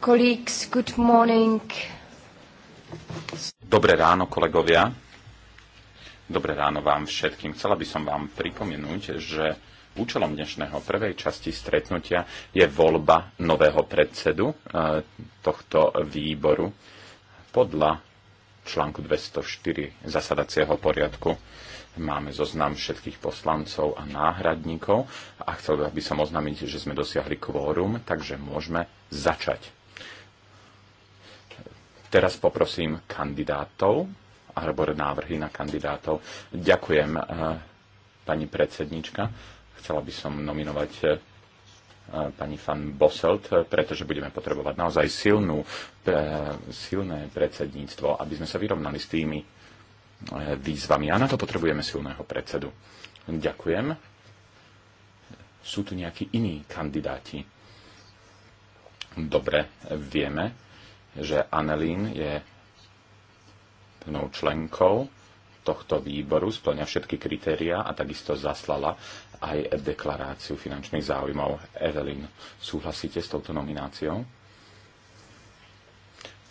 Colleagues, good morning. Dobré ráno, kolegovia. Dobré ráno vám všetkým. Chcela by som vám pripomenúť, že účelom dnešného prvej časti stretnutia je voľba nového predsedu eh, tohto výboru podľa článku 204 zasadacieho poriadku. Máme zoznam všetkých poslancov a náhradníkov a chcel by som oznámiť, že sme dosiahli kvórum, takže môžeme začať. Teraz poprosím kandidátov alebo návrhy na kandidátov. Ďakujem, eh, pani predsednička. Chcela by som nominovať eh, pani Fan Boselt, pretože budeme potrebovať naozaj silnú, eh, silné predsedníctvo, aby sme sa vyrovnali s tými E, výzvami. A na to potrebujeme silného predsedu. Ďakujem. Sú tu nejakí iní kandidáti? Dobre, vieme, že Annelín je plnou členkou tohto výboru, splňa všetky kritériá a takisto zaslala aj deklaráciu finančných záujmov. Evelyn, súhlasíte s touto nomináciou?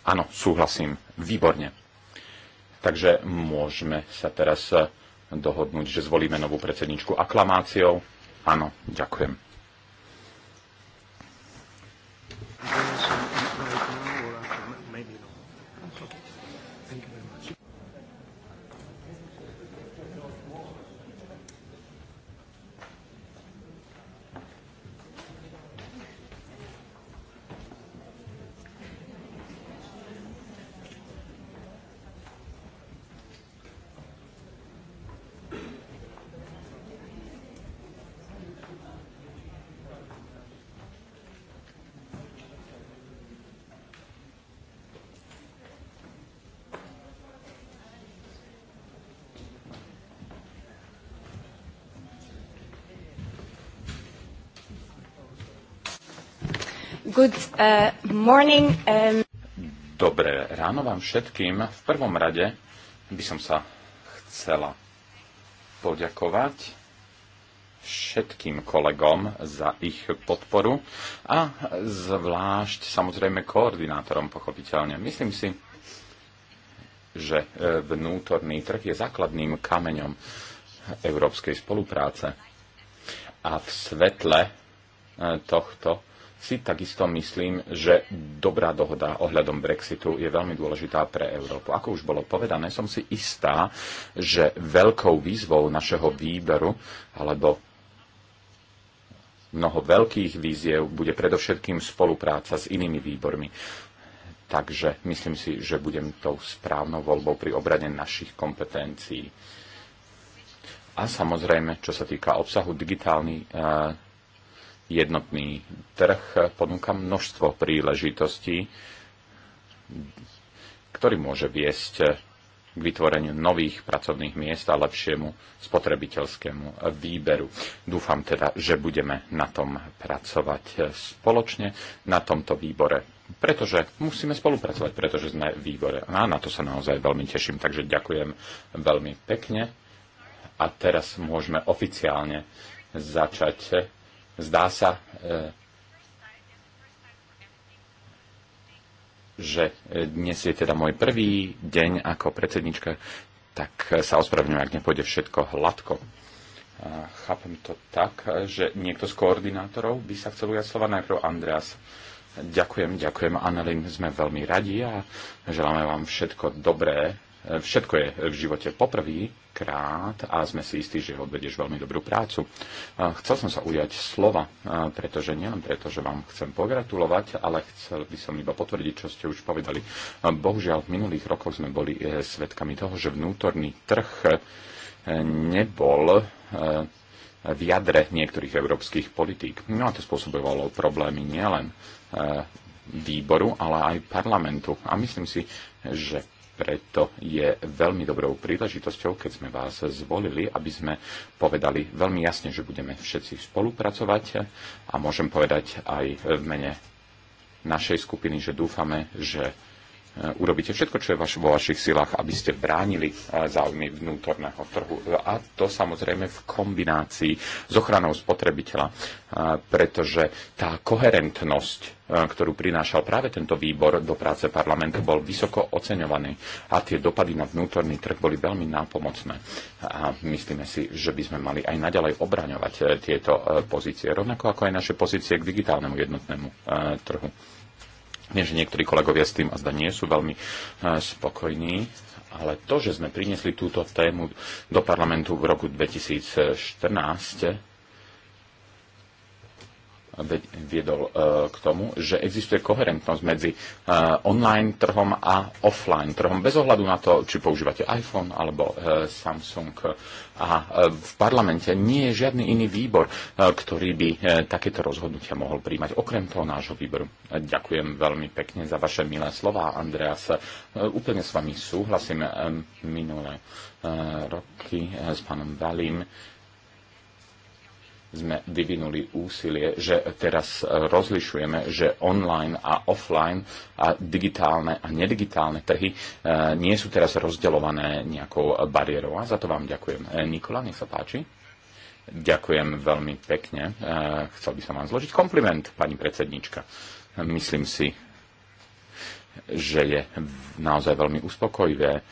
Áno, súhlasím. Výborne. Takže môžeme sa teraz eh, dohodnúť, že zvolíme novú predsedničku aklamáciou. Áno, ďakujem. Dobre uh, morning, um... Dobré ráno vám všetkým. V prvom rade by som sa chcela poďakovať všetkým kolegom za ich podporu a zvlášť samozrejme koordinátorom pochopiteľne. Myslím si, že e, vnútorný trh je základným kameňom európskej spolupráce. A v svetle e, tohto si takisto myslím, že dobrá dohoda ohľadom Brexitu je veľmi dôležitá pre Európu. Ako už bolo povedané, som si istá, že veľkou výzvou našeho výberu alebo mnoho veľkých víziev bude predovšetkým spolupráca s inými výbormi. Takže myslím si, že budem tou správnou voľbou pri obrane našich kompetencií. A samozrejme, čo sa týka obsahu digitálny eh, Jednotný trh ponúka množstvo príležitostí, ktorý môže viesť k vytvoreniu nových pracovných miest a lepšiemu spotrebiteľskému výberu. Dúfam teda, že budeme na tom pracovať spoločne na tomto výbore, pretože musíme spolupracovať, pretože sme v výbore. A na to sa naozaj veľmi teším, takže ďakujem veľmi pekne. A teraz môžeme oficiálne začať Zdá sa, e, že dnes je teda môj prvý deň ako predsednička, tak sa ospravedlňujem, ak nepôjde všetko hladko. Chápem to tak, že niekto z koordinátorov by sa chcel ujať slova najprv Andreas. Ďakujem, ďakujem, Annelin, sme veľmi radi a želáme vám všetko dobré všetko je v živote poprvý krát a sme si istí, že odvedieš veľmi dobrú prácu. Chcel som sa ujať slova, pretože nielen preto, že vám chcem pogratulovať, ale chcel by som iba potvrdiť, čo ste už povedali. Bohužiaľ, v minulých rokoch sme boli e, svedkami toho, že vnútorný trh e, nebol e, v jadre niektorých európskych politík. No a to spôsobovalo problémy nielen výboru, ale aj parlamentu. A myslím si, že preto je veľmi dobrou príležitosťou, keď sme vás zvolili, aby sme povedali veľmi jasne, že budeme všetci spolupracovať a môžem povedať aj v mene našej skupiny, že dúfame, že E, urobíte všetko, čo je vaš, vo vašich silách, aby ste bránili e, záujmy vnútorného trhu. E, a to samozrejme v kombinácii s ochranou spotrebiteľa, pretože tá koherentnosť, ktorú prinášal práve tento výbor do práce parlamentu, bol vysoko oceňovaný a tie dopady na vnútorný trh boli veľmi nápomocné. A myslíme si, že by sme mali aj naďalej obraňovať tieto pozície, rovnako ako aj naše pozície k digitálnemu jednotnému trhu. Nie, že niektorí kolegovia s tým a zda nie sú veľmi eh, spokojní, ale to, že sme priniesli túto tému do parlamentu v roku 2014, viedol e, k tomu, že existuje koherentnosť medzi e, online trhom a offline trhom, bez ohľadu na to, či používate iPhone alebo e, Samsung. A v parlamente nie je žiadny iný výbor, ktorý by takéto rozhodnutia mohol príjmať, okrem toho nášho výboru. Ďakujem veľmi pekne za vaše milé slova, Andreas. Úplne s vami súhlasím minulé roky s pánom Valím sme vyvinuli úsilie, že teraz rozlišujeme, že online a offline a digitálne a nedigitálne trhy e, nie sú teraz rozdeľované nejakou bariérou. A za to vám ďakujem. E, Nikola, nech sa páči. Ďakujem veľmi pekne. E, chcel by som vám zložiť kompliment, pani predsednička. Myslím si, že je naozaj veľmi uspokojivé,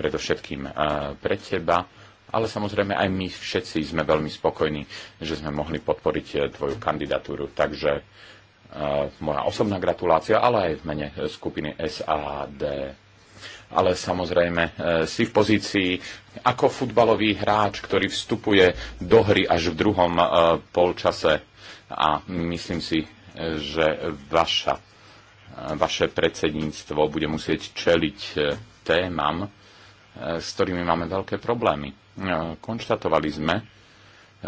predovšetkým pre teba, ale samozrejme aj my všetci sme veľmi spokojní, že sme mohli podporiť eh, tvoju kandidatúru. Takže uh, moja osobná gratulácia, ale aj v mene eh, skupiny SAD. Ale samozrejme uh, si v pozícii ako futbalový hráč, ktorý vstupuje do hry až v druhom uh, polčase. A myslím si, že vaša, vaše predsedníctvo bude musieť čeliť témam, s ktorými máme veľké problémy. E, konštatovali sme e,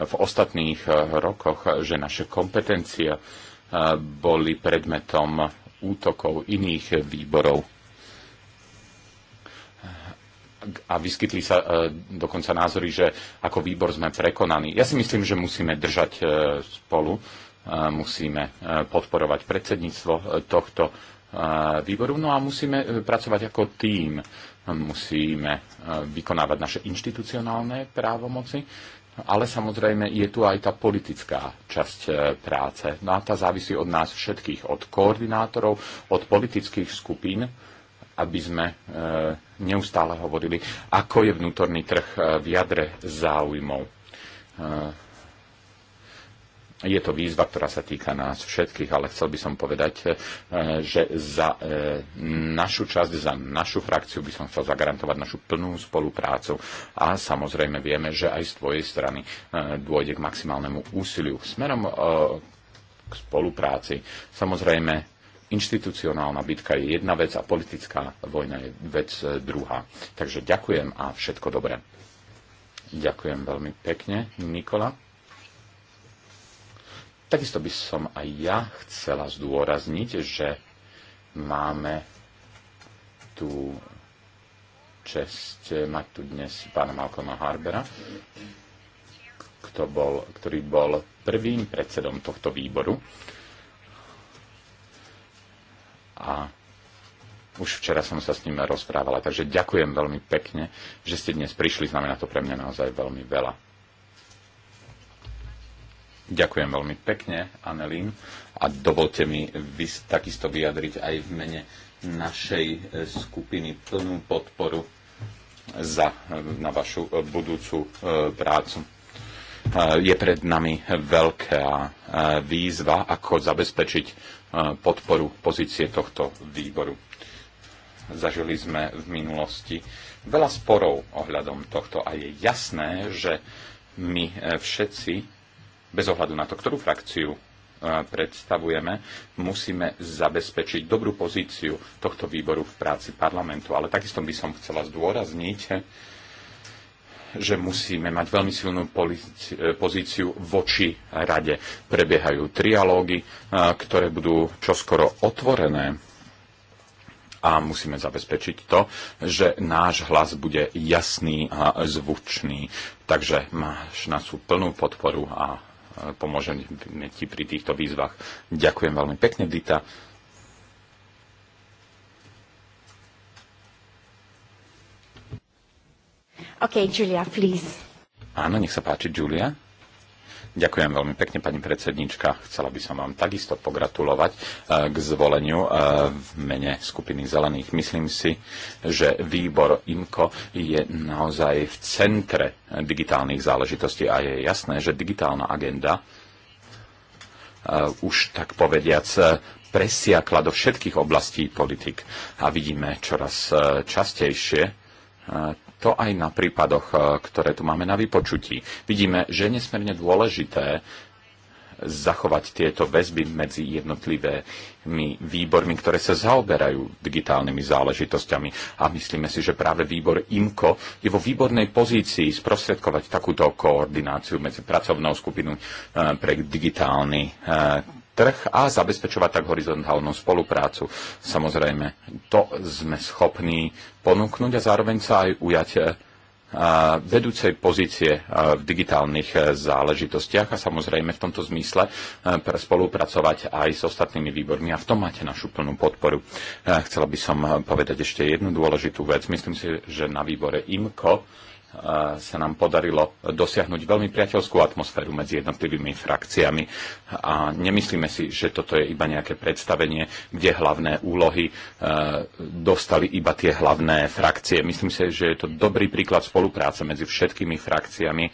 v ostatných e, rokoch, že naše kompetencie boli predmetom útokov iných výborov a vyskytli sa dokonca názory, že ako výbor sme prekonaní. Ja si myslím, že musíme držať spolu, musíme podporovať predsedníctvo tohto výboru, no a musíme pracovať ako tým musíme e, vykonávať naše inštitucionálne právomoci, ale samozrejme je tu aj tá politická časť e, práce. No a tá závisí od nás všetkých, od koordinátorov, od politických skupín, aby sme e, neustále hovorili, ako je vnútorný trh v jadre záujmov. Je to výzva, ktorá sa týka nás všetkých, ale chcel by som povedať, eh, že za eh, našu časť, za našu frakciu by som chcel zagarantovať našu plnú spoluprácu a samozrejme vieme, že aj z tvojej strany eh, dôjde k maximálnemu úsiliu smerom k spolupráci. Samozrejme, inštitucionálna bitka je jedna vec a politická vojna je vec druhá. Takže ďakujem a všetko dobré. Ďakujem veľmi pekne, Nikola. Takisto by som aj ja chcela zdôrazniť, že máme tu čest mať tu dnes pána Malcolma Harbera, kto bol, ktorý bol prvým predsedom tohto výboru. A už včera som sa s ním rozprávala, takže ďakujem veľmi pekne, že ste dnes prišli, znamená to pre mňa naozaj veľmi veľa. Ďakujem veľmi pekne, Anelín. A dovolte mi vys- takisto vyjadriť aj v mene našej e, skupiny plnú podporu e, za, e, na vašu budúcu prácu. Je pred nami veľká výzva, ako zabezpečiť podporu pozície tohto výboru. Zažili sme v minulosti veľa sporov ohľadom tohto a je jasné, že my všetci bez ohľadu na to, ktorú frakciu e, predstavujeme, musíme zabezpečiť dobrú pozíciu tohto výboru v práci parlamentu. Ale takisto by som chcela zdôrazniť, že musíme mať veľmi silnú e, pozíciu voči rade. Prebiehajú trialógy, e, ktoré budú čoskoro otvorené a musíme zabezpečiť to, že náš hlas bude jasný a zvučný. Takže máš na sú plnú podporu a pomôžeme ti pri týchto výzvach. Ďakujem veľmi pekne, Dita. Okay, Julia, please. Áno, nech sa páči, Julia. Ďakujem veľmi pekne, pani predsednička. Chcela by som vám takisto pogratulovať eh, k zvoleniu eh, v mene skupiny zelených. Myslím si, že výbor IMKO je naozaj v centre eh, digitálnych záležitostí a je jasné, že digitálna agenda už tak povediac presiakla do všetkých oblastí politik. A vidíme čoraz častejšie to aj na prípadoch, e, ktoré tu máme na vypočutí. Vidíme, že je nesmierne dôležité zachovať tieto väzby medzi jednotlivými výbormi, ktoré sa zaoberajú digitálnymi záležitosťami. A myslíme si, že práve výbor IMCO je vo výbornej pozícii sprostredkovať takúto koordináciu medzi pracovnou skupinou e, pre digitálny e, trh a zabezpečovať tak horizontálnu spoluprácu. Samozrejme, to sme schopní ponúknuť a zároveň sa aj ujať e, vedúcej pozície e, v digitálnych e, záležitostiach a samozrejme v tomto zmysle spolupracovať aj s ostatnými výbormi a v tom máte našu plnú podporu. Chcela by som povedať ešte jednu dôležitú vec. Myslím si, že na výbore IMCO sa nám podarilo dosiahnuť veľmi priateľskú atmosféru medzi jednotlivými frakciami a nemyslíme si, že toto je iba nejaké predstavenie, kde hlavné úlohy e, dostali iba tie hlavné frakcie. Myslím si, že je to dobrý príklad spolupráce medzi všetkými frakciami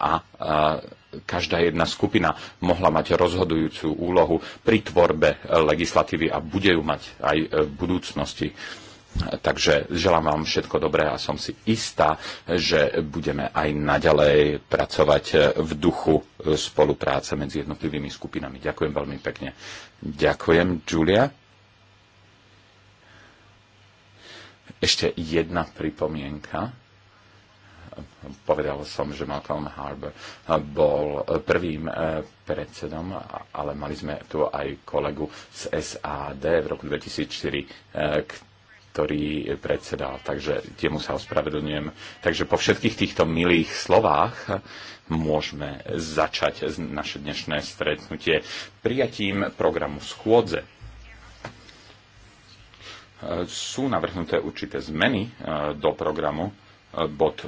a e, každá jedna skupina mohla mať rozhodujúcu úlohu pri tvorbe legislatívy a bude ju mať aj v budúcnosti. Takže želám vám všetko dobré a som si istá, že budeme aj naďalej pracovať v duchu e, spolupráce medzi jednotlivými skupinami. Ďakujem veľmi pekne. Ďakujem, Julia. Ešte jedna pripomienka povedal som, že Malcolm Harbour bol prvým e, predsedom, ale mali sme tu aj kolegu z SAD v roku 2004, e, ktorý predsedal, takže jemu sa ospravedlňujem. Takže po všetkých týchto milých slovách môžeme začať naše dnešné stretnutie prijatím programu schôdze. Sú navrhnuté určité zmeny e, do programu. E, bod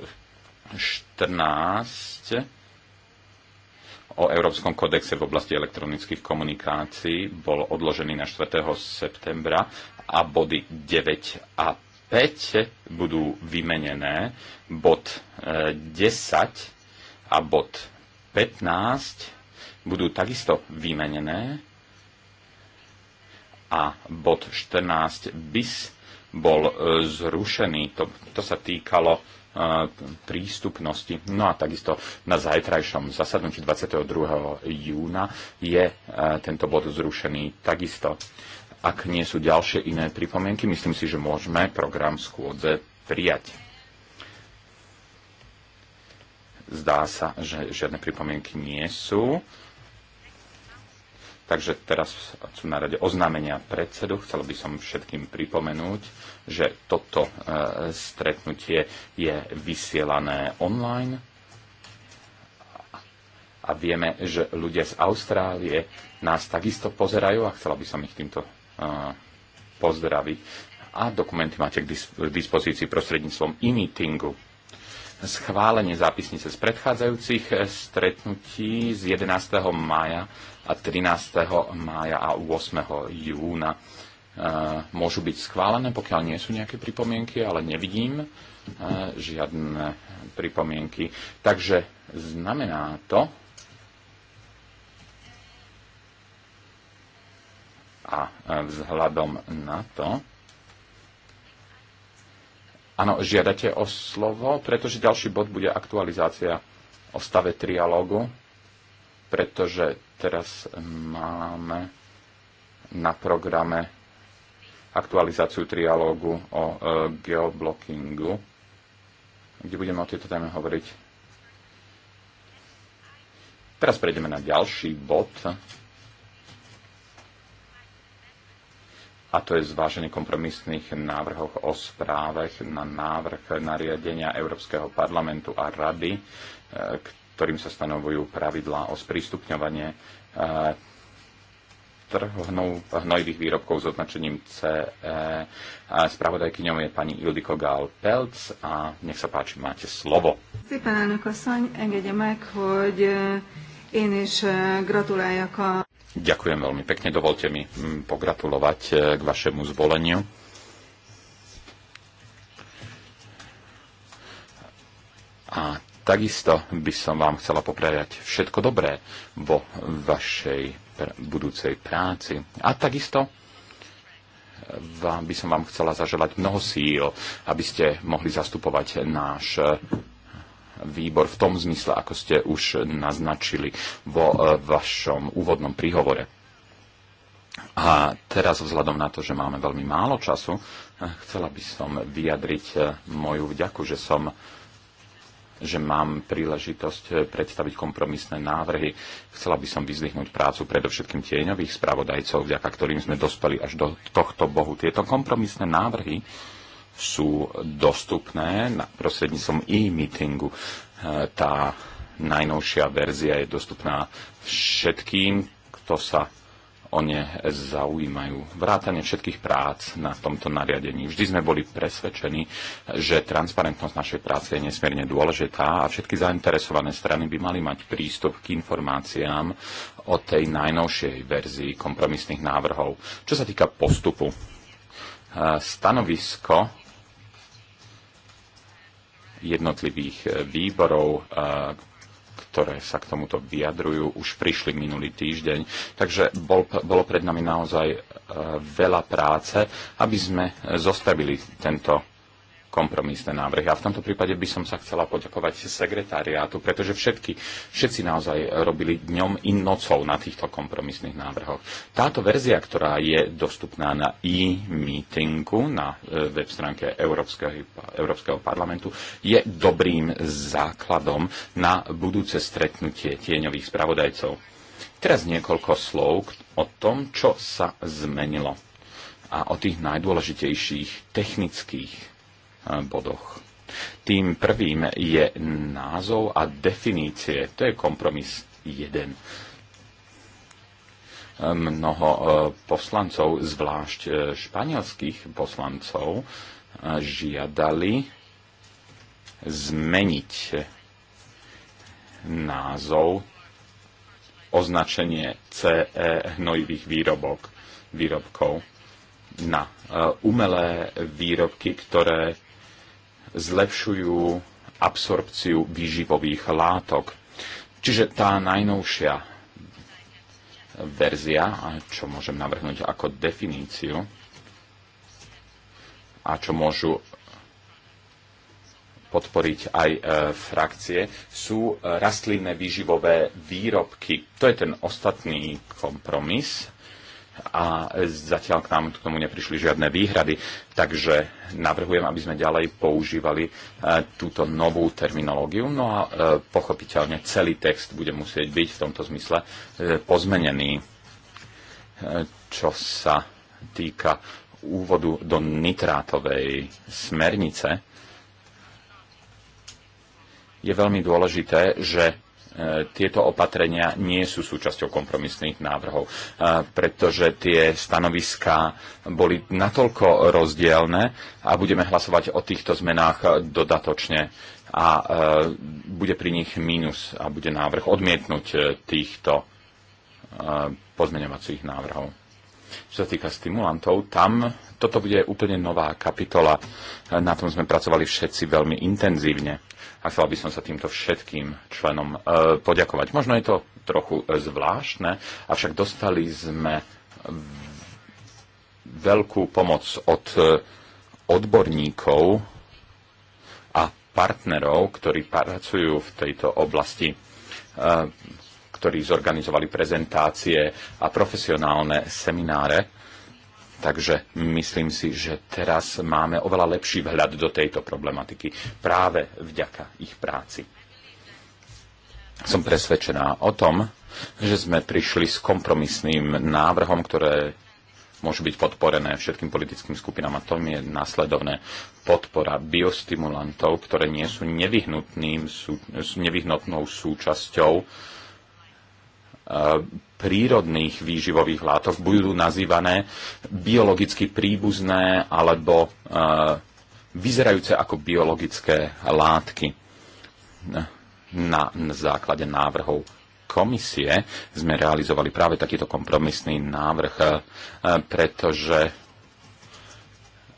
14 o Európskom kodexe v oblasti elektronických komunikácií bol odložený na 4. septembra a body 9 a 5 budú vymenené. Bod 10 e, a bod 15 budú takisto vymenené a bod 14 bis bol e, zrušený. To, to sa týkalo e, prístupnosti. No a takisto na zajtrajšom zasadnutí 22. júna je tento bod zrušený takisto. Ak nie sú ďalšie iné pripomienky, myslím si, že môžeme program schôdze prijať. Zdá sa, že žiadne pripomienky nie sú. Takže teraz sú na rade oznámenia predsedu. Chcel by som všetkým pripomenúť, že toto e, stretnutie je vysielané online a vieme, že ľudia z Austrálie nás takisto pozerajú a chcela by som ich týmto pozdravy A dokumenty máte k dispozícii prostredníctvom e-meetingu. Schválenie zápisnice z predchádzajúcich e, stretnutí z 11. mája a 13. mája a 8. júna e, môžu byť schválené, pokiaľ nie sú nejaké pripomienky, ale nevidím e, žiadne pripomienky. Takže znamená to, A e, vzhľadom na to, Áno, žiadate o slovo, pretože ďalší bod bude aktualizácia o stave trialógu, pretože teraz máme na programe aktualizáciu trialógu o e, geoblockingu, kde budeme o tejto téme hovoriť. Teraz prejdeme na ďalší bod, a to je zváženie kompromisných návrhoch o správach na návrh nariadenia Európskeho parlamentu a rady, e, ktorým sa stanovujú pravidlá o sprístupňovanie e, trhu hnojivých výrobkov s označením CE. Spravodajkyňou je pani Ildiko Gál Pelc a nech sa páči, máte slovo. Szépen elnök asszony, engedje meg, hogy e, én is gratuláljak a... Ďakujem veľmi pekne. Dovolte mi mm, pogratulovať e, k vašemu zvoleniu. A takisto by som vám chcela poprajať všetko dobré vo vašej pr- budúcej práci. A takisto e, vám, by som vám chcela zaželať mnoho síl, aby ste mohli zastupovať náš výbor v tom zmysle, ako ste už naznačili vo e, vašom úvodnom príhovore. A teraz vzhľadom na to, že máme veľmi málo času, e, chcela by som vyjadriť e, moju vďaku, že som že mám príležitosť predstaviť kompromisné návrhy. Chcela by som vyzdvihnúť prácu predovšetkým tieňových spravodajcov, vďaka ktorým sme dospeli až do tohto bohu. Tieto kompromisné návrhy sú dostupné prostredníctvom e-meetingu. E, tá najnovšia verzia je dostupná všetkým, kto sa o ne zaujímajú. Vrátane všetkých prác na tomto nariadení. Vždy sme boli presvedčení, že transparentnosť našej práce je nesmierne dôležitá a všetky zainteresované strany by mali mať prístup k informáciám o tej najnovšej verzii kompromisných návrhov. Čo sa týka postupu, e, stanovisko jednotlivých eh, výborov, eh, ktoré sa k tomuto vyjadrujú, už prišli minulý týždeň. Takže bol, bolo pred nami naozaj eh, veľa práce, aby sme zostavili tento kompromisné návrhy. A v tomto prípade by som sa chcela poďakovať sekretariátu, pretože všetky, všetci naozaj robili dňom i nocou na týchto kompromisných návrhoch. Táto verzia, ktorá je dostupná na e-meetingu na e, web stránke Európskeho, Európskeho parlamentu, je dobrým základom na budúce stretnutie tieňových spravodajcov. Teraz niekoľko slov o tom, čo sa zmenilo a o tých najdôležitejších technických bodoch. Tým prvým je názov a definície. To je kompromis 1. Mnoho e, poslancov, zvlášť e, španielských poslancov, e, žiadali zmeniť názov označenie CE hnojivých výrobok, výrobkov na umelé výrobky, ktoré zlepšujú absorpciu výživových látok. Čiže tá najnovšia verzia, čo môžem navrhnúť ako definíciu a čo môžu podporiť aj e, frakcie, sú e, rastlinné výživové výrobky. To je ten ostatný kompromis a zatiaľ k nám k tomu neprišli žiadne výhrady, takže navrhujem, aby sme ďalej používali e, túto novú terminológiu, no a e, pochopiteľne celý text bude musieť byť v tomto zmysle e, pozmenený, čo sa týka úvodu do nitrátovej smernice, je veľmi dôležité, že E, tieto opatrenia nie sú súčasťou kompromisných návrhov, e, pretože tie stanoviská boli natoľko rozdielne a budeme hlasovať o týchto zmenách dodatočne a e, bude pri nich mínus a bude návrh odmietnúť týchto pozmeňovacích návrhov. Čo sa týka stimulantov, tam toto bude úplne nová kapitola. Na tom sme pracovali všetci veľmi intenzívne a chcela by som sa týmto všetkým členom e, poďakovať. Možno je to trochu e, zvláštne, avšak dostali sme veľkú pomoc od e, odborníkov a partnerov, ktorí pracujú v tejto oblasti, ktorí zorganizovali prezentácie a profesionálne semináre Takže myslím si, že teraz máme oveľa lepší vhľad do tejto problematiky práve vďaka ich práci. Som presvedčená o tom, že sme prišli s kompromisným návrhom, ktoré môžu byť podporené všetkým politickým skupinám a to je následovné podpora biostimulantov, ktoré nie sú sú, nevyhnutnou súčasťou prírodných výživových látok budú nazývané biologicky príbuzné alebo eh, vyzerajúce ako biologické látky. Na základe návrhov komisie sme realizovali práve takýto kompromisný návrh, eh, pretože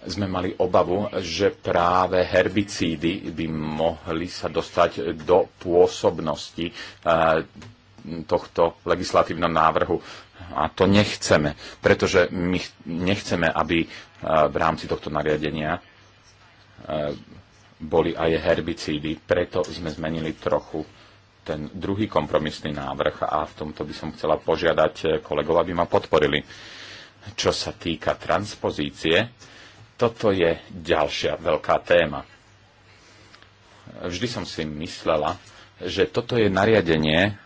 sme mali obavu, že práve herbicídy by mohli sa dostať do pôsobnosti eh, tohto legislatívneho návrhu. A to nechceme, pretože my nechceme, aby e, v rámci tohto nariadenia e, boli aj herbicídy. Preto sme zmenili trochu ten druhý kompromisný návrh a v tomto by som chcela požiadať e, kolegov, aby ma podporili. Čo sa týka transpozície, toto je ďalšia veľká téma. Vždy som si myslela, že toto je nariadenie,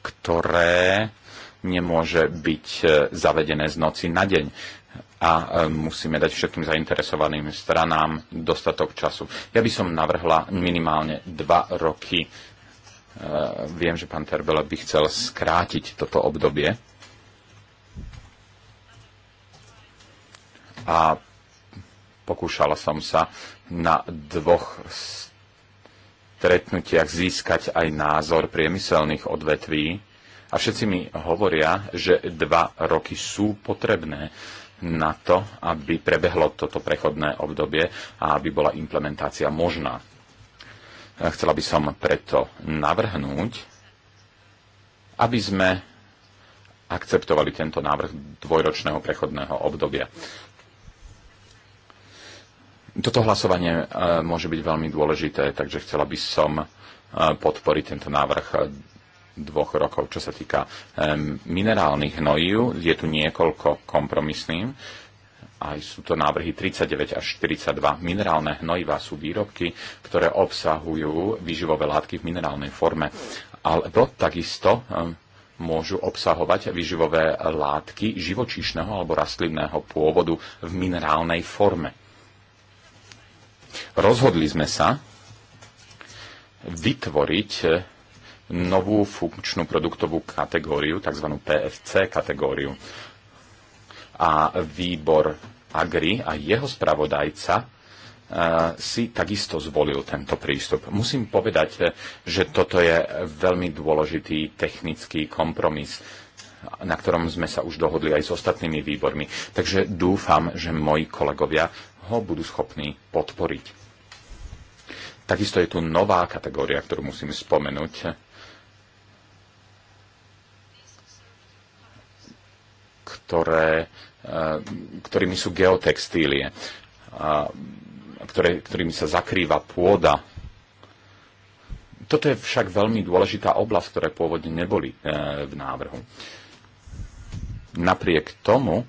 ktoré nemôže byť e, zavedené z noci na deň a e, musíme dať všetkým zainteresovaným stranám dostatok času. Ja by som navrhla minimálne dva roky. E, viem, že pán Terbele by chcel skrátiť toto obdobie. A pokúšala som sa na dvoch stranách stretnutiach získať aj názor priemyselných odvetví a všetci mi hovoria, že dva roky sú potrebné na to, aby prebehlo toto prechodné obdobie a aby bola implementácia možná. Chcela by som preto navrhnúť, aby sme akceptovali tento návrh dvojročného prechodného obdobia toto hlasovanie e, môže byť veľmi dôležité, takže chcela by som e, podporiť tento návrh e, dvoch rokov. Čo sa týka minerálnych hnojív, je tu niekoľko kompromisných. Aj sú to návrhy 39 až 42. Minerálne hnojivá sú výrobky, ktoré obsahujú výživové látky v minerálnej forme. Alebo takisto môžu obsahovať výživové látky živočíšneho alebo rastlinného pôvodu v minerálnej forme. Rozhodli sme sa vytvoriť novú funkčnú produktovú kategóriu, tzv. PFC kategóriu. A výbor Agri a jeho spravodajca e, si takisto zvolil tento prístup. Musím povedať, že toto je veľmi dôležitý technický kompromis, na ktorom sme sa už dohodli aj s ostatnými výbormi. Takže dúfam, že moji kolegovia ho budú schopní podporiť. Takisto je tu nová kategória, ktorú musím spomenúť, ktoré, eh, ktorými sú geotextílie, ktoré, ktorými sa zakrýva pôda. Toto je však veľmi dôležitá oblasť, ktoré pôvodne neboli eh, v návrhu. Napriek tomu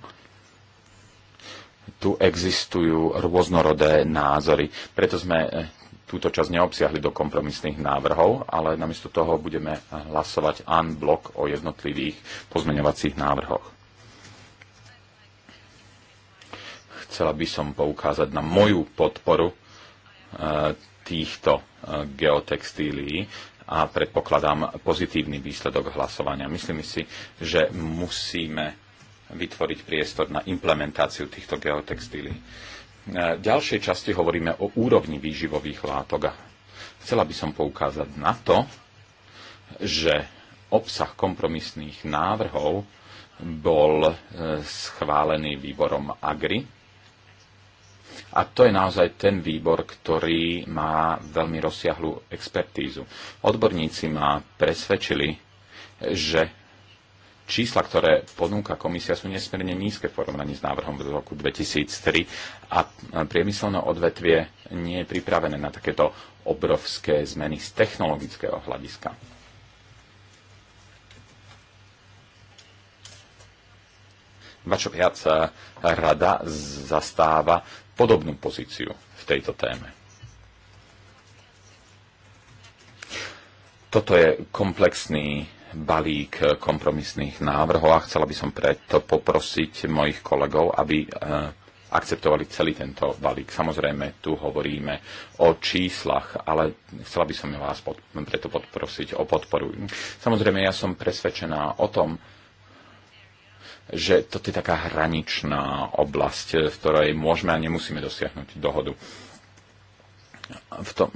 tu existujú rôznorodé názory. Preto sme e, túto časť neobsiahli do kompromisných návrhov, ale namiesto toho budeme hlasovať blok o jednotlivých pozmeňovacích návrhoch. Chcela by som poukázať na moju podporu e, týchto e, geotextílií a predpokladám pozitívny výsledok hlasovania. Myslím si, že musíme vytvoriť priestor na implementáciu týchto geotextílií. V e, ďalšej časti hovoríme o úrovni výživových látok. Chcela by som poukázať na to, že obsah kompromisných návrhov bol e, schválený výborom AGRI. A to je naozaj ten výbor, ktorý má veľmi rozsiahlu expertízu. Odborníci ma presvedčili, že čísla, ktoré ponúka komisia, sú nesmierne nízke v porovnaní s návrhom z roku 2003 a priemyselné odvetvie nie je pripravené na takéto obrovské zmeny z technologického hľadiska. Vačo viac, eh, rada zastáva podobnú pozíciu v tejto téme. Toto je komplexný balík kompromisných návrhov a chcela by som preto poprosiť mojich kolegov, aby e, akceptovali celý tento balík. Samozrejme, tu hovoríme o číslach, ale chcela by som vás pod, preto podprosiť o podporu. Samozrejme, ja som presvedčená o tom, že toto je taká hraničná oblasť, v ktorej môžeme a nemusíme dosiahnuť dohodu. V tom,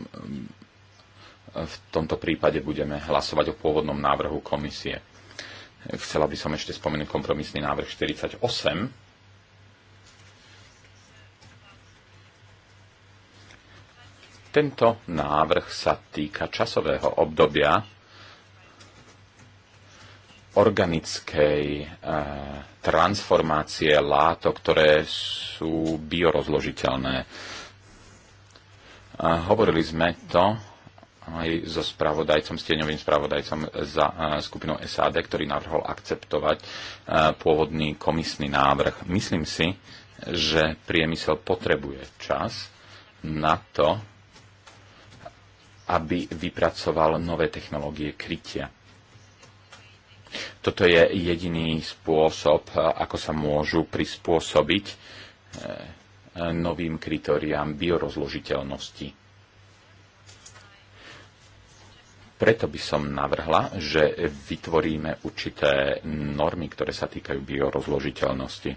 v tomto prípade budeme hlasovať o pôvodnom návrhu komisie. Chcela by som ešte spomenúť kompromisný návrh 48, tento návrh sa týka časového obdobia organickej e, transformácie látok, ktoré sú biorozložiteľné. E, hovorili sme to aj so spravodajcom, stieňovým spravodajcom za e, skupinou SAD, ktorý navrhol akceptovať e, pôvodný komisný návrh. Myslím si, že priemysel potrebuje čas na to, aby vypracoval nové technológie krytia. Toto je jediný spôsob, e, ako sa môžu prispôsobiť novým kritériám biorozložiteľnosti Preto by som navrhla, že vytvoríme určité normy, ktoré sa týkajú biorozložiteľnosti.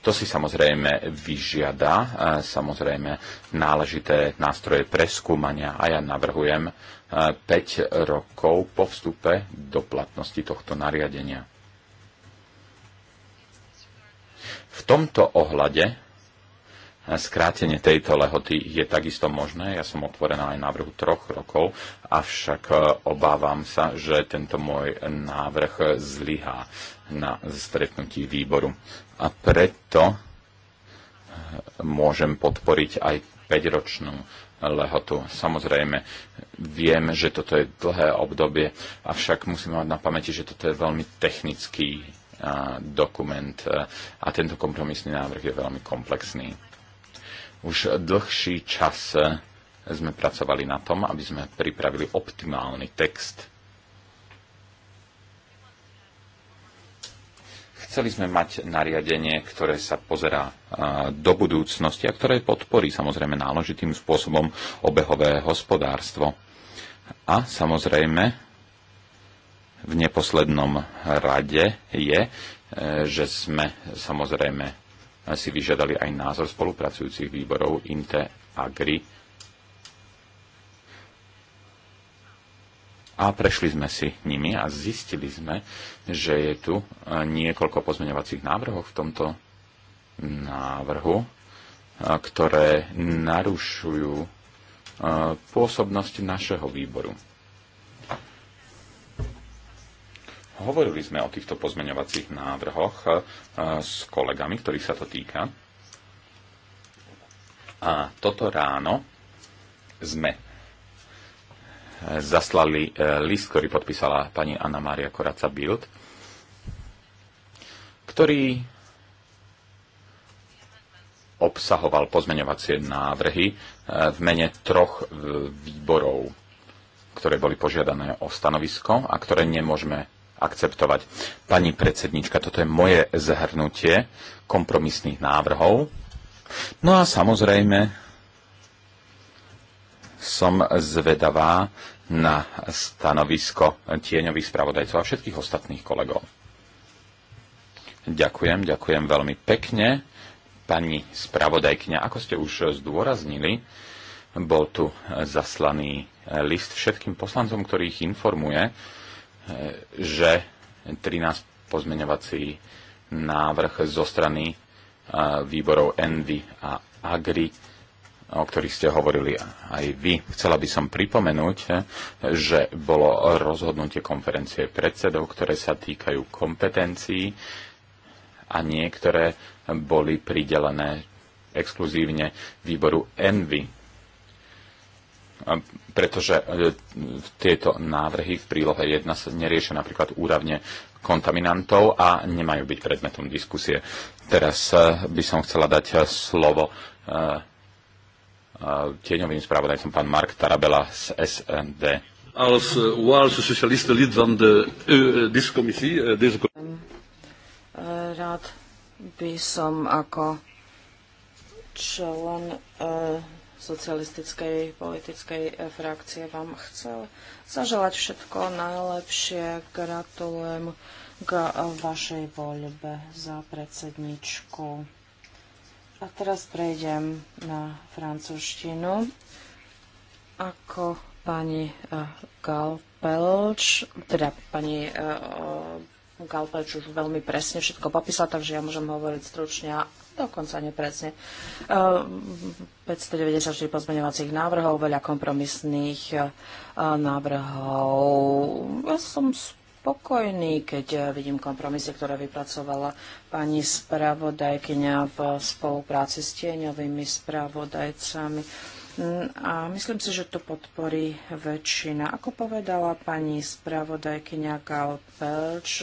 To si samozrejme vyžiada samozrejme náležité nástroje preskúmania a ja navrhujem 5 rokov po vstupe do platnosti tohto nariadenia. V tomto ohľade Skrátenie tejto lehoty je takisto možné. Ja som otvorená aj návrhu troch rokov, avšak e, obávam sa, že tento môj návrh zlyhá na stretnutí výboru. A preto e, môžem podporiť aj 5-ročnú lehotu. Samozrejme, viem, že toto je dlhé obdobie, avšak musím mať na pamäti, že toto je veľmi technický e, dokument a tento kompromisný návrh je veľmi komplexný. Už dlhší čas eh, sme pracovali na tom, aby sme pripravili optimálny text. Chceli sme mať nariadenie, ktoré sa pozerá eh, do budúcnosti a ktoré podporí samozrejme náležitým spôsobom obehové hospodárstvo. A samozrejme v neposlednom rade je, eh, že sme samozrejme si vyžiadali aj názor spolupracujúcich výborov INTE a GRI. A prešli sme si nimi a zistili sme, že je tu e, niekoľko pozmeňovacích návrhov v tomto návrhu, e, ktoré narušujú e, pôsobnosť našeho výboru. Hovorili sme o týchto pozmeňovacích návrhoch e, s kolegami, ktorých sa to týka. A toto ráno sme e, zaslali e, list, ktorý podpísala pani Anna Mária Koraca Bild, ktorý obsahoval pozmeňovacie návrhy v mene troch výborov, ktoré boli požiadané o stanovisko a ktoré nemôžeme akceptovať. Pani predsednička, toto je moje zhrnutie kompromisných návrhov. No a samozrejme som zvedavá na stanovisko tieňových spravodajcov a všetkých ostatných kolegov. Ďakujem, ďakujem veľmi pekne. Pani spravodajkňa, ako ste už zdôraznili, bol tu zaslaný list všetkým poslancom, ktorých informuje, že 13 pozmeňovací návrh zo strany e, výborov Envy a Agri, o ktorých ste hovorili aj vy. Chcela by som pripomenúť, e, že bolo rozhodnutie konferencie predsedov, ktoré sa týkajú kompetencií a niektoré boli pridelené exkluzívne výboru Envy pretože e, tieto návrhy v prílohe 1 sa neriešia napríklad úravne kontaminantov a nemajú byť predmetom diskusie. Teraz e, by som chcela dať e, slovo tieňovým spravodajcom pán Mark Tarabela z SND. Als Waalse socialiste lid van de discommissie, deze... Ehm, rád by som ako člen socialistickej politickej e, frakcie vám chcel zaželať všetko najlepšie. Gratulujem k e, vašej voľbe za predsedničku. A teraz prejdem na francúzštinu. Ako pani e, Galpelč, teda pani Galpelč už veľmi presne všetko popísala, takže ja môžem hovoriť stručne a dokonca nepresne. 594 ehm, pozmeňovacích návrhov, veľa kompromisných ehm, návrhov. Ja som spokojný, keď eh, vidím kompromisy, ktoré vypracovala pani spravodajkyňa v spolupráci s tieňovými spravodajcami. A myslím si, že to podporí väčšina. Ako povedala pani spravodajkyňa Pelč,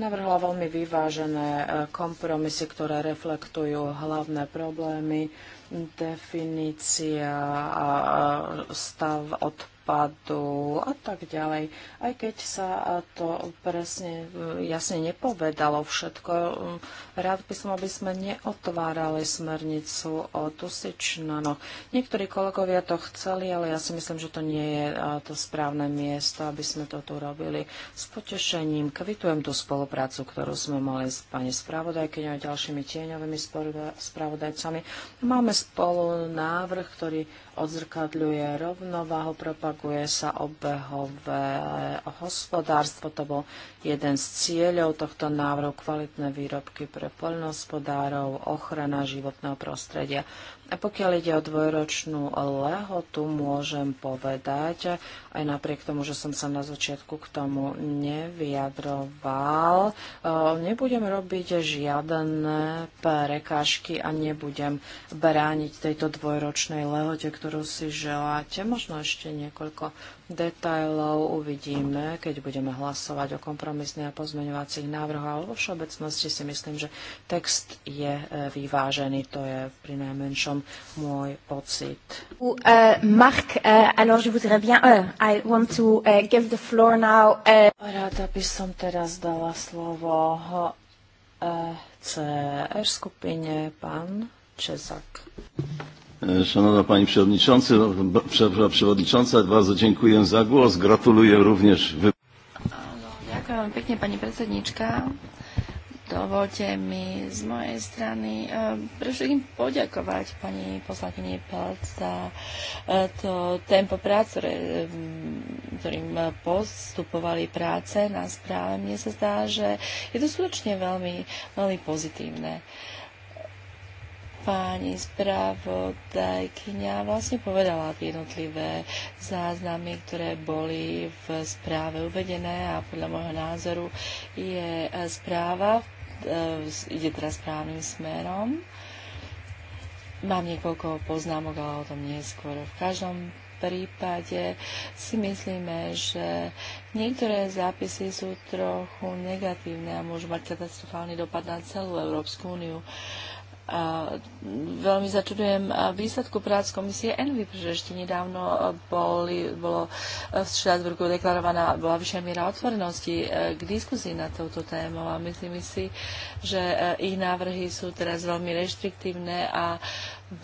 navrhla veľmi vyvážené e, kompromisy, ktoré reflektujú hlavné problémy, definícia a stav od odpadu a tak ďalej. Aj keď sa to presne eh, jasne nepovedalo všetko, eh, rád by som, aby sme neotvárali smernicu o tusičnanoch. Niektorí kolegovia to chceli, ale ja si myslím, že to nie je eh, to správne miesto, aby sme to tu robili. S potešením kvitujem tú spoluprácu, ktorú sme mali s pani spravodajkyňou a ďalšími tieňovými spravodajcami. Máme spolu návrh, ktorý odzrkadľuje rovnováhu, propaguje sa obehové hospodárstvo. To bol Jeden z cieľov tohto návrhu kvalitné výrobky pre poľnohospodárov, ochrana životného prostredia. A pokiaľ ide o dvojročnú lehotu, môžem povedať, aj napriek tomu, že som sa na začiatku k tomu nevyjadroval, nebudem robiť žiadne prekážky a nebudem brániť tejto dvojročnej lehote, ktorú si želáte. Možno ešte niekoľko detajlov uvidíme, keď budeme hlasovať o kompromisných a pozmeňovacích návrhoch, ale vo všeobecnosti si myslím, že text je e, vyvážený, to je pri najmenšom môj pocit. Uh, e, Mark, e, alors je voudrais bien, I want to give the floor now. Rada by som teraz dala slovo CR skupine, pán Čezak. E, szanowna Pani Przewodniczący, no, Przewodnicząca, bardzo dziękuję za głos. Gratuluję również. Ďakujem pekne, pani predsednička. Dovolte mi z mojej strany e, pre poďakovať pani poslankyni Pelt za e, to tempo práce, ktorým postupovali práce na správe. Mne sa zdá, že je to skutočne veľmi, veľmi pozitívne. Uh, Pani spravodajkňa vlastne povedala tie jednotlivé záznamy, ktoré boli v správe uvedené a podľa môjho názoru je správa, e, ide teraz správnym smerom. Mám niekoľko poznámok, ale o tom neskôr. V každom prípade si myslíme, že niektoré zápisy sú trochu negatívne a môžu mať katastrofálny dopad na celú Európsku úniu. Uh, veľmi začudujem výsledku prác komisie Envy, pretože ešte nedávno boli, bolo v Štrásburgu deklarovaná bola vyššia miera otvorenosti e, k diskusii na touto tému a myslím si, že e, ich návrhy sú teraz veľmi reštriktívne a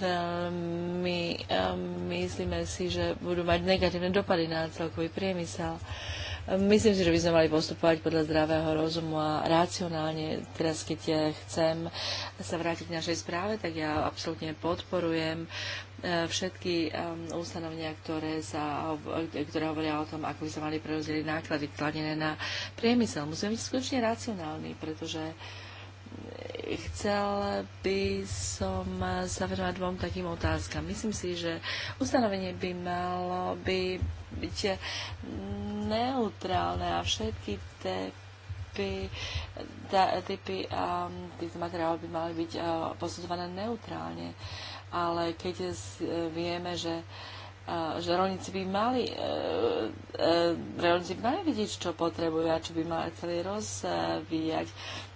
veľmi e, myslíme si, že budú mať negatívne dopady na celkový priemysel. Myslím si, že by sme mali postupovať podľa zdravého rozumu a racionálne. Teraz, keď ja chcem sa vrátiť k našej správe, tak ja absolútne podporujem e, všetky e, ustanovenia, ktoré, sa, ktoré hovoria o tom, ako by sa mali prerozdeliť náklady kladené na priemysel. Musíme byť skutočne racionálni, pretože chcel by som sa venovať dvom takým otázkam. Myslím si, že ustanovenie by malo by byť neutrálne a všetky typy, da, typy um, týchto materiálov by mali byť uh, posudzované neutrálne. Ale keď z, uh, vieme, že uh, že rolníci by mali uh, uh, rolníci by mali vidieť, čo potrebujú a čo by mali chceli rozvíjať.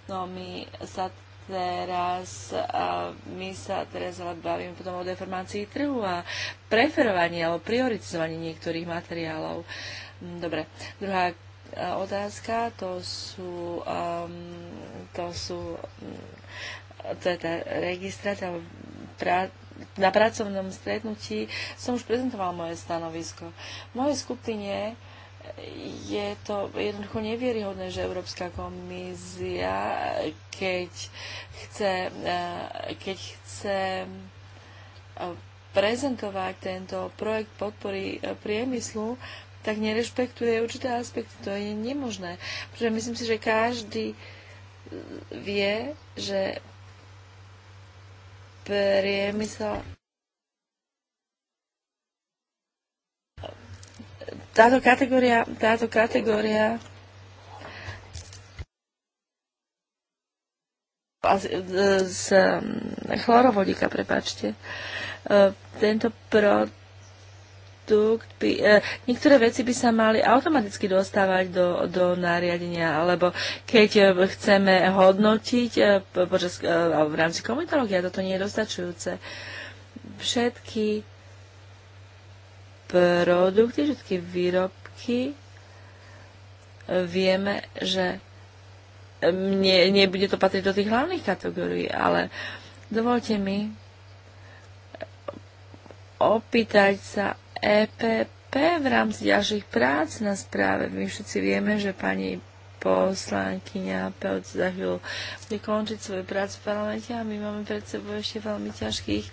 No my sa teraz a my sa teraz bavíme potom o deformácii trhu a preferovanie alebo prioritizovanie niektorých materiálov. Dobre, druhá e, otázka, to sú, um, to sú mm, to je tá registrácia pra, na pracovnom stretnutí som už prezentovala moje stanovisko. V mojej skupine je to jednoducho nevieryhodné, že Európska komisia, keď chce, eh, keď chce eh, prezentovať tento projekt podpory eh, priemyslu, tak nerešpektuje určité aspekty. To je nemožné. Pretože myslím si, že každý vie, že priemysel táto kategória, táto kategória z e, e, chlorovodika, prepačte, e, tento produkt by, niektoré veci by sa mali automaticky dostávať do, do nariadenia, alebo keď chceme hodnotiť počas, v rámci komunitológia, toto nie je dostačujúce. Všetky produkty, všetky výrobky, vieme, že nie, nebude to patriť do tých hlavných kategórií, ale dovolte mi opýtať sa EPP v rámci ďalších prác na správe. My všetci vieme, že pani poslankyňa Pelc za chvíľu bude končiť svoju prácu v parlamente a my máme pred sebou ešte veľmi ťažkých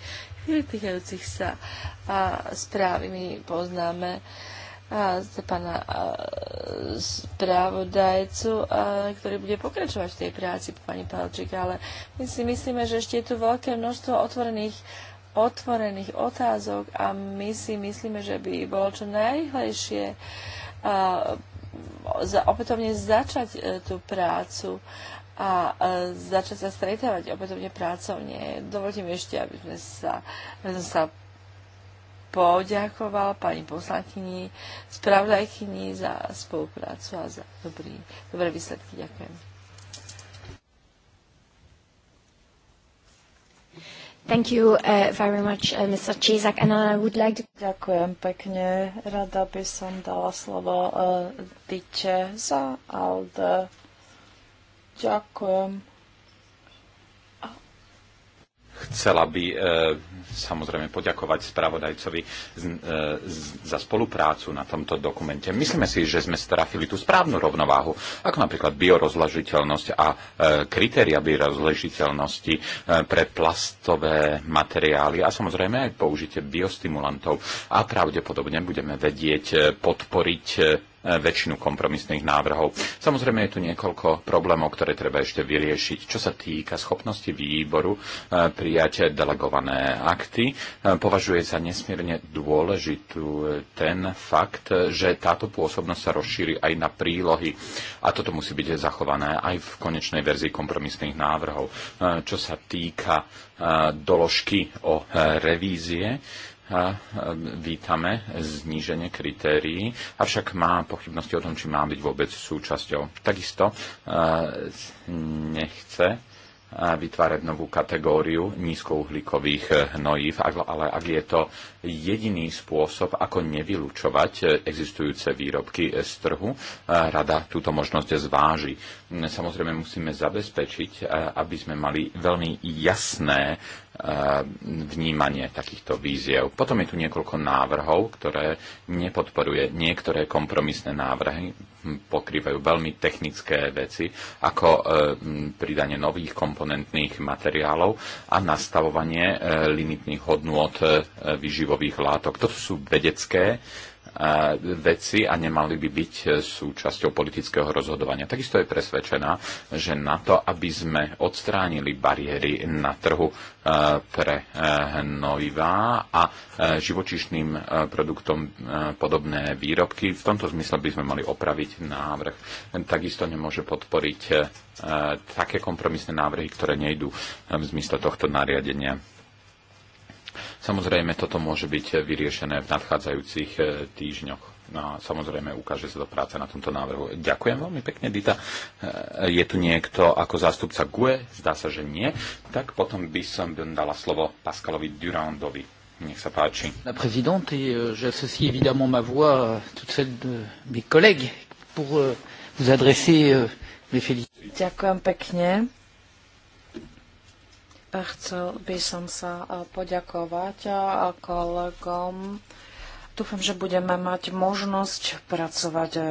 týkajúcich sa a správy. My poznáme a z pána správodajcu, ktorý bude pokračovať v tej práci pani Palčík, ale my si myslíme, že ešte je tu veľké množstvo otvorených otvorených otázok a my si myslíme, že by bolo čo najrychlejšie opätovne začať e, tú prácu a začať sa stretávať opätovne pracovne. Dovolte mi ešte, aby sme sa, aby sme sa poďakoval pani poslankyni, spravodajkyni za spoluprácu a za dobrý, dobré výsledky. Ďakujem. Thank you uh, very much, uh, Mr. Čizak. And I would like to... Ďakujem pekne. Rada by som dala slovo uh, Dice za Alde. Ďakujem. Chcela by e, samozrejme poďakovať spravodajcovi z, e, z, za spoluprácu na tomto dokumente. Myslíme si, že sme strafili tú správnu rovnováhu, ako napríklad biorozložiteľnosť a e, kritéria biorozložiteľnosti e, pre plastové materiály a samozrejme aj použitie biostimulantov. A pravdepodobne budeme vedieť podporiť väčšinu kompromisných návrhov. Samozrejme je tu niekoľko problémov, ktoré treba ešte vyriešiť. Čo sa týka schopnosti výboru e, prijať delegované akty, e, považuje sa nesmierne dôležitú ten fakt, že táto pôsobnosť sa rozšíri aj na prílohy. A toto musí byť zachované aj v konečnej verzii kompromisných návrhov. E, čo sa týka doložky o revízie, vítame zníženie kritérií, avšak má pochybnosti o tom, či má byť vôbec súčasťou. Takisto nechce vytvárať novú kategóriu nízkouhlíkových hnojív, ale ak je to jediný spôsob, ako nevylučovať existujúce výrobky z trhu, rada túto možnosť zváži. Samozrejme musíme zabezpečiť, aby sme mali veľmi jasné Eh, vnímanie takýchto víziev. Potom je tu niekoľko návrhov, ktoré nepodporuje. Niektoré kompromisné návrhy hm, pokrývajú veľmi technické veci, ako eh, hm, pridanie nových komponentných materiálov a nastavovanie eh, limitných hodnôt vyživových látok. To sú vedecké veci a nemali by byť e, súčasťou politického rozhodovania. Takisto je presvedčená, že na to, aby sme odstránili bariéry na trhu e, pre e, hnojivá a živočišným produktom podobné výrobky, v tomto zmysle by sme mali opraviť návrh. Takisto nemôže podporiť také kompromisné návrhy, ktoré nejdú v zmysle tohto nariadenia Samozrejme, toto môže byť vyriešené v nadchádzajúcich e, týždňoch. No samozrejme ukáže sa to práca na tomto návrhu. Ďakujem veľmi pekne, Dita. E, je tu niekto ako zástupca GUE? Zdá sa, že nie. Tak potom by som dala slovo Pascalovi Durandovi. Nech sa páči. La présidente, et euh, j'associe évidemment ma voix à euh, toute celle de mes collègues pour euh, vous adresser mes félicitations. Ďakujem pekne. Chcel by som sa e, poďakovať e, kolegom. Dúfam, že budeme mať možnosť pracovať e,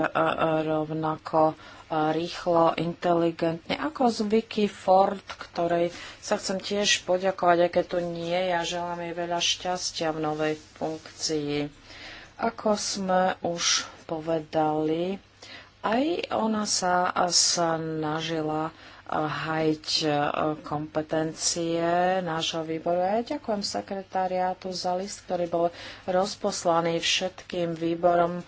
rovnako rýchlo, inteligentne, ako z Vicky Ford, ktorej sa chcem tiež poďakovať, aké tu nie je želám jej veľa šťastia v novej funkcii. Ako sme už povedali, aj ona sa snažila hajiť e, kompetencie nášho výboru. Ja ďakujem sekretariátu za list, ktorý bol rozposlaný všetkým výborom, e,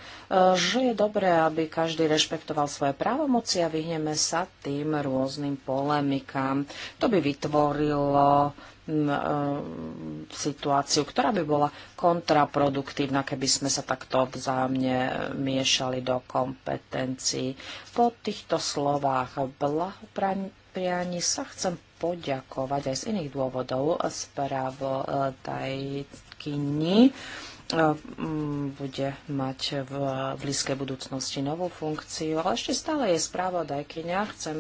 že je dobré, aby každý rešpektoval svoje právomoci a vyhneme sa tým rôznym polemikám. To by vytvorilo E, situáciu, ktorá by bola kontraproduktívna, keby sme sa takto vzájomne e, miešali do kompetencií. Po týchto slovách blahopriani sa chcem poďakovať aj z iných dôvodov správodajkyni Mm, bude mať v blízkej budúcnosti novú funkciu, ale ešte stále je správodajkyňa. Chcem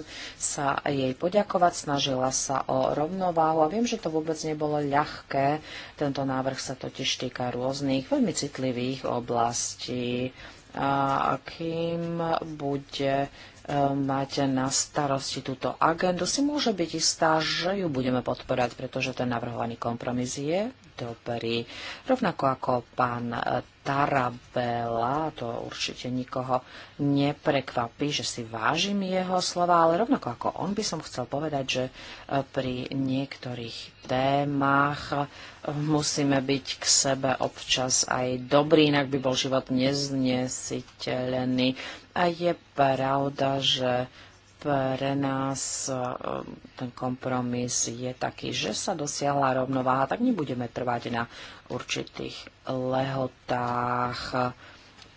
sa jej poďakovať, snažila sa o rovnováhu a viem, že to vôbec nebolo ľahké. Tento návrh sa totiž týka rôznych veľmi citlivých oblastí. A kým bude e, mať na starosti túto agendu, si môže byť istá, že ju budeme podporať, pretože ten navrhovaný kompromis je dobrý. Rovnako ako pán e, Tarabela, to určite nikoho neprekvapí, že si vážim jeho slova, ale rovnako ako on by som chcel povedať, že e, pri niektorých témach e, musíme byť k sebe občas aj dobrý, inak by bol život neznesiteľný. A je pravda, že pre nás e, ten kompromis je taký, že sa dosiahla rovnováha, tak nebudeme trvať na určitých lehotách,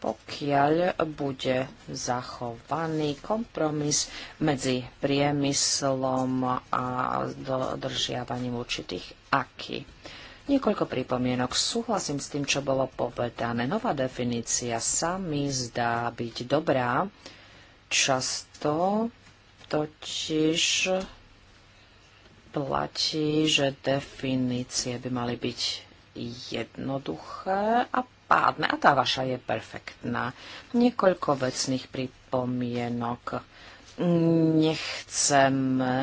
pokiaľ bude zachovaný kompromis medzi priemyslom a dodržiavaním určitých aký. Niekoľko pripomienok. Súhlasím s tým, čo bolo povedané. Nová definícia sa mi zdá byť dobrá. Často totiž platí, že definície by mali byť jednoduché a pádne. A tá vaša je perfektná. Niekoľko vecných pripomienok. Nechceme,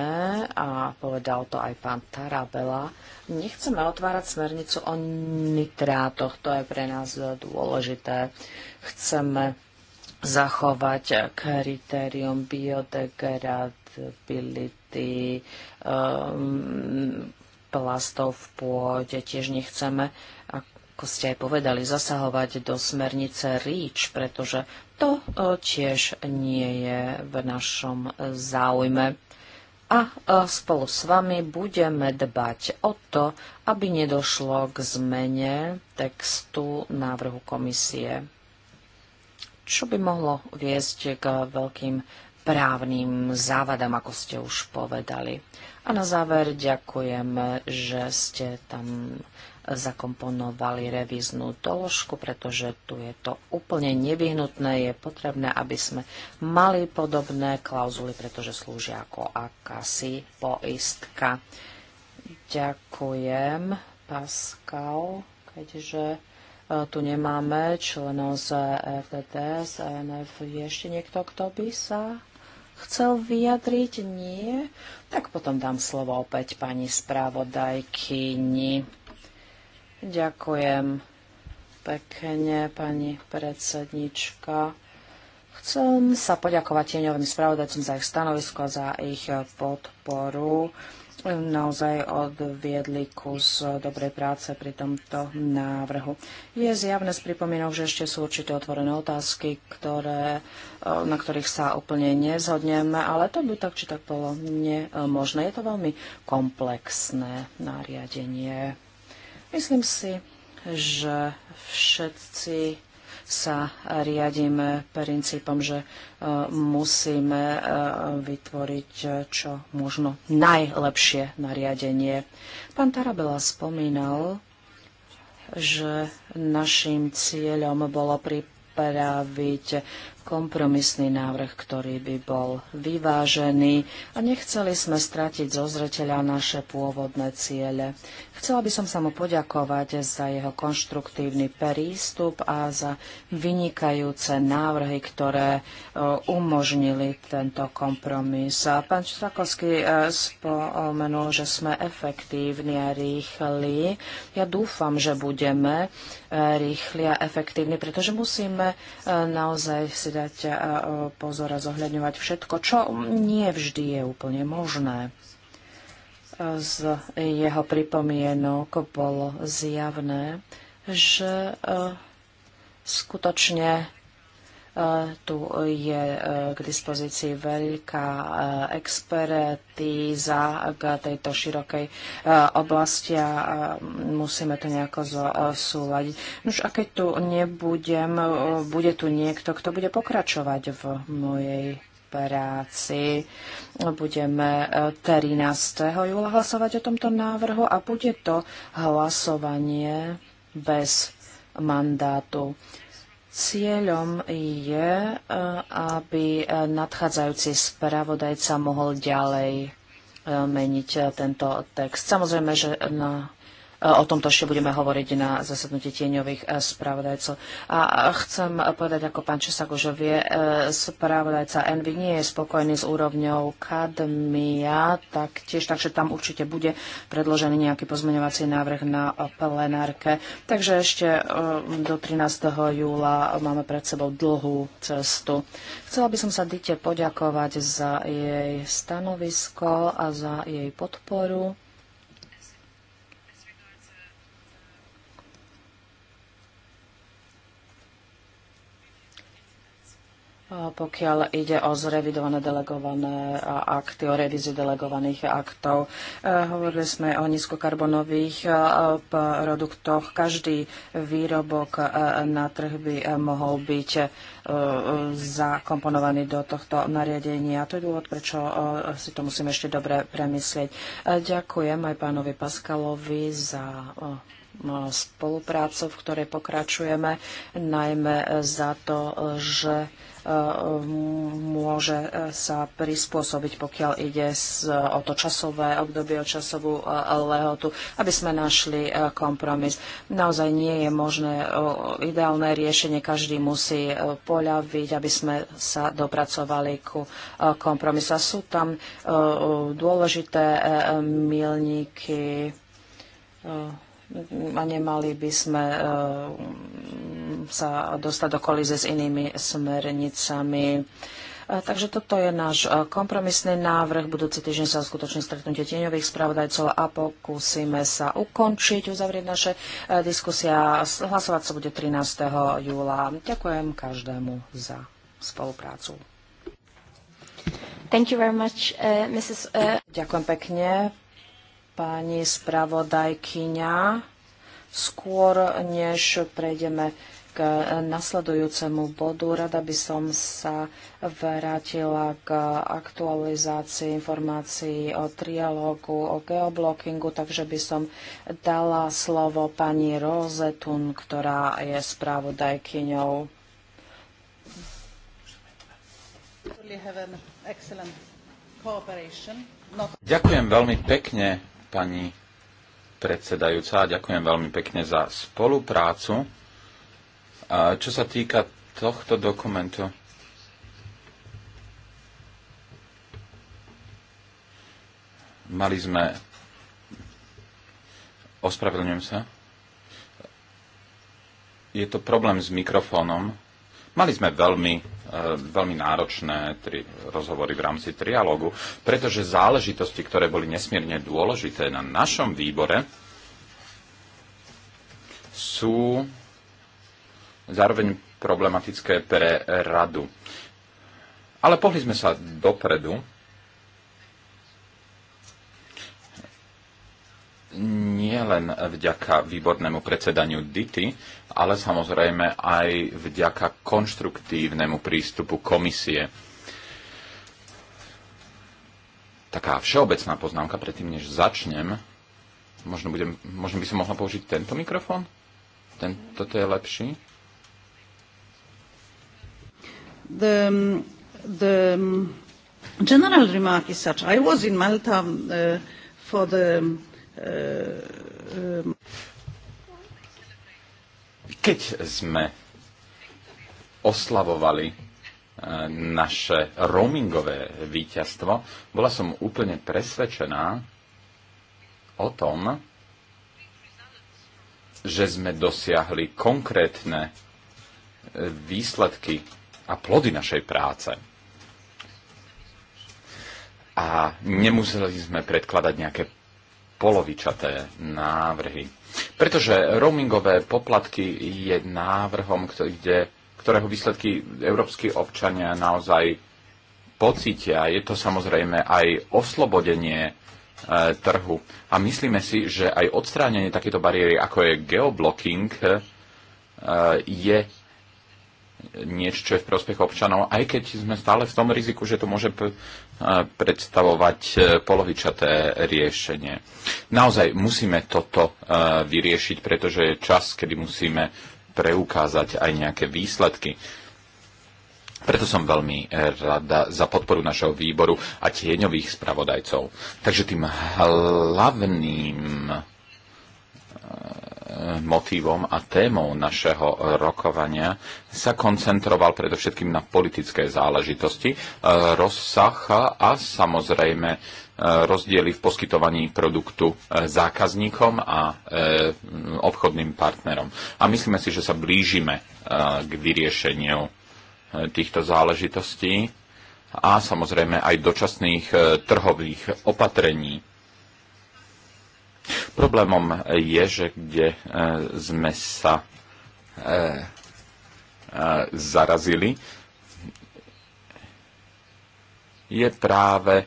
a povedal to aj pán Tarabela, nechceme otvárať smernicu o nitrátoch. To je pre nás dôležité. Chceme zachovať kritérium biodegradability um, plastov v pôde. Tiež nechceme, ako ste aj povedali, zasahovať do smernice REACH, pretože to e, tiež nie je v našom záujme. A e, spolu s vami budeme dbať o to, aby nedošlo k zmene textu návrhu komisie čo by mohlo viesť k veľkým právnym závadám, ako ste už povedali. A na záver ďakujem, že ste tam zakomponovali revíznu doložku, pretože tu je to úplne nevyhnutné. Je potrebné, aby sme mali podobné klauzuly, pretože slúžia ako akási poistka. Ďakujem, Pascal, keďže E, tu nemáme členov z e FTT, z e Je ešte niekto, kto by sa chcel vyjadriť? Nie? Tak potom dám slovo opäť pani správodajkyni. Ďakujem pekne, pani predsednička. Chcem sa poďakovať tieňovým spravodajcom za ich stanovisko, za ich podporu naozaj odviedli kus dobrej práce pri tomto návrhu. Je zjavné z pripomienok, že ešte sú určité otvorené otázky, ktoré, e, na ktorých sa úplne nezhodneme, ale to by tak či tak bolo nemožné. Je to veľmi komplexné nariadenie. Myslím si, že všetci sa riadíme princípom, že e, musíme e, vytvoriť e, čo možno najlepšie nariadenie. Pán Tarabela spomínal, že našim cieľom bolo pripraviť kompromisný návrh, ktorý by bol vyvážený a nechceli sme stratiť zo zreteľa naše pôvodné ciele. Chcela by som sa mu poďakovať za jeho konštruktívny prístup a za vynikajúce návrhy, ktoré e, umožnili tento kompromis. A pán Čtakovský e, spomenul, že sme efektívni a rýchli. Ja dúfam, že budeme e, rýchli a efektívni, pretože musíme naozaj si dať pozor a zohľadňovať všetko, čo nie vždy je úplne možné. Z jeho pripomienok bolo zjavné, že e, skutočne tu je eh, k dispozícii veľká eh, expertíza k tejto širokej eh, oblasti a musíme to nejako zosúľadiť. Už a keď tu nebudem, bude tu niekto, kto bude pokračovať v mojej práci. Budeme 13. júla hlasovať o tomto návrhu a bude to hlasovanie bez mandátu. Cieľom je, e, aby e, nadchádzajúci spravodajca mohol ďalej e, meniť tento text. Samozrejme, že na E, o tomto ešte budeme hovoriť na zasadnutí tieňových e, spravodajcov. A chcem povedať, ako pán Česak už vie, e, spravodajca Envy nie je spokojný s úrovňou kadmia, taktiež, takže tam určite bude predložený nejaký pozmeňovací návrh na plenárke. Takže ešte do 13. júla máme pred sebou dlhú cestu. Chcela by som sa Dite poďakovať za jej stanovisko a za jej podporu. pokiaľ ide o zrevidované delegované akty, o revíziu delegovaných aktov. E, hovorili sme o nízkokarbonových e, produktoch. Každý výrobok e, na trh by mohol byť zakomponovaný do tohto nariadenia. To je dôvod, prečo si to musíme ešte dobre premyslieť. Ďakujem aj pánovi Paskalovi za E, spoluprácu, v ktorej pokračujeme, najmä za to, že e, môže sa prispôsobiť, pokiaľ ide o to časové obdobie, o časovú e, lehotu, aby sme našli kompromis. Naozaj nie je možné ideálne riešenie, každý musí poľaviť, aby sme sa dopracovali ku kompromisu. A sú tam dôležité milníky a nemali by sme e, sa dostať do kolíze s inými smernicami. E, takže toto je náš e, kompromisný návrh. Budúci týždeň sa skutočne stretnutie tieňových spravodajcov a pokúsime sa ukončiť, uzavrieť naše diskusia. Hlasovať sa bude 13. júla. Ďakujem každému za spoluprácu. Thank you very much, uh, Mrs. Uh... Ďakujem pekne, pani spravodajkyňa. Skôr než prejdeme k nasledujúcemu bodu. Rada by som sa vrátila k aktualizácii informácií o trialógu, o geoblockingu, takže by som dala slovo pani Rozetun, ktorá je spravodajkyňou. Ďakujem veľmi pekne pani predsedajúca. Ďakujem veľmi pekne za spoluprácu. Čo sa týka tohto dokumentu, mali sme ospravedlňujem sa je to problém s mikrofónom Mali sme veľmi eh, veľmi náročné tri rozhovory v rámci trialógu, pretože záležitosti, ktoré boli nesmierne dôležité na našom výbore, sú zároveň problematické pre radu. Ale pohli sme sa dopredu nie len vďaka výbornému predsedaniu DITY, ale samozrejme aj vďaka konštruktívnemu prístupu komisie. Taká všeobecná poznámka predtým, než začnem. Možno, budem, možno by som mohla použiť tento mikrofón? Ten, toto je lepší? The, the general remark is such. I was in Malta uh, for the keď sme oslavovali e, naše roamingové víťazstvo, bola som úplne presvedčená o tom, že sme dosiahli konkrétne e, výsledky a plody našej práce a nemuseli sme predkladať nejaké polovičaté návrhy. Pretože roamingové poplatky je návrhom, kde, ktorého výsledky európsky občania naozaj pocítia. Je to samozrejme aj oslobodenie e, trhu. A myslíme si, že aj odstránenie takéto bariéry, ako je geoblocking, e, je niečo, čo je v prospech občanov, aj keď sme stále v tom riziku, že to môže predstavovať e, polovičaté riešenie. Naozaj musíme toto e, vyriešiť, pretože je čas, kedy musíme preukázať aj nejaké výsledky. Preto som veľmi e, rada za podporu našeho výboru a tieňových spravodajcov. Takže tým hlavným motívom a témou našeho rokovania sa koncentroval predovšetkým na politické záležitosti, e, rozsah a samozrejme e, rozdiely v poskytovaní produktu e, zákazníkom a obchodným partnerom. A myslíme si, že sa blížime k vyriešeniu týchto záležitostí a samozrejme aj dočasných trhových opatrení Problémom je, že kde e, sme sa e, e, zarazili, je práve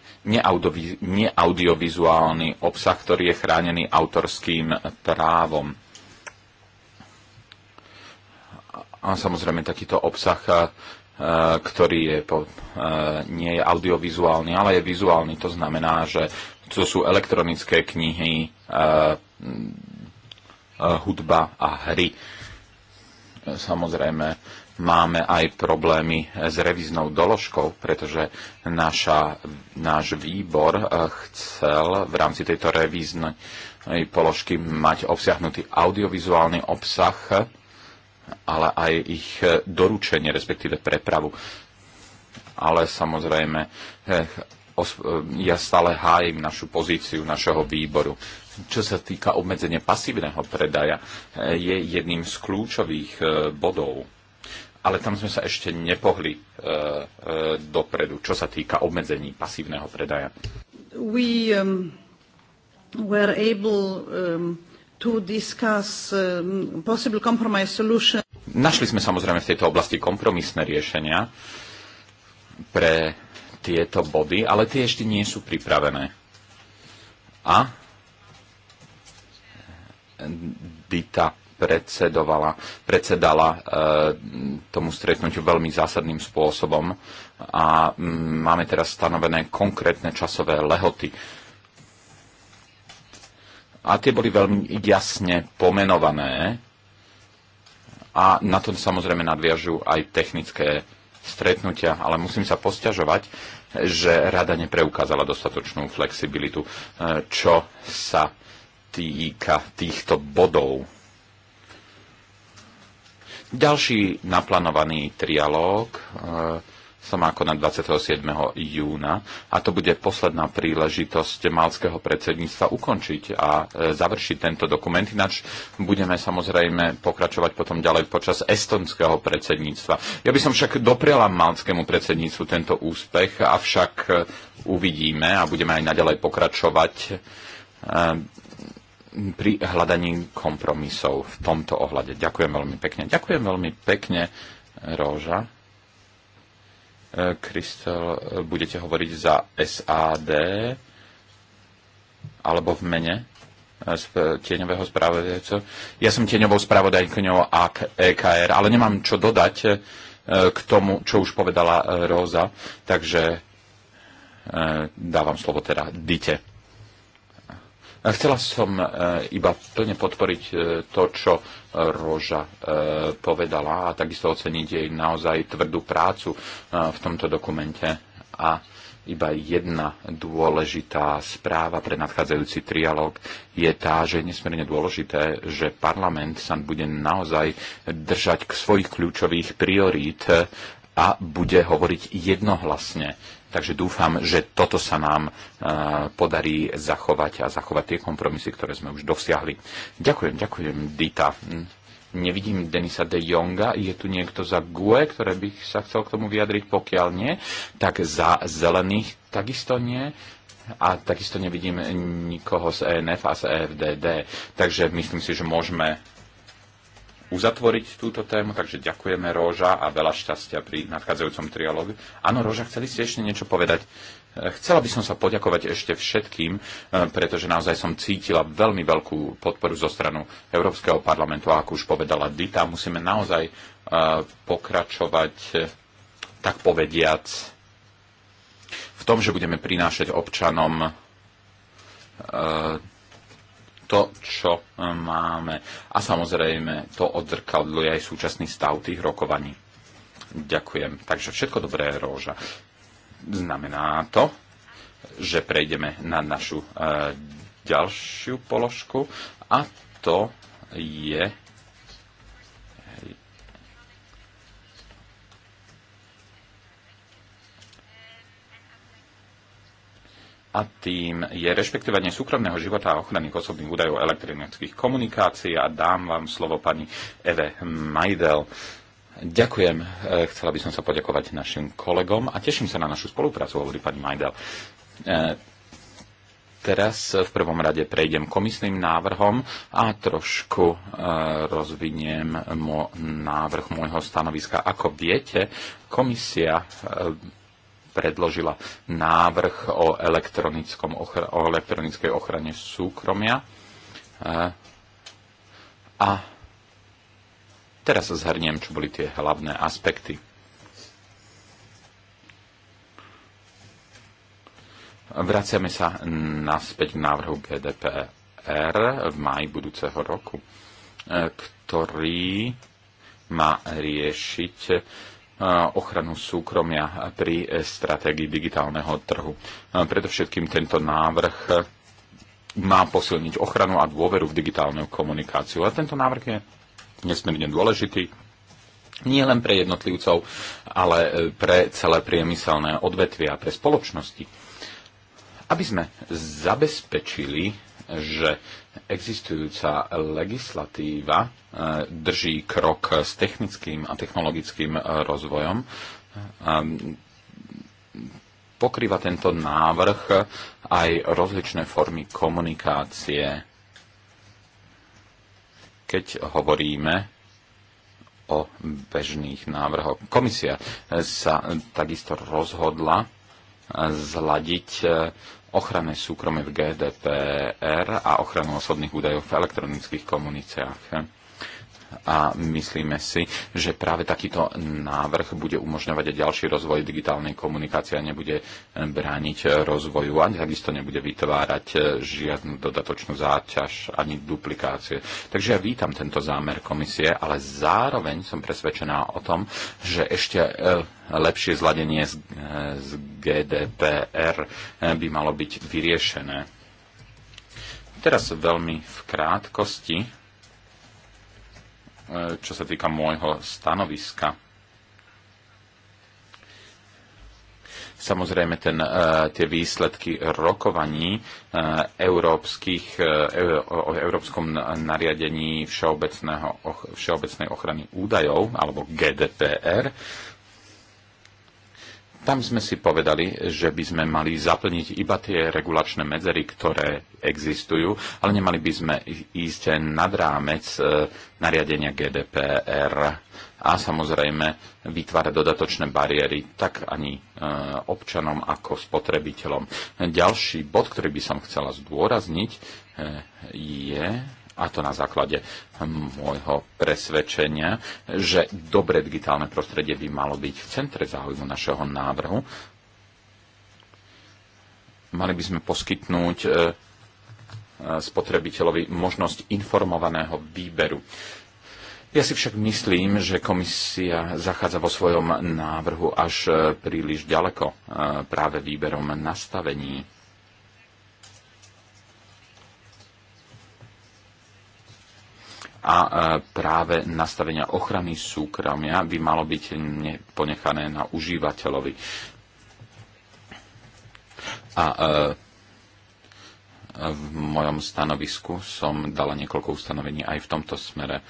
neaudiovizuálny obsah, ktorý je chránený autorským právom. A samozrejme takýto obsah, ktorý je, nie je audiovizuálny, ale je vizuálny. To znamená, že to sú elektronické knihy, e, e, hudba a hry. Samozrejme, máme aj problémy s revíznou doložkou, pretože naša, náš výbor e, chcel v rámci tejto revíznej položky mať obsiahnutý audiovizuálny obsah, ale aj ich doručenie, respektíve prepravu. Ale samozrejme, Eh, ja stále hájim našu pozíciu našeho výboru. Čo sa týka obmedzenia pasívneho predaja, eh, je jedným z kľúčových eh, bodov. Ale tam sme sa ešte nepohli e, e, dopredu, čo sa týka obmedzení pasívneho predaja. We um, were able um, to discuss um, possible compromise solution. Našli sme samozrejme v tejto oblasti kompromisné riešenia pre tieto body, ale tie ešte nie sú pripravené. A Dita predsedovala, predsedala e, tomu stretnutiu veľmi zásadným spôsobom a m, máme teraz stanovené konkrétne časové lehoty. A tie boli veľmi jasne pomenované a na to samozrejme nadviažujú aj technické stretnutia, ale musím sa posťažovať, že rada nepreukázala dostatočnú flexibilitu, e, čo sa týka týchto bodov. Ďalší naplánovaný trialóg e, sa má konať 27. júna a to bude posledná príležitosť malského predsedníctva ukončiť a e, završiť tento dokument. Ináč budeme samozrejme pokračovať potom ďalej počas estonského predsedníctva. Ja by som však dopriala malskému predsedníctvu tento úspech, avšak e, uvidíme a budeme aj naďalej pokračovať e, pri hľadaní kompromisov v tomto ohľade. Ďakujem veľmi pekne. Ďakujem veľmi pekne, Róža. Eh, Kristel, eh, budete hovoriť za SAD alebo v mene eh, tieňového spravodajcu. Ja som tieňovou spravodajkňou EKR, ale nemám čo dodať k tomu, čo už povedala Róza, takže dávam slovo teda Dite. Chcela som e, iba plne podporiť e, to, čo e, Roža povedala a takisto oceniť jej naozaj tvrdú prácu v tomto dokumente. A iba jedna dôležitá správa pre nadchádzajúci trialog je tá, že je nesmierne dôležité, že parlament sa bude naozaj držať k svojich kľúčových priorít a bude hovoriť jednohlasne Takže dúfam, že toto sa nám e, podarí zachovať a zachovať tie kompromisy, ktoré sme už dosiahli. Ďakujem, ďakujem, Dita. Nevidím Denisa de Jonga. Je tu niekto za GUE, ktoré by sa chcel k tomu vyjadriť? Pokiaľ nie, tak za zelených takisto nie. A takisto nevidím nikoho z ENF a z EFDD. Takže myslím si, že môžeme uzatvoriť túto tému, takže ďakujeme Róža a veľa šťastia pri nadchádzajúcom trialógu. Áno, Róža, chceli ste ešte niečo povedať? E, chcela by som sa poďakovať ešte všetkým, e, pretože naozaj som cítila veľmi veľkú podporu zo stranu Európskeho parlamentu a ako už povedala Dita, musíme naozaj e, pokračovať, tak povediac, v tom, že budeme prinášať občanom to, čo e, máme. A samozrejme, to je aj súčasný stav tých rokovaní. Ďakujem. Takže všetko dobré, Róža. Znamená to, že prejdeme na našu e, ďalšiu položku a to je a tým je rešpektovanie súkromného života a ochrany osobných údajov elektronických komunikácií a dám vám slovo pani Eve Majdel. Ďakujem. E, chcela by som sa poďakovať našim kolegom a teším sa na našu spoluprácu, hovorí pani Majdel. E, teraz v prvom rade prejdem komisným návrhom a trošku e, rozviniem návrh môjho stanoviska. Ako viete, komisia predložila návrh o, elektronickom ochr- o elektronickej ochrane súkromia. Eh, a teraz zhrniem, čo boli tie hlavné aspekty. Vraciame sa naspäť k návrhu GDPR v maji budúceho roku, eh, ktorý má riešiť ochranu súkromia pri stratégii digitálneho trhu. Predovšetkým tento návrh má posilniť ochranu a dôveru v digitálnu komunikáciu. A tento návrh je nesmierne dôležitý nie len pre jednotlivcov, ale pre celé priemyselné odvetvia, pre spoločnosti. Aby sme zabezpečili, že existujúca legislatíva e, drží krok s technickým a technologickým e, rozvojom. E, pokrýva tento návrh aj rozličné formy komunikácie. Keď hovoríme o bežných návrhoch. Komisia sa takisto rozhodla zladiť ochrane súkromia v GDPR a ochranu osobných údajov v elektronických komunikáciách a myslíme si, že práve takýto návrh bude umožňovať aj ďalší rozvoj digitálnej komunikácie a nebude eh, brániť rozvoju a takisto nebude vytvárať eh, žiadnu dodatočnú záťaž ani duplikácie. Takže ja vítam tento zámer komisie, ale zároveň som presvedčená o tom, že ešte eh, lepšie zladenie z, z GDPR by malo byť vyriešené. Teraz veľmi v krátkosti E, čo sa týka môjho stanoviska. Samozrejme, ten, e, tie výsledky rokovaní e, európskych, o európskom nariadení všeobecného, všeobecnej ochrany údajov, alebo GDPR, tam sme si povedali, že by sme mali zaplniť iba tie regulačné medzery, ktoré existujú, ale nemali by sme ísť nad rámec e, nariadenia GDPR a samozrejme vytvárať dodatočné bariéry tak ani e, občanom ako spotrebiteľom. Ďalší bod, ktorý by som chcela zdôrazniť, e, je a to na základe hm, môjho presvedčenia, že dobre digitálne prostredie by malo byť v centre záujmu našeho návrhu. Mali by sme poskytnúť e, e, spotrebiteľovi možnosť informovaného výberu. Ja si však myslím, že komisia zachádza vo svojom návrhu až e, príliš ďaleko práve výberom nastavení a e, práve nastavenia ochrany súkromia by malo byť ponechané na užívateľovi. A e, v mojom stanovisku som dala niekoľko ustanovení aj v tomto smere.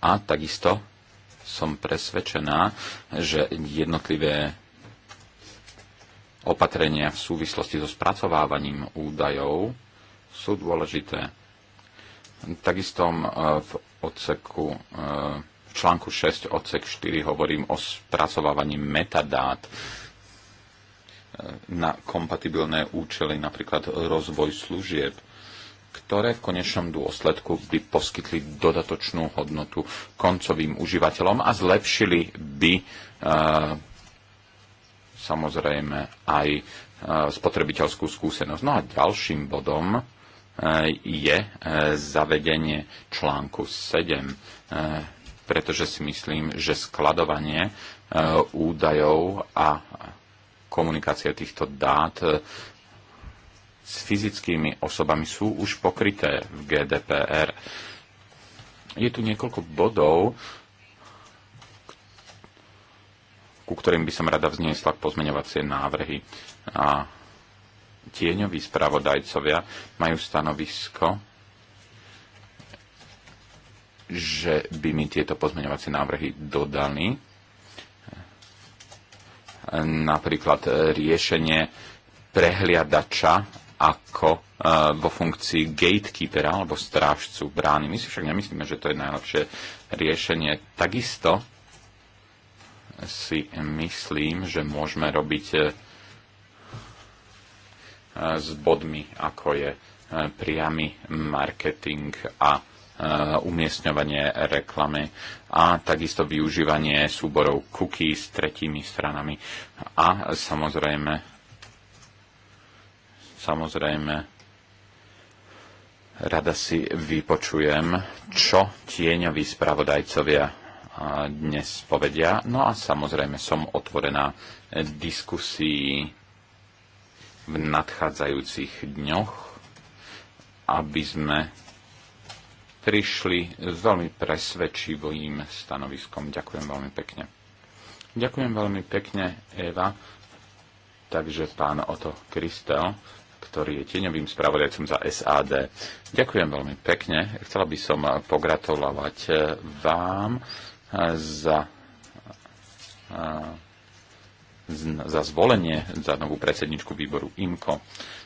A takisto som presvedčená, že jednotlivé opatrenia v súvislosti so spracovávaním údajov sú dôležité Takisto e, v odseku e, v článku 6 odsek 4 hovorím o spracovávaní metadát e, na kompatibilné účely, napríklad rozvoj služieb, ktoré v konečnom dôsledku by poskytli dodatočnú hodnotu koncovým užívateľom a zlepšili by e, samozrejme aj spotrebiteľskú skúsenosť. No a ďalším bodom je e, zavedenie článku 7, e, pretože si myslím, že skladovanie e, údajov a komunikácia týchto dát s fyzickými osobami sú už pokryté v GDPR. Je tu niekoľko bodov, ku ktorým by som rada vzniesla pozmeňovacie návrhy. A tieňoví spravodajcovia majú stanovisko, že by mi tieto pozmeňovacie návrhy dodali. Napríklad e, riešenie prehliadača ako e, vo funkcii gatekeepera alebo strážcu brány. My si však nemyslíme, že to je najlepšie riešenie. Takisto si myslím, že môžeme robiť e, s bodmi, ako je e, priamy marketing a e, umiestňovanie reklamy a takisto využívanie súborov cookies s tretími stranami a samozrejme samozrejme rada si vypočujem, čo tieňoví spravodajcovia e, dnes povedia. No a samozrejme som otvorená diskusii v nadchádzajúcich dňoch, aby sme prišli s veľmi presvedčivým stanoviskom. Ďakujem veľmi pekne. Ďakujem veľmi pekne, Eva. Takže pán Oto Kristel, ktorý je tieňovým spravodajcom za SAD. Ďakujem veľmi pekne. Chcela by som pogratulovať vám za eh, za zvolenie za novú predsedničku výboru IMKO.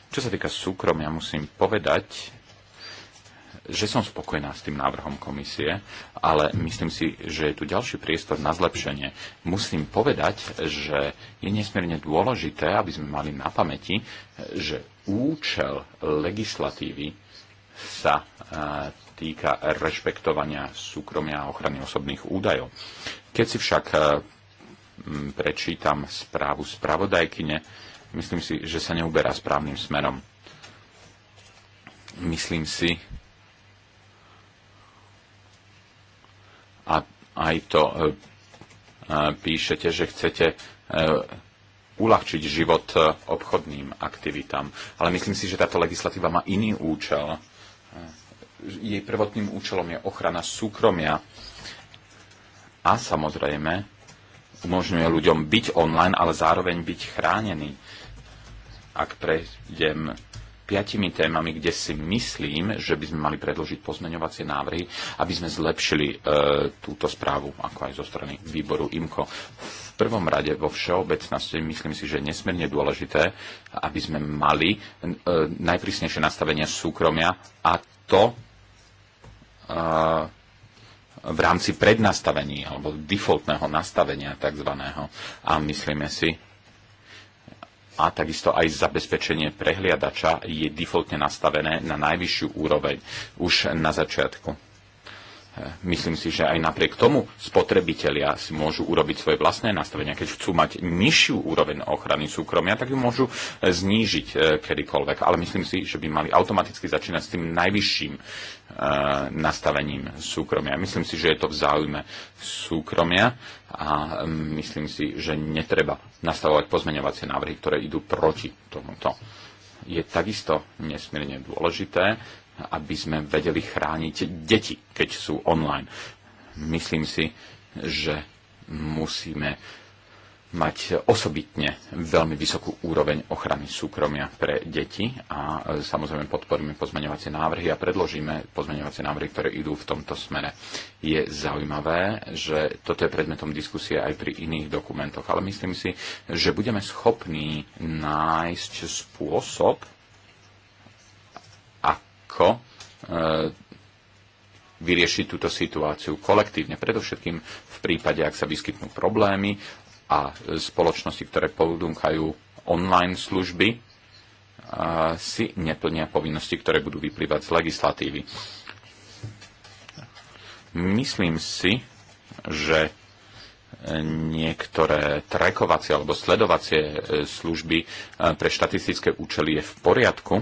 Čo sa týka súkromia, musím povedať, že som spokojná s tým návrhom komisie, ale myslím si, že je tu ďalší priestor na zlepšenie. Musím povedať, že je nesmierne dôležité, aby sme mali na pamäti, že účel legislatívy sa e, týka rešpektovania súkromia a ochrany osobných údajov. Keď si však e, prečítam správu spravodajkyne, myslím si, že sa neuberá správnym smerom. Myslím si, a aj to e, e, píšete, že chcete e, uľahčiť život obchodným aktivitám. Ale myslím si, že táto legislatíva má iný účel. Jej prvotným účelom je ochrana súkromia a samozrejme umožňuje ľuďom byť online, ale zároveň byť chránený. Ak prejdem piatimi témami, kde si myslím, že by sme mali predložiť pozmeňovacie návrhy, aby sme zlepšili e, túto správu, ako aj zo strany výboru IMCO. V prvom rade vo všeobecnosti myslím si, že je nesmierne dôležité, aby sme mali e, najprísnejšie nastavenia súkromia a to e, v rámci prednastavení alebo defaultného nastavenia tzv. A myslíme si, a takisto aj zabezpečenie prehliadača je defaultne nastavené na najvyššiu úroveň už na začiatku Myslím si, že aj napriek tomu spotrebitelia si môžu urobiť svoje vlastné nastavenia. Keď chcú mať nižšiu úroveň ochrany súkromia, tak ju môžu e, znížiť e, kedykoľvek. Ale myslím si, že by mali automaticky začínať s tým najvyšším e, nastavením súkromia. Myslím si, že je to v záujme súkromia a mm, myslím si, že netreba nastavovať pozmeňovacie návrhy, ktoré idú proti tomuto. Je takisto nesmierne dôležité, aby sme vedeli chrániť deti, keď sú online. Myslím si, že musíme mať osobitne veľmi vysokú úroveň ochrany súkromia pre deti a e, samozrejme podporíme pozmeňovacie návrhy a predložíme pozmeňovacie návrhy, ktoré idú v tomto smere. Je zaujímavé, že toto je predmetom diskusie aj pri iných dokumentoch, ale myslím si, že budeme schopní nájsť spôsob, ako e, vyriešiť túto situáciu kolektívne. Predovšetkým v prípade, ak sa vyskytnú problémy a spoločnosti, ktoré ponúkajú online služby, e, si neplnia povinnosti, ktoré budú vyplývať z legislatívy. Myslím si, že niektoré trekovacie alebo sledovacie e, služby pre štatistické účely je v poriadku,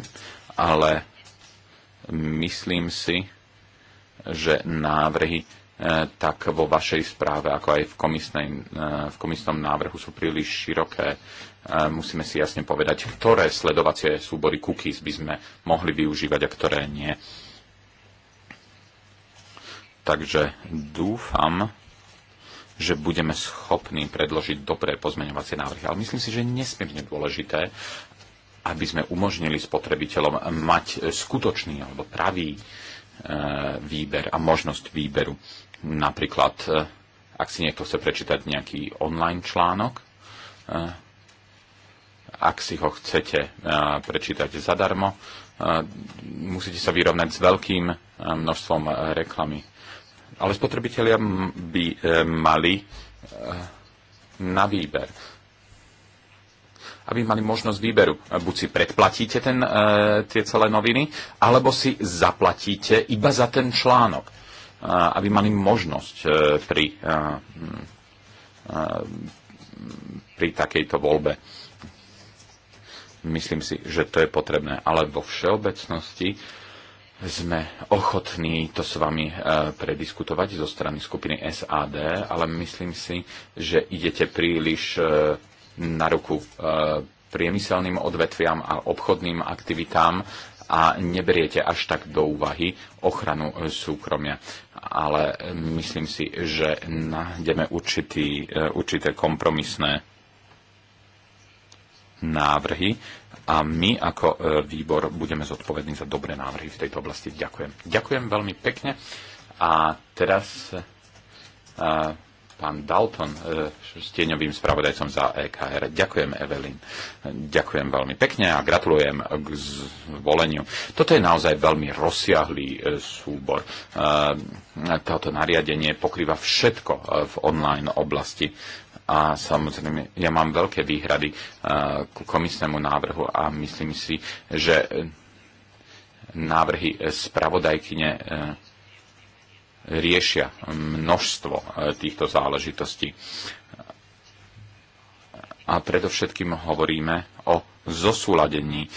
ale Myslím si, že návrhy e, tak vo vašej správe, ako aj v, komisnej, e, v komisnom návrhu sú príliš široké. E, musíme si jasne povedať, ktoré sledovacie súbory cookies by sme mohli využívať a ktoré nie. Takže dúfam, že budeme schopní predložiť dobré pozmeňovacie návrhy. Ale myslím si, že je nesmierne dôležité, aby sme umožnili spotrebiteľom mať skutočný alebo pravý e, výber a možnosť výberu. Napríklad, e, ak si niekto chce prečítať nejaký online článok, e, ak si ho chcete prečítať zadarmo, musíte sa vyrovnať s veľkým množstvom reklamy. Ale spotrebitelia by mali na výber aby mali možnosť výberu. Buď si predplatíte ten, e, tie celé noviny, alebo si zaplatíte iba za ten článok, e, aby mali možnosť e, pri, pri takejto voľbe. Myslím si, že to je potrebné, ale vo všeobecnosti sme ochotní to s vami prediskutovať zo strany skupiny SAD, ale myslím si, že idete príliš na ruku e, priemyselným odvetviam a obchodným aktivitám a neberiete až tak do úvahy ochranu e, súkromia. Ale e, myslím si, že nájdeme určitý, určité kompromisné návrhy a my ako výbor budeme zodpovední za dobré návrhy v tejto oblasti. Ďakujem. Ďakujem veľmi pekne a teraz pán Dalton, steňovým e, spravodajcom za EKR. Ďakujem, Evelyn. Ďakujem veľmi pekne a gratulujem k zvoleniu. Toto je naozaj veľmi rozsiahlý e, súbor. E, toto nariadenie pokrýva všetko v online oblasti. A samozrejme, ja mám veľké výhrady k komisnému návrhu a myslím si, že návrhy spravodajkyne riešia množstvo e, týchto záležitostí. A predovšetkým hovoríme o zosúladení e,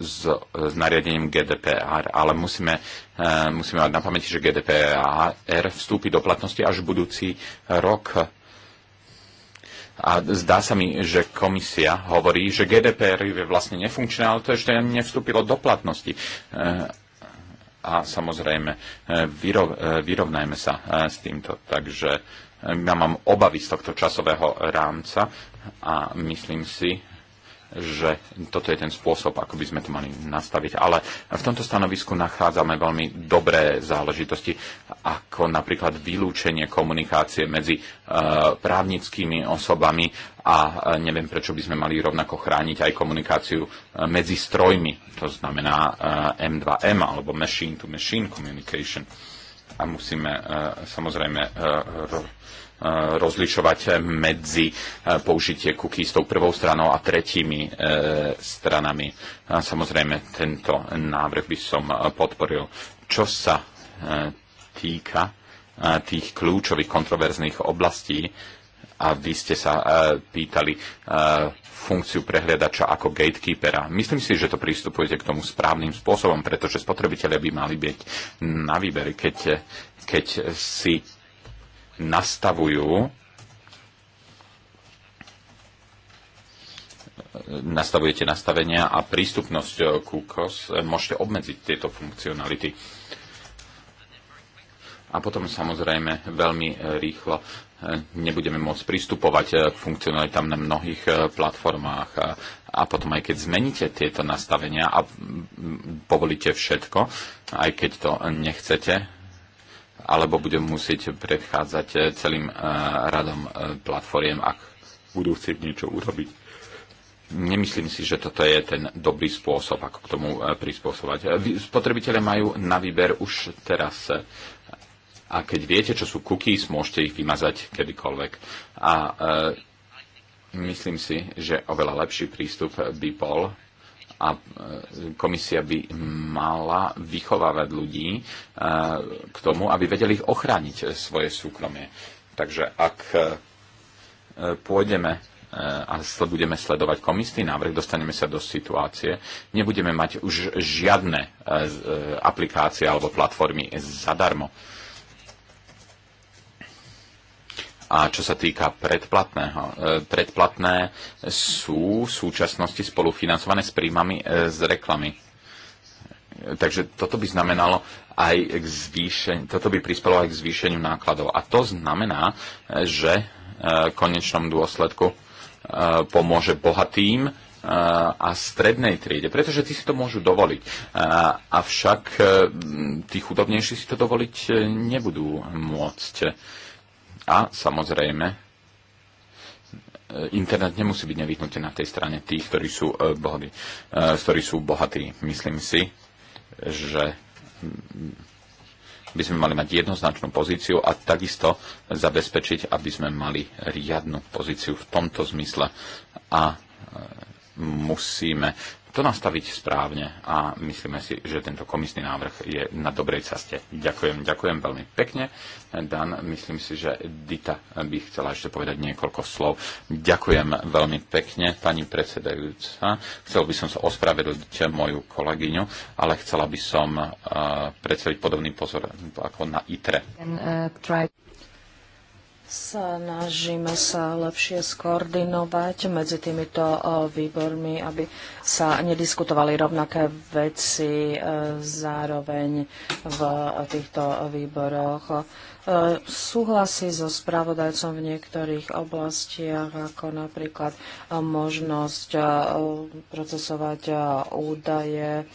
s, s nariadením GDPR, ale musíme, e, musíme mať na pamäti, že GDPR vstúpi do platnosti až budúci rok a zdá sa mi, že komisia hovorí, že GDPR je vlastne nefunkčné, ale to ešte ani nevstúpilo do platnosti. E, a samozrejme, e, vyrov, e, vyrovnajme sa s týmto. Takže ja mám obavy z tohto časového rámca a myslím si, že toto je ten spôsob, ako by sme to mali nastaviť. Ale v tomto stanovisku nachádzame veľmi dobré záležitosti, ako napríklad vylúčenie komunikácie medzi e, právnickými osobami a e, neviem, prečo by sme mali rovnako chrániť aj komunikáciu e, medzi strojmi, to znamená M2M alebo Machine to Machine Communication. A musíme samozrejme Eh, rozlišovať medzi eh, použitie cookies tou prvou stranou a tretími eh, stranami. A samozrejme, tento návrh by som podporil. Čo sa týka tých kľúčových kontroverzných oblastí, a vy ste sa pýtali funkciu prehliadača ako gatekeepera. Myslím si, že to prístupujete k tomu správnym spôsobom, pretože spotrebitelia by mali byť na výber, keď, keď si nastavujú nastavujete nastavenia a prístupnosť KUKOS, môžete obmedziť tieto funkcionality. A potom samozrejme veľmi rýchlo eh, nebudeme môcť pristupovať eh, k funkcionalitám na mnohých eh, platformách. A potom aj keď zmeníte tieto nastavenia a mm, povolíte všetko, aj keď to nechcete, alebo budem musieť predchádzať eh, celým eh, radom eh, platformiem, ak budú chcieť niečo urobiť. Nemyslím si, že toto je ten dobrý spôsob, ako k tomu prispôsobať. Spotrebitelia majú na výber už teraz a keď viete, čo sú cookies, môžete ich vymazať kedykoľvek. A uh, myslím si, že oveľa lepší prístup by bol, a e, komisia by mala vychovávať ľudí e, k tomu, aby vedeli ochrániť e, svoje súkromie. Takže ak pôjdeme a budeme sledovať komisný návrh, dostaneme sa do situácie, nebudeme mať už žiadne aplikácie alebo platformy zadarmo. A čo sa týka predplatného, e, predplatné sú v súčasnosti spolufinancované s príjmami e, z reklamy. Takže toto by znamenalo aj k zvýšeniu, toto by prispelo aj k zvýšeniu nákladov. A to znamená, že e, v konečnom dôsledku pomôže bohatým a strednej triede, pretože tí si to môžu dovoliť. Avšak tí chudobnejší si to dovoliť nebudú môcť. A samozrejme, e, internet nemusí byť nevyhnutý na tej strane tých, ktorí sú, e, bohatí, e, ktorí sú bohatí. Myslím si, že by sme mali mať jednoznačnú pozíciu a takisto zabezpečiť, aby sme mali riadnu pozíciu v tomto zmysle a musíme to nastaviť správne a myslíme si, že tento komisný návrh je na dobrej ceste. Ďakujem, ďakujem veľmi pekne. Dan, myslím si, že Dita by chcela ešte povedať niekoľko slov. Ďakujem veľmi pekne, pani predsedajúca. Chcel by som sa ospravedliť moju kolegyňu, ale chcela by som eh, predstaviť podobný pozor ako na ITRE. And, uh, try... Snažíme sa lepšie skoordinovať medzi týmito výbormi, aby sa nediskutovali rovnaké veci e, zároveň v týchto výboroch. E, súhlasí so spravodajcom v niektorých oblastiach, ako napríklad možnosť e, procesovať údaje,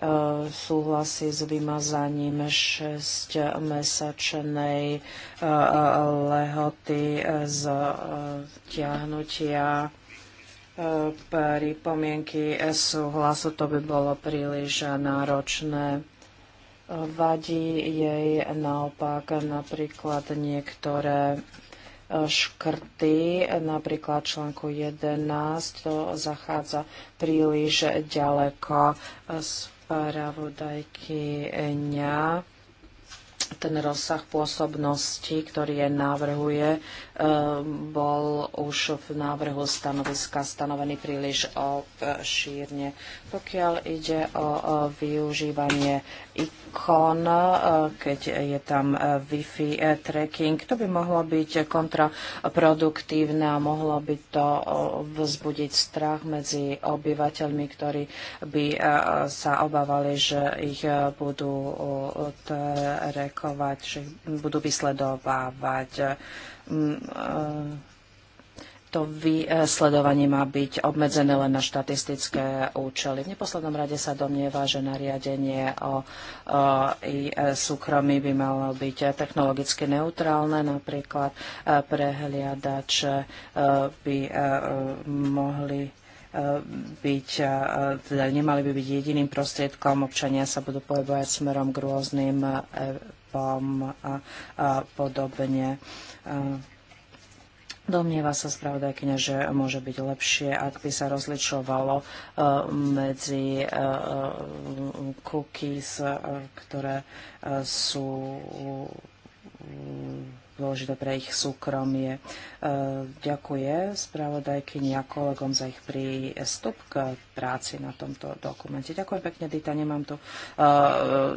E, súhlasí s vymazaním 6-mesačnej e, lehoty z ťahnutia e, pripomienky súhlasu. To by bolo príliš náročné. Vadí jej naopak napríklad niektoré škrty, napríklad článku 11, to zachádza príliš ďaleko spravodajkyňa ten rozsah pôsobnosti, ktorý je navrhuje, Ehm, bol už v návrhu stanoviska stanovený príliš obšírne. Pokiaľ ide o využívanie ikon, e, keď je tam e, Wi-Fi e, tracking, to by mohlo byť kontraproduktívne a mohlo by to vzbudiť strach medzi obyvateľmi, ktorí by sa obávali, že ich budú trekovať, že budú vysledovávať E, to vysledovanie má byť obmedzené len na štatistické účely. V neposlednom rade sa domnieva, že nariadenie o, o e, i e, súkromí by malo byť technologicky neutrálne. Napríklad prehliadače by mohli byť, teda nemali by byť jediným prostriedkom, občania sa budú pohybovať smerom k rôznym typom a, a podobne. Domnieva sa spravodajkyňa, že môže byť lepšie, ak by sa rozličovalo e, medzi e, e, cookies, ktoré sú dôležité pre ich súkromie. E, Ďakuje spravodajkyni a kolegom za ich prístup k práci na tomto dokumente. Ďakujem pekne, Dita. Nemám tu e,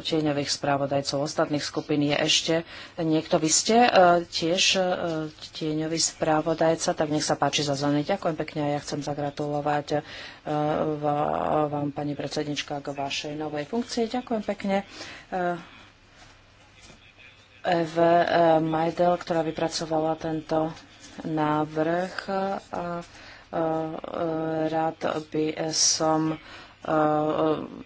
tieňových spravodajcov ostatných skupín. Je ešte niekto? Vy ste e, tiež tieňový spravodajca, tak nech sa páči za zelený. Ďakujem pekne a ja chcem zagratulovať vám, pani predsednička, k vašej novej funkcii. Ďakujem pekne Eve eh, Majdel, ktorá vypracovala tento návrh. A eh, rád by som eh,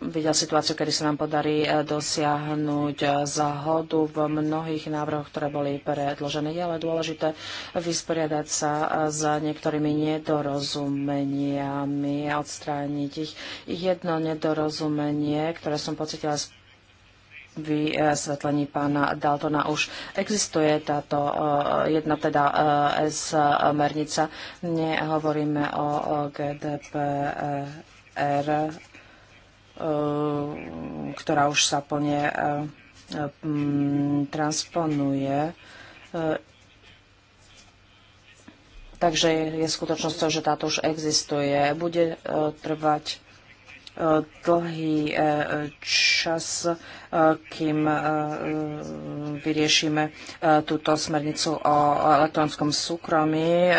videl situáciu, kedy sa nám podarí dosiahnuť zahodu v mnohých návrhoch, ktoré boli predložené. Je ale dôležité vysporiadať sa s niektorými nedorozumeniami a odstrániť ich. Jedno nedorozumenie, ktoré som pocitila z vysvetlení pána Daltona už existuje táto eh, jedna teda eh, smernica. Nehovoríme o GDPR, eh, ktorá už sa plne mm, transponuje. Takže je to, že táto už existuje. Bude trvať dlhý e, čas, e, kým e, vyriešime túto smernicu o elektronskom súkromí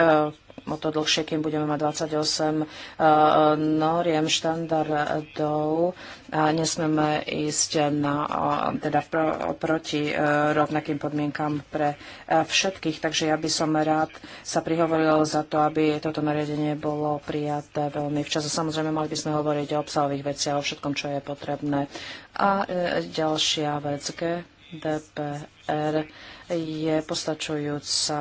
o to dlhšie, kým budeme mať 28 eh, noriem štandardov a nesmeme ísť na, eh, teda pro, proti eh, rovnakým podmienkam pre všetkých. Takže ja by som rád sa prihovoril za to, aby toto nariadenie bolo prijaté veľmi včas. A samozrejme, mali by sme hovoriť o obsahových veciach, o všetkom, čo je potrebné. A ďalšia vec, GDPR je postačujúca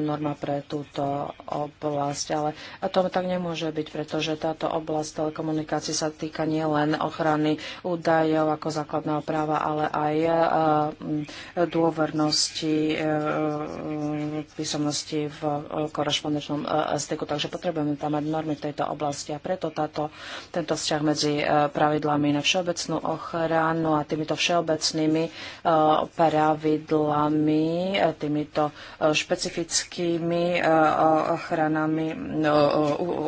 norma pre túto oblasť. Ale to tak nemôže byť, pretože táto oblasť telekomunikácií sa týka nielen ochrany údajov ako základného práva, ale aj eh, mm, dôvernosti eh, mm, písomnosti v eh, korešpondenčnom styku. Takže potrebujeme tam mať normy v tejto oblasti a preto táto, tento vzťah medzi pravidlami na všeobecnú ochranu a týmito všeobecnými pravidlami týmito e, špecifickými e, e, ochranami,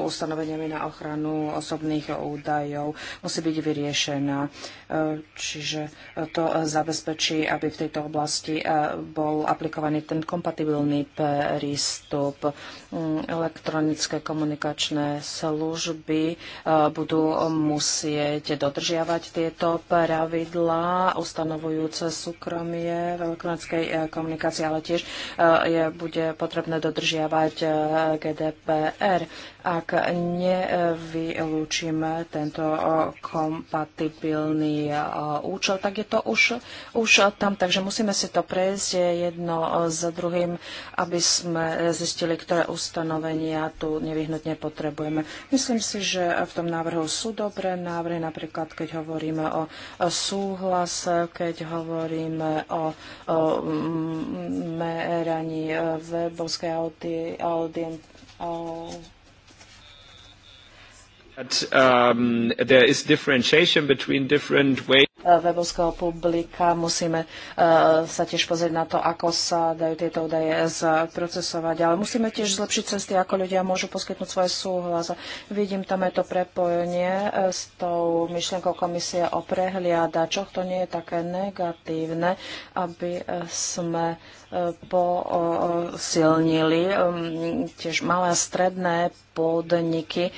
ustanoveniami na ochranu osobných údajov musí byť vyriešená. Čiže to zabezpečí, aby v tejto oblasti bol aplikovaný ten kompatibilný prístup. Mm, elektronické komunikačné služby budú musieť dodržiavať tieto pravidlá ustanovujúce súkromie v elektronickej komunikácii komunikácie, ale tiež eh, je, bude potrebné dodržiavať eh, GDPR. Ak nevylúčime tento eh, kompatibilný účel, tak je to už, už tam, takže musíme si to prejsť jedno za druhým, aby sme zistili, ktoré ustanovenia tu nevyhnutne potrebujeme. Myslím si, že v tom návrhu sú dobré návrhy, napríklad keď hovoríme o súhlase, keď hovoríme o, o meraní e, v audiencie. audiencii. um, there is differentiation between different ways webovského publika. Musíme e, sa tiež pozrieť na to, ako sa dajú tieto údaje zprocesovať, Ale musíme tiež zlepšiť cesty, ako ľudia môžu poskytnúť svoje súhlas. Vidím tam aj to prepojenie e, s tou myšlienkou komisie o prehliadačoch. To nie je také negatívne, aby e, sme posilnili tiež malé a stredné podniky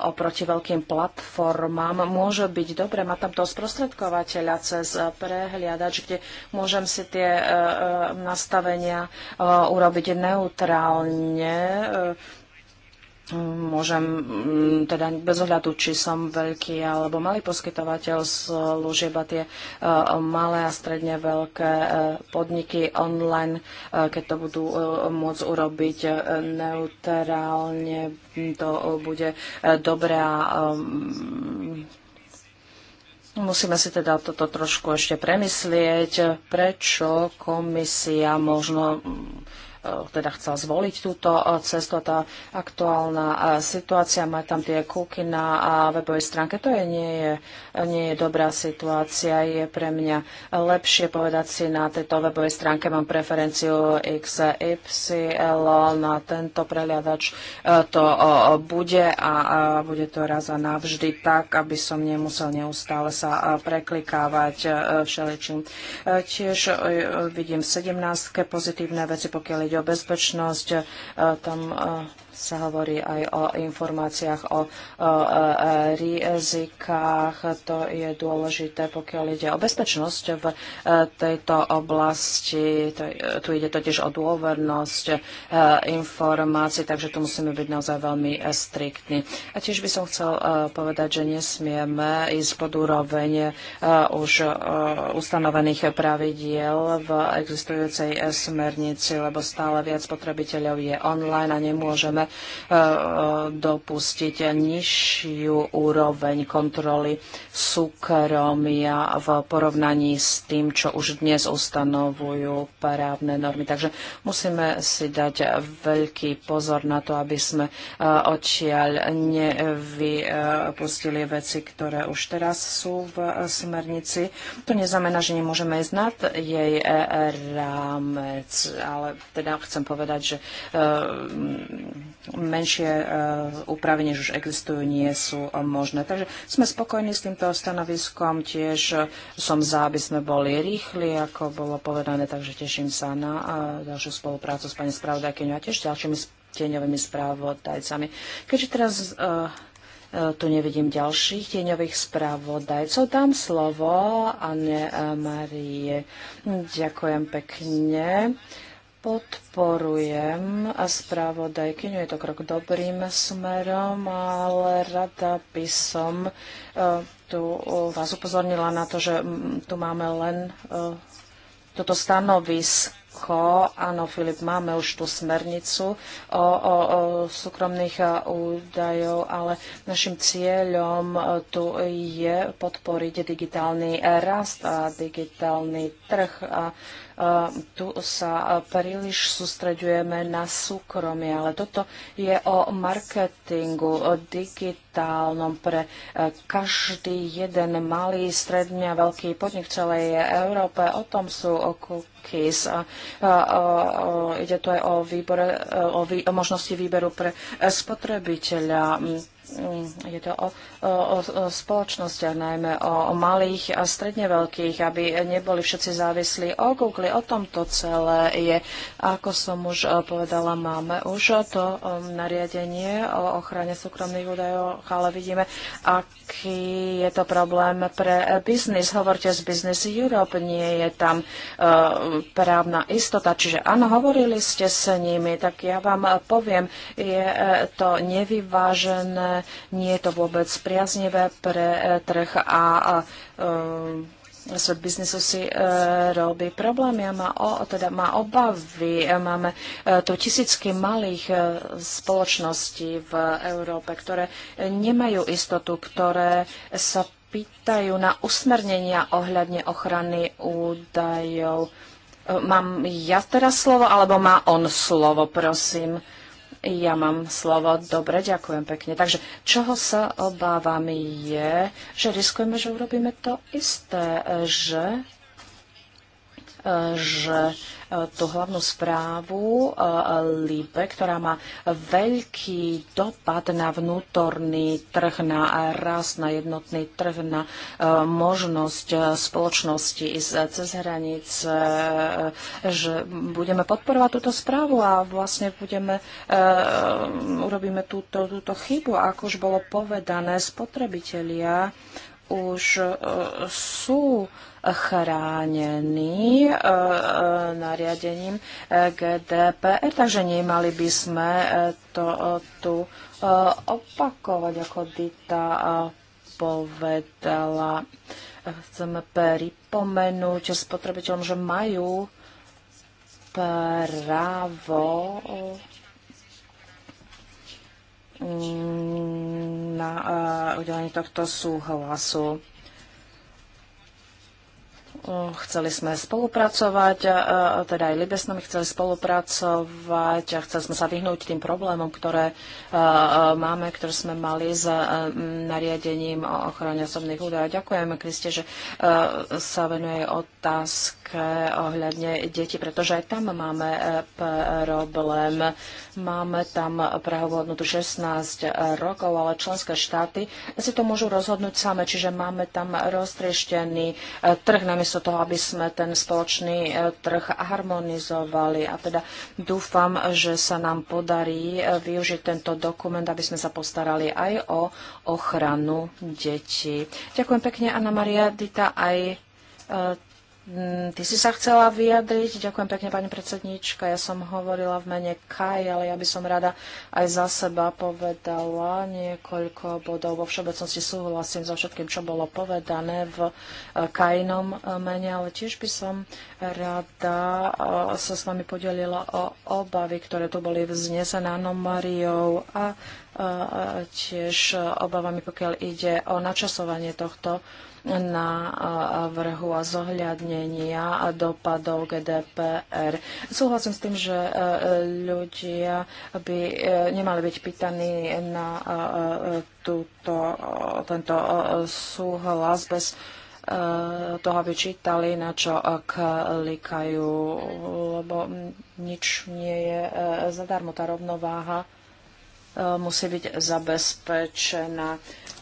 oproti veľkým platformám. Môže byť dobre mať tam to sprostredkovať užívateľa cez eh, prehliadač, kde môžem si tie eh, eh, nastavenia urobiť neutrálne. Môžem mm, teda bez ohľadu, či som veľký alebo malý poskytovateľ služieb a tie malé a stredne veľké podniky online, keď to budú môcť urobiť neutrálne, to bude dobré a Musíme si teda toto trošku ešte premyslieť, prečo komisia možno E, teda chcel zvoliť túto e, cestu. Tá aktuálna e, situácia, má tam tie kúky na webovej stránke, to je, nie, je, nie je dobrá situácia. Je pre mňa lepšie povedať si na tejto webovej stránke mám preferenciu XYL na tento preliadač, To bude a bude to raz a navždy tak, aby som nemusel neustále sa preklikávať všeličím. Tiež vidím v 17. pozitívne veci, pokiaľ ide o bezpečnosť, tam sa hovorí aj o informáciách o, o, o e, rizikách. To je dôležité, pokiaľ ide o bezpečnosť v e, tejto oblasti. E, tu ide totiž o dôvernosť informácií, takže tu musíme byť naozaj veľmi striktní. A tiež by som chcel povedať, že nesmieme ísť pod úroveň už ustanovených pravidiel v existujúcej smernici, lebo stále viac potrebiteľov je online a nemôžeme E, dopustiť nižšiu úroveň kontroly súkromia v porovnaní s tým, čo už dnes ustanovujú právne normy. Takže musíme si dať veľký pozor na to, aby sme e, odtiaľ nevypustili veci, ktoré už teraz sú v smernici. To neznamená, že nemôžeme ísť nad jej e, rámec, ale teda chcem povedať, že menšie e, úpravy, než už existujú, nie sú možné. Takže sme spokojní s týmto stanoviskom. Tiež e, som za, aby sme boli rýchli, ako bolo povedané, takže teším sa na e, ďalšiu spoluprácu s pani spravodajkyňou a tiež ďalšími tieňovými správodajcami. Keďže teraz tu nevidím ďalších tieňových správodajcov. Dám slovo Anne Marie. Hm, ďakujem pekne podporujem správodajkyňu, je to krok dobrým smerom, ale rada by som e, tu vás upozornila na to, že tu máme len e, toto stanovisko. Áno, Filip, máme už tú smernicu o, o, o súkromných e, údajov, ale našim cieľom tu je podporiť digitálny rast a digitálny trh. A Eh, tu sa eh, príliš sústreďujeme na súkromie, ale toto je o marketingu, o digitálnom pre eh, každý jeden malý, stredný a veľký podnik v celej Európe. O tom sú cookies. Ide tu aj o, výbore, o, vý, o možnosti výberu pre spotrebiteľa mm. Je to o, o, o spoločnostiach, najmä o, o malých a stredne veľkých, aby neboli všetci závislí o Google. O tomto celé je, ako som už e, povedala, máme už to e, nariadenie o ochrane súkromných údajov, ale vidíme, aký je to problém pre biznis. Hovorte z Business Europe, nie je tam e, právna istota. Čiže áno, hovorili ste s nimi, tak ja vám poviem, je to nevyvážené nie je to vôbec priaznivé pre e, trh a, e, svet biznisu si e, robí problémy a má, o, teda má obavy. Máme tu tisícky malých spoločností v Európe, ktoré nemajú istotu, ktoré sa pýtajú na usmernenia ohľadne ochrany údajov. mám ja teraz slovo, alebo má on slovo, prosím? Ja mám slovo. Dobre, ďakujem pekne. Takže čoho sa obávam je, že riskujeme, že urobíme to isté, že že e, tú hlavnú správu e, LIBE, ktorá má veľký dopad na vnútorný trh, na rast, na jednotný trh, na e, možnosť spoločnosti ísť cez hranice, že budeme podporovať túto správu a vlastne budeme, urobíme túto, túto chybu, ako už bolo povedané, spotrebitelia už sú chránený eh, eh, nariadením eh, GDPR, takže nemali by sme to tu opakovať, ako Dita povedala. Chcem pripomenúť spotrebiteľom, že majú právo mm, na udelenie tohto súhlasu. Chceli sme spolupracovať, teda aj Libe nami chceli spolupracovať a chceli sme sa vyhnúť tým problémom, ktoré máme, ktoré sme mali s nariadením o ochrane osobných údajov. Ďakujeme, Kriste, že sa venuje otázke ohľadne detí, pretože aj tam máme e, problém. Máme tam prehovornú 16 rokov, ale členské štáty si to môžu rozhodnúť same, čiže máme tam roztrieštený e, trh namiesto namiesto toho, aby sme ten spoločný e, trh harmonizovali. A teda dúfam, že sa nám podarí e, využiť tento dokument, aby sme sa postarali aj o ochranu detí. Ďakujem pekne, Anna Maria Dita, aj e, Mm, ty si sa chcela vyjadriť. Ďakujem pekne, pani predsedníčka. Ja som hovorila v mene Kaj, ale ja by som rada aj za seba povedala niekoľko bodov. Vo všeobecnosti súhlasím so všetkým, čo bolo povedané v e, Kajnom e, mene, ale tiež by som rada e, sa s vami podelila o obavy, ktoré tu boli vznesené anomáriou a tiež obavami, pokiaľ ide o načasovanie tohto na eh, vrhu a zohľadnenia dopadov GDPR. Súhlasím s tým, že eh, eh, ľudia by nemali byť pýtaní na túto, tento súhlas bez toho, aby čítali, na čo klikajú, lebo nič nie je zadarmo, tá rovnováha musí byť zabezpečená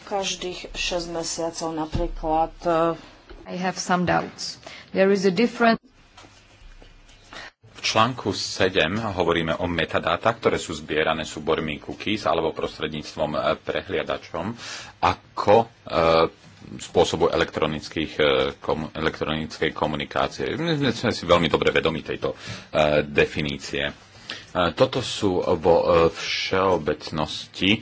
každých 6 mesiacov napríklad. E, I have some doubts. There is a different... V článku 7 hovoríme o metadáta, ktoré sú zbierané súbormi cookies alebo prostredníctvom e, prehliadačom ako e, spôsobu elektronických, e, kom, elektronickej komunikácie. My sme si veľmi dobre vedomi tejto e, definície. Toto sú vo všeobecnosti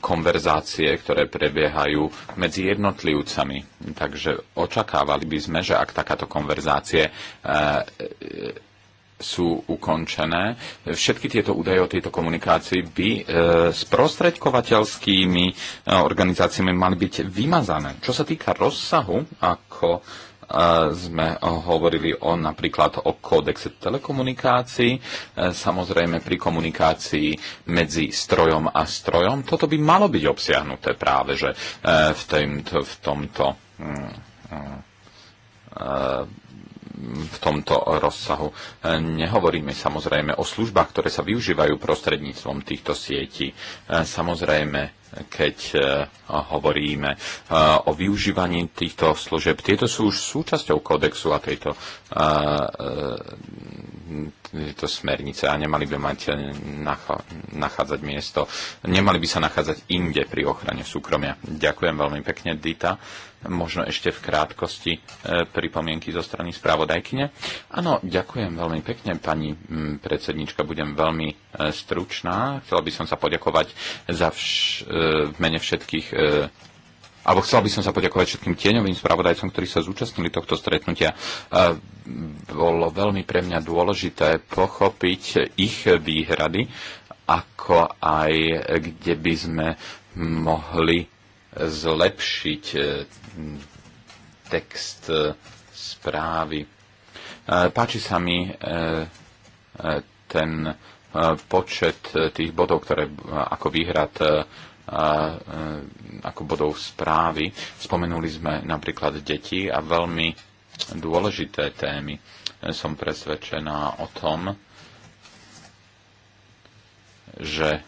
konverzácie, ktoré prebiehajú medzi jednotlivcami. Takže očakávali by sme, že ak takáto konverzácie e, e, sú ukončené. Všetky tieto údaje o tejto komunikácii by e, s prostredkovateľskými organizáciami mali byť vymazané. Čo sa týka rozsahu, ako sme hovorili o napríklad o kódexe telekomunikácií, e, samozrejme pri komunikácii medzi strojom a strojom. Toto by malo byť obsiahnuté práve že e, v, tým, v tomto mm, mm, e, v tomto rozsahu. E, nehovoríme samozrejme o službách, ktoré sa využívajú prostredníctvom týchto sietí. E, samozrejme, keď e, hovoríme o využívaní týchto služieb. Tieto sú už súčasťou kódexu a tejto, tejto smernice a nemali by mať nachádzať miesto, nemali by sa nachádzať inde pri ochrane súkromia. Ďakujem veľmi pekne, Dita možno ešte v krátkosti e, pripomienky zo strany správodajkyne. Áno, ďakujem veľmi pekne, pani mm, predsednička, budem veľmi e, stručná. Chcela by som sa poďakovať za vš- e, v mene všetkých alebo chcel by som sa poďakovať všetkým tieňovým spravodajcom, ktorí sa zúčastnili tohto stretnutia. Bolo veľmi pre mňa dôležité pochopiť ich výhrady, ako aj kde by sme mohli zlepšiť e, text e, správy. E, páči sa mi ten počet tých bodov, ktoré ako výhrad ako bodov správy. Spomenuli sme napríklad deti a veľmi dôležité témy. Som presvedčená o tom, že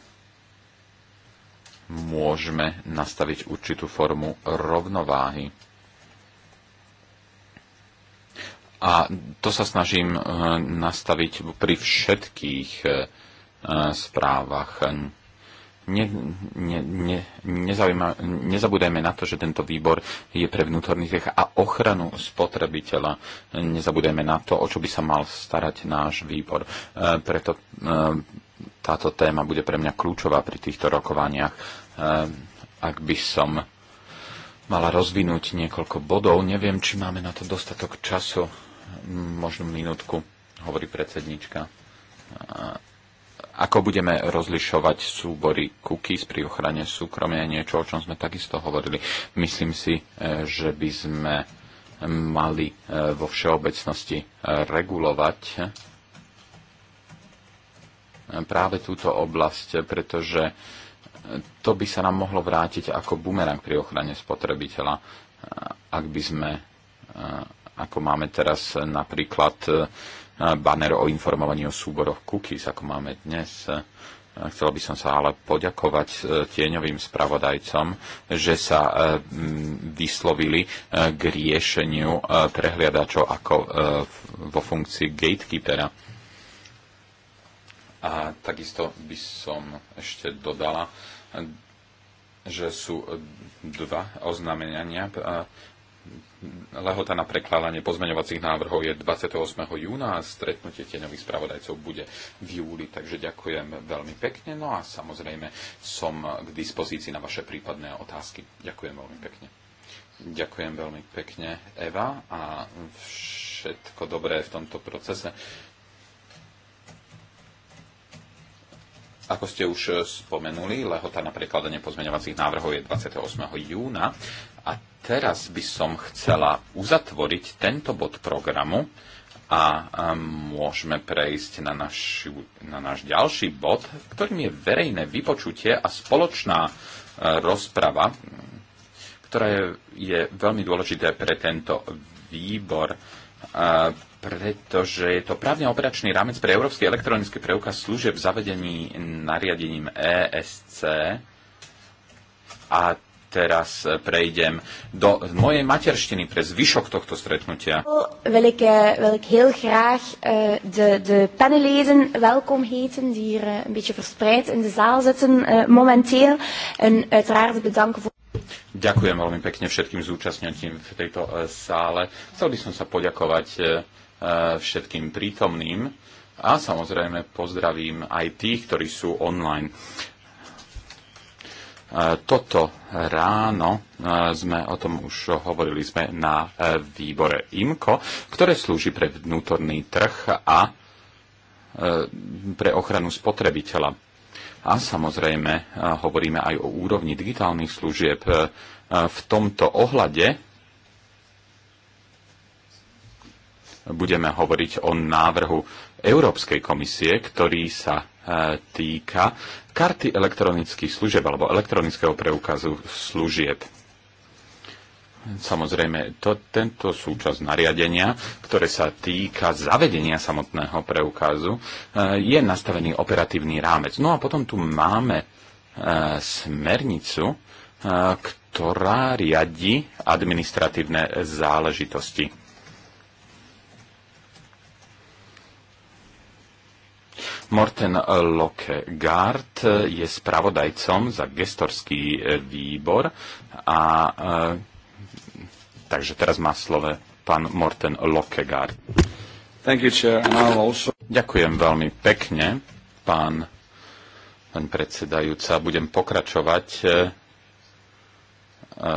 môžeme nastaviť určitú formu rovnováhy. A to sa snažím eh, nastaviť pri všetkých eh, správach. Ne, ne, ne, nezabúdajme na to, že tento výbor je pre vnútorný trh a ochranu spotrebiteľa. Nezabúdajme na to, o čo by sa mal starať náš výbor. Eh, preto táto téma bude pre mňa kľúčová pri týchto rokovaniach. Ehm, ak by som mala rozvinúť niekoľko bodov, neviem, či máme na to dostatok času, možno minútku, hovorí predsednička. Ako budeme rozlišovať súbory cookies pri ochrane súkromia, niečo, o čom sme takisto hovorili. Myslím si, e, že by sme mali e, vo všeobecnosti regulovať práve túto oblasť, pretože to by sa nám mohlo vrátiť ako bumerang pri ochrane spotrebiteľa, ak by sme, ako máme teraz napríklad eh, banner o informovaní o súboroch cookies, ako máme dnes. Chcel by som sa ale poďakovať eh, tieňovým spravodajcom, že sa eh, vyslovili k riešeniu prehliadačov ako vo funkcii gatekeepera a takisto by som ešte dodala, že sú dva oznámenia. Lehota na prekladanie pozmeňovacích návrhov je 28. júna a stretnutie tieňových spravodajcov bude v júli, takže ďakujem veľmi pekne. No a samozrejme som k dispozícii na vaše prípadné otázky. Ďakujem veľmi pekne. Ďakujem veľmi pekne, Eva, a všetko dobré v tomto procese. Ako ste už e, spomenuli, lehota na prekladanie pozmeňovacích návrhov je 28. júna. A teraz by som chcela uzatvoriť tento bod programu a môžeme prejsť na, našu, na náš ďalší bod, ktorým je verejné vypočutie a spoločná e, rozprava, ktorá je, je veľmi dôležité pre tento výbor e, pretože je to právne operačný rámec pre Európsky elektronický preukaz služieb zavedení nariadením ESC. A teraz prejdem do mojej materštiny pre zvyšok tohto stretnutia. Wil ik, eh, wil ik heel graag eh, de, de welkom heten die hier eh, een beetje verspreid in de zaal zitten momenteel. En uiteraard bedanken voor... Ďakujem veľmi pekne všetkým zúčastňujúcim v tejto sále. Chcel by som sa poďakovať E, všetkým prítomným a samozrejme pozdravím aj tých, ktorí sú online. E, toto ráno e, sme o tom už hovorili sme na výbore IMCO, ktoré slúži pre vnútorný trh a pre ochranu spotrebiteľa. A samozrejme hovoríme aj o úrovni digitálnych služieb v tomto ohľade budeme hovoriť o návrhu Európskej komisie, ktorý sa e, týka karty elektronických služieb alebo elektronického preukazu služieb. Samozrejme, to, tento súčasť nariadenia, ktoré sa týka zavedenia samotného preukazu, e, je nastavený operatívny rámec. No a potom tu máme e, smernicu, ktorá riadi administratívne záležitosti Morten Lokegaard je spravodajcom za gestorský e, výbor a e, takže teraz má slove pán Morten Lokegaard. Thank you, chair, and also... Ďakujem veľmi pekne, pán, pán predsedajúca. Budem pokračovať e,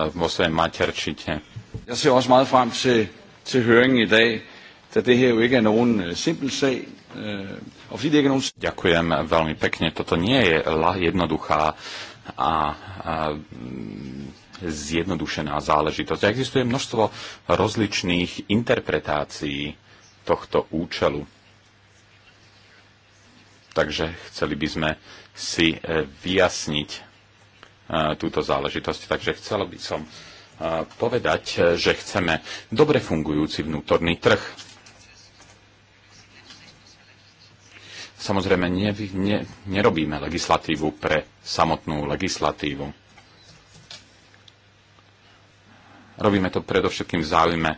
vo svojej materčite. Jeg ser også til, til høringen i dag, da det her jo ikke er nogen øh, simpel sag. Øh, Ďakujem veľmi pekne. Toto nie je jednoduchá a, a zjednodušená záležitosť. Existuje množstvo rozličných interpretácií tohto účelu. Takže chceli by sme si e, vyjasniť e, túto záležitosť. Takže chcela by som e, povedať, že chceme dobre fungujúci vnútorný trh Samozrejme, ne, ne, nerobíme legislatívu pre samotnú legislatívu. Robíme to predovšetkým v záujme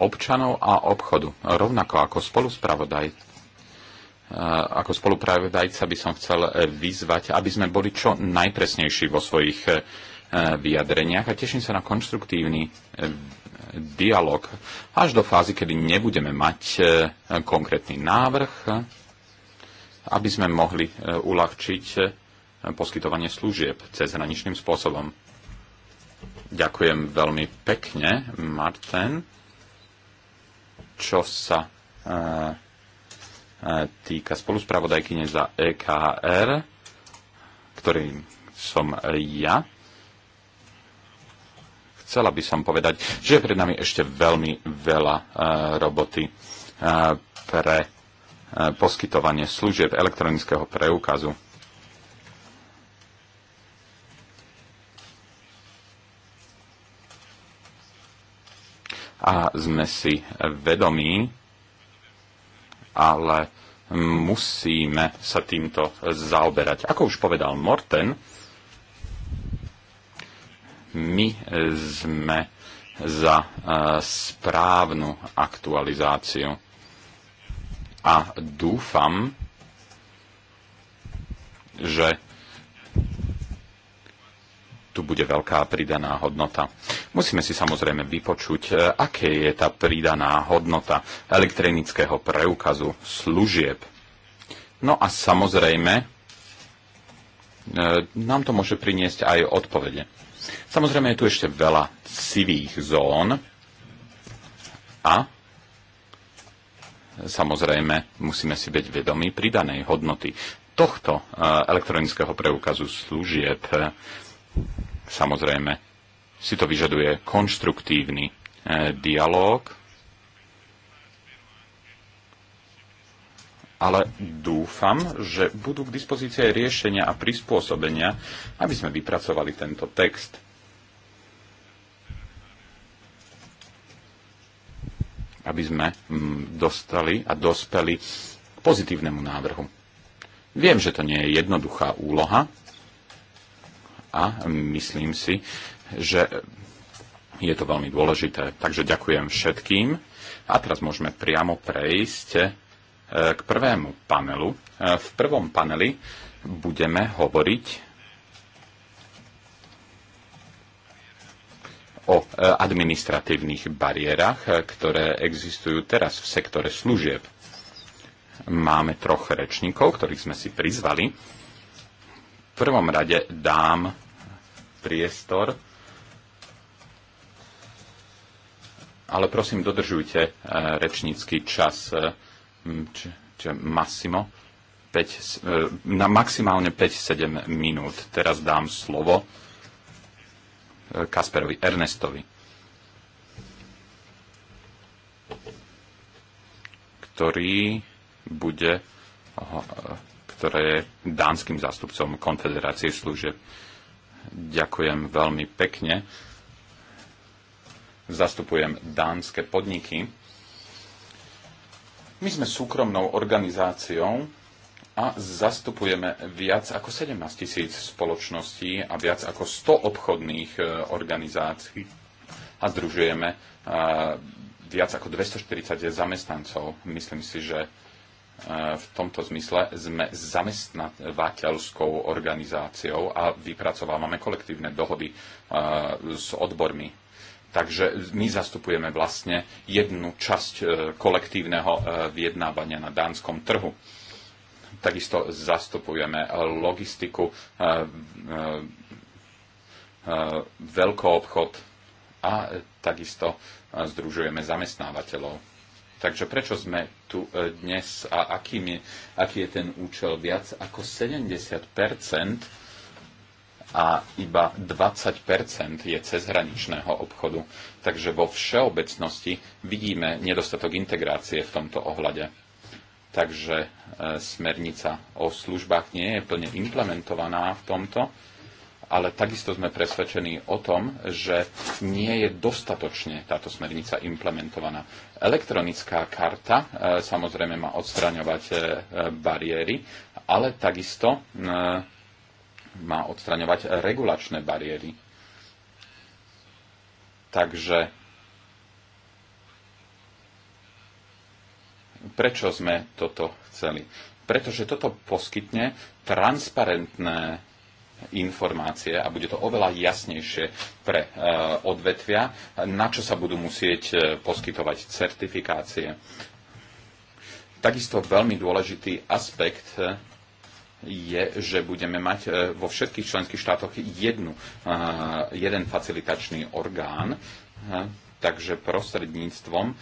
občanov a obchodu. Rovnako ako spoluspravodaj, eh, ako spolupravodajca by som chcel eh, vyzvať, aby sme boli čo najpresnejší vo svojich eh, vyjadreniach a teším sa na konštruktívny dialog až do fázy, kedy nebudeme mať konkrétny návrh, aby sme mohli e, uľahčiť e, poskytovanie služieb cez hraničným spôsobom. Ďakujem veľmi pekne, Martin. Čo sa e, týka spoluspravodajkyne za EKR, ktorým som ja, chcela by som povedať, že je pred nami ešte veľmi veľa e, roboty e, pre E, poskytovanie služieb elektronického preukazu. A sme si vedomí, ale musíme sa týmto zaoberať. Ako už povedal Morten, my sme za e, správnu aktualizáciu a dúfam, že tu bude veľká pridaná hodnota. Musíme si samozrejme vypočuť, e, aké je tá pridaná hodnota elektronického preukazu služieb. No a samozrejme, e, nám to môže priniesť aj odpovede. Samozrejme je tu ešte veľa sivých zón a samozrejme musíme si byť vedomí pridanej hodnoty tohto eh, elektronického preukazu služieb. Samozrejme si to vyžaduje konštruktívny eh, dialog, ale dúfam, že budú k dispozícii aj riešenia a prispôsobenia, aby sme vypracovali tento text aby sme mm, dostali a dospeli k pozitívnemu návrhu. Viem, že to nie je jednoduchá úloha a myslím si, že je to veľmi dôležité. Takže ďakujem všetkým a teraz môžeme priamo prejsť e, k prvému panelu. E, v prvom paneli budeme hovoriť o e, administratívnych bariérach, e, ktoré existujú teraz v sektore služieb. Máme troch rečníkov, ktorých sme si prizvali. V prvom rade dám priestor, ale prosím, dodržujte e, rečnícky čas, či, či 5, na maximálne 5-7 minút. Teraz dám slovo Kasperovi Ernestovi, ktorý bude ktoré je dánskym zástupcom Konfederácie služieb. Ďakujem veľmi pekne. Zastupujem dánske podniky. My sme súkromnou organizáciou, a zastupujeme viac ako 17 tisíc spoločností a viac ako 100 obchodných e, organizácií a združujeme e, viac ako 240 zamestnancov. Myslím si, že e, v tomto zmysle sme zamestnávateľskou organizáciou a vypracovávame kolektívne dohody s odbormi. Takže my zastupujeme vlastne jednu časť kolektívneho vyjednávania na dánskom trhu. Takisto zastupujeme eh, logistiku, eh, eh, veľkoobchod a takisto združujeme zamestnávateľov. Takže prečo sme tu dnes a aký je, aký je ten účel viac ako 70 a iba 20 je cezhraničného obchodu. Takže vo všeobecnosti vidíme nedostatok integrácie v tomto ohľade takže e, smernica o službách nie je plne implementovaná v tomto, ale takisto sme presvedčení o tom, že nie je dostatočne táto smernica implementovaná. Elektronická karta e, samozrejme má odstraňovať e, bariéry, ale takisto má odstraňovať regulačné bariéry. Takže prečo sme toto chceli? Pretože toto poskytne transparentné informácie a bude to oveľa jasnejšie pre e, odvetvia, na čo sa budú musieť e, poskytovať certifikácie. Takisto veľmi dôležitý aspekt e, je, že budeme mať e, vo všetkých členských štátoch jednu, e, jeden facilitačný orgán, takže prostredníctvom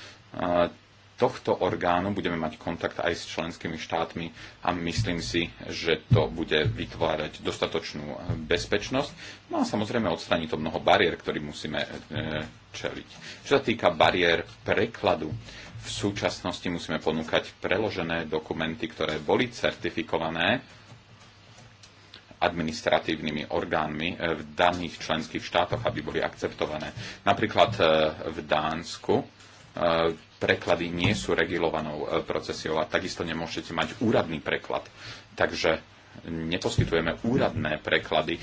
tohto orgánu budeme mať kontakt aj s členskými štátmi a myslím si, že to bude vytvárať dostatočnú eh, bezpečnosť. No a samozrejme odstraní to mnoho bariér, ktorým musíme eh, čeliť. Čo sa týka bariér prekladu, v súčasnosti musíme ponúkať preložené dokumenty, ktoré boli certifikované administratívnymi orgánmi eh, v daných členských štátoch, aby boli akceptované. Napríklad v Dánsku preklady nie sú regulovanou e, procesiou a takisto nemôžete mať úradný preklad. Takže neposkytujeme úradné preklady e,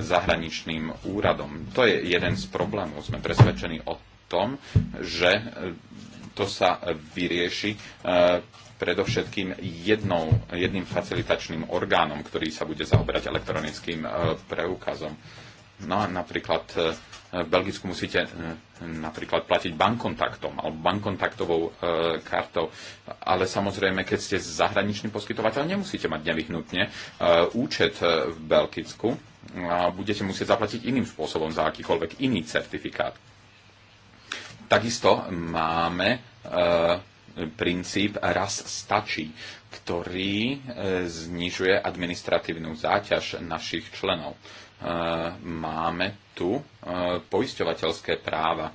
zahraničným úradom. To je jeden z problémov. Sme presvedčení o tom, že e, to sa vyrieši predovšetkým jednou, jedným facilitačným orgánom, ktorý sa bude zaoberať elektronickým preukazom. No a napríklad v Belgicku musíte eh, napríklad platiť bankontaktom alebo bankontaktovou eh, kartou, ale samozrejme, keď ste zahraničný poskytovateľ, nemusíte mať nevyhnutne eh, účet v Belgicku a budete musieť zaplatiť iným spôsobom za akýkoľvek iný certifikát. Takisto máme princíp raz stačí, ktorý znižuje administratívnu záťaž našich členov máme tu e, poisťovateľské práva.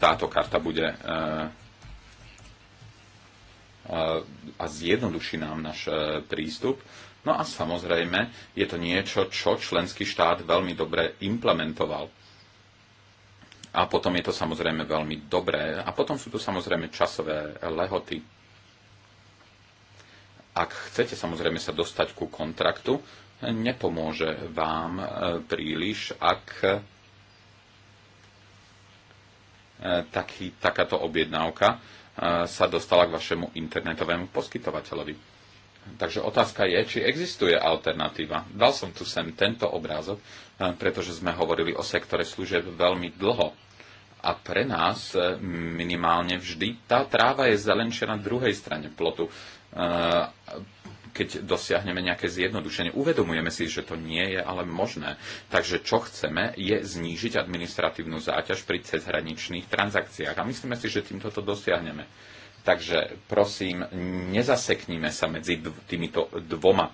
Táto karta bude e, e, a zjednoduší nám náš prístup. No a samozrejme, je to niečo, čo členský štát veľmi dobre implementoval a potom je to samozrejme veľmi dobré. A potom sú tu samozrejme časové lehoty. Ak chcete samozrejme sa dostať ku kontraktu, nepomôže vám e, príliš, ak e, taký, takáto objednávka e, sa dostala k vašemu internetovému poskytovateľovi. Takže otázka je, či existuje alternatíva. Dal som tu sem tento obrázok, pretože sme hovorili o sektore služieb veľmi dlho. A pre nás minimálne vždy tá tráva je zelenšia na druhej strane plotu. Eh, keď dosiahneme nejaké zjednodušenie. Uvedomujeme si, že to nie je ale možné. Takže čo chceme, je znížiť administratívnu záťaž pri cezhraničných transakciách. A myslíme si, že týmto to dosiahneme. Takže prosím, nezaseknime sa medzi dv- týmito dvoma e,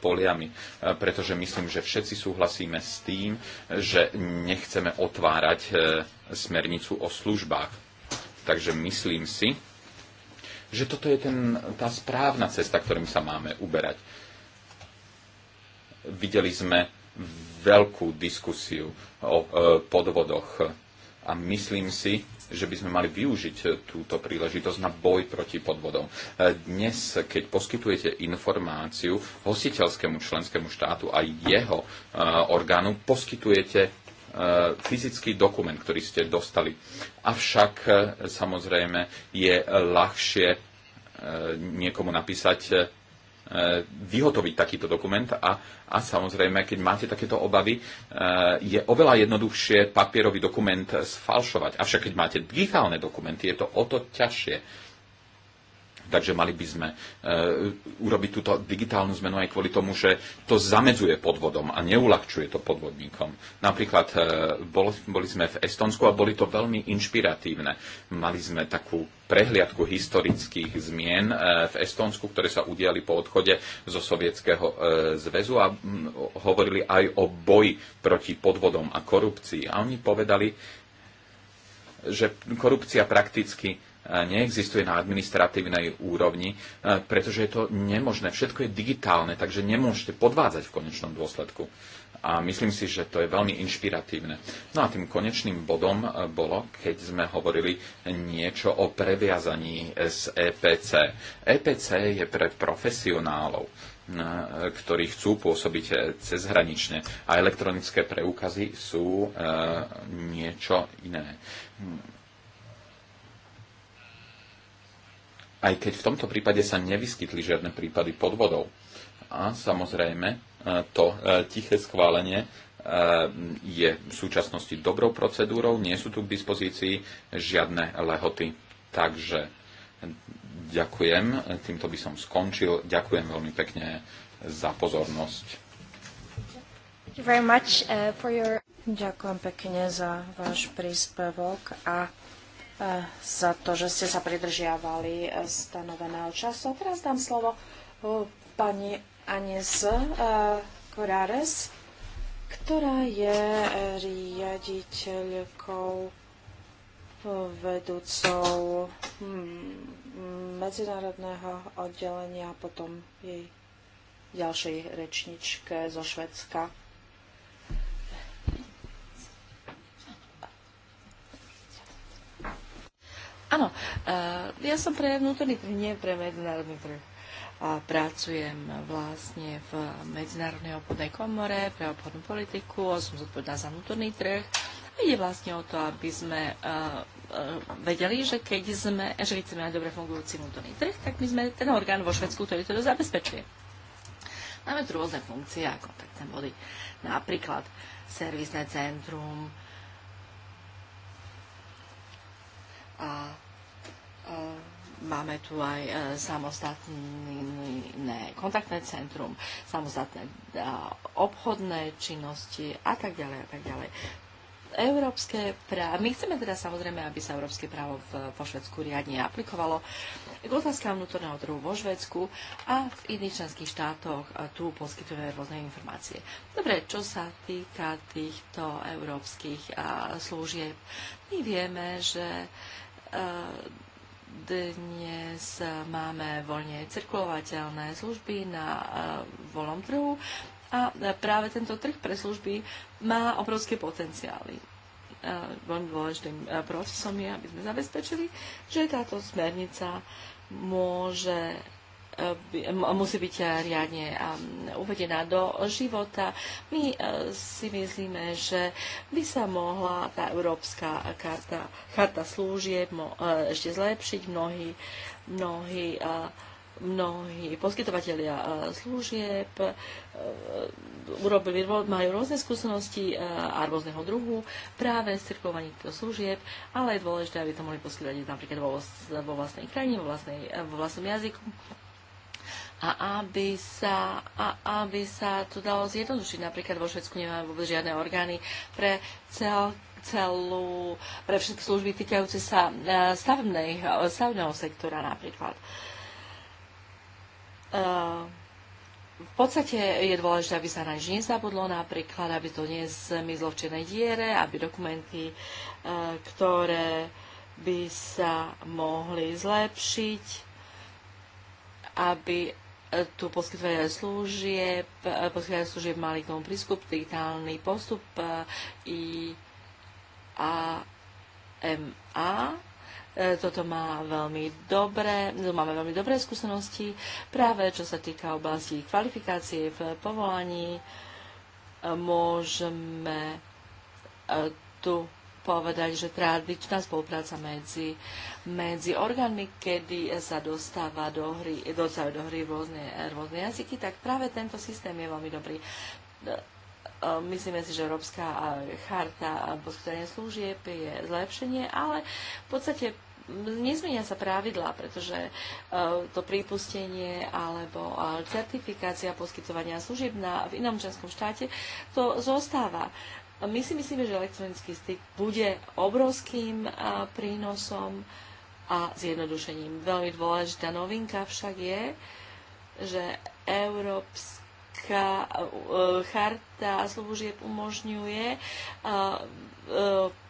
poliami, e, pretože myslím, že všetci súhlasíme s tým, že nechceme otvárať e, smernicu o službách. Takže myslím si, že toto je ten, tá správna cesta, ktorým sa máme uberať. Videli sme veľkú diskusiu o e, podvodoch a myslím si, že by sme mali využiť túto príležitosť na boj proti podvodom. E, dnes, keď poskytujete informáciu hostiteľskému členskému štátu a jeho e, orgánu, poskytujete E, fyzický dokument, ktorý ste dostali. Avšak e, samozrejme je ľahšie e, niekomu napísať vyhotoviť takýto dokument a, a samozrejme, keď máte takéto obavy, je oveľa jednoduchšie papierový dokument sfalšovať. Avšak keď máte digitálne dokumenty, je to o to ťažšie Takže mali by sme e, urobiť túto digitálnu zmenu aj kvôli tomu, že to zamedzuje podvodom a neulahčuje to podvodníkom. Napríklad e, eh, bol, boli sme v Estonsku a boli to veľmi inšpiratívne. Mali sme takú prehliadku historických zmien eh, v Estonsku, ktoré sa udiali po odchode zo Sovietskeho zväzu a mm, hovorili aj o boji proti podvodom a korupcii. A oni povedali, že korupcia prakticky neexistuje na administratívnej úrovni, e, pretože je to nemožné. Všetko je digitálne, takže nemôžete podvádzať v konečnom dôsledku. A myslím si, že to je veľmi inšpiratívne. No a tým konečným bodom e, bolo, keď sme hovorili niečo o previazaní s EPC. EPC je pre profesionálov e, ktorí chcú pôsobiť cezhranične. A elektronické preukazy sú niečo iné hm. aj keď v tomto prípade sa nevyskytli žiadne prípady podvodov. A samozrejme, e, to e, tiché schválenie e, je v súčasnosti dobrou procedúrou, nie sú tu k dispozícii žiadne lehoty. Takže ďakujem, týmto by som skončil. Ďakujem veľmi pekne za pozornosť. Your... Ďakujem pekne za váš príspevok a za to, že ste sa pridržiavali eh, stanoveného času. A teraz dám slovo eh, pani Anies eh, Korares, ktorá je riaditeľkou vedúcou hm, medzinárodného oddelenia a potom jej ďalšej rečničke zo Švedska. Áno, e, ja som pre vnútorný trh, nie pre medzinárodný trh. A pracujem vlastne v Medzinárodnej obchodnej komore pre obchodnú politiku, som zodpovedná za vnútorný trh. A ide vlastne o to, aby sme uh, uh, vedeli, že keď, sme, že keď chceme mať dobre fungujúci vnútorný trh, tak my sme ten orgán vo Švedsku, ktorý to zabezpečuje. Máme tu rôzne funkcie a kontaktné body. Napríklad servisné centrum, A, a máme tu aj e, samostatné kontaktné centrum, samostatné obchodné činnosti a tak ďalej a tak ďalej. Európske právo, my chceme teda samozrejme, aby sa európske právo v, vo Švedsku riadne aplikovalo k otázkám vnútorného trhu vo Švedsku a v iných členských štátoch e, tu poskytujeme rôzne informácie. Dobre, čo sa týka týchto európskych a, služieb, my vieme, že dnes máme voľne cirkulovateľné služby na eh, voľnom trhu a práve tento trh pre služby má obrovské potenciály. Eh, veľmi dôležitým eh, procesom je, aby sme zabezpečili, že táto smernica môže musí byť eh, riadne ehm, uvedená do života. My eh, si myslíme, že by sa mohla tá európska karta, charta slúžieb eh, ešte zlepšiť. Mnohí, mnohí, mnohí poskytovateľia služieb urobili, majú rôzne skúsenosti a rôzneho druhu práve z cirkovaní týchto služieb, ale je dôležité, aby to mohli poskytovať napríklad vo, vo vlastnej krajine, vo, vlastnej, vo vlastnom jazyku a aby sa, a aby sa to dalo zjednodušiť. Napríklad vo Švedsku nemáme vôbec žiadne orgány pre cel, celú, pre všetky služby týkajúce sa e, stavného sektora napríklad. E, v podstate je dôležité, aby sa na nič nezabudlo, napríklad, aby to nezmizlo v čiernej diere, aby dokumenty, e, ktoré by sa mohli zlepšiť, aby tu poskytovanie služieb, poskytovanie služieb mali k tomu prístup, digitálny postup e, i a a e, Toto má veľmi dobré, máme veľmi dobré skúsenosti práve čo sa týka oblasti kvalifikácie v povolaní. E, môžeme tu povedať, že tradičná spolupráca medzi, medzi orgánmi, kedy sa dostáva do hry, dostáva do hry rôzne, rôzne jazyky, tak práve tento systém je veľmi dobrý. E, e, myslíme si, že Európska charta poskytovania služieb je zlepšenie, ale v podstate nezmenia sa pravidlá, pretože e, to prípustenie alebo certifikácia poskytovania služieb na, v inom členskom štáte, to zostáva. My si myslíme, že elektronický styk bude obrovským prínosom a zjednodušením. Veľmi dôležitá novinka však je, že Európska e, charta služieb umožňuje e,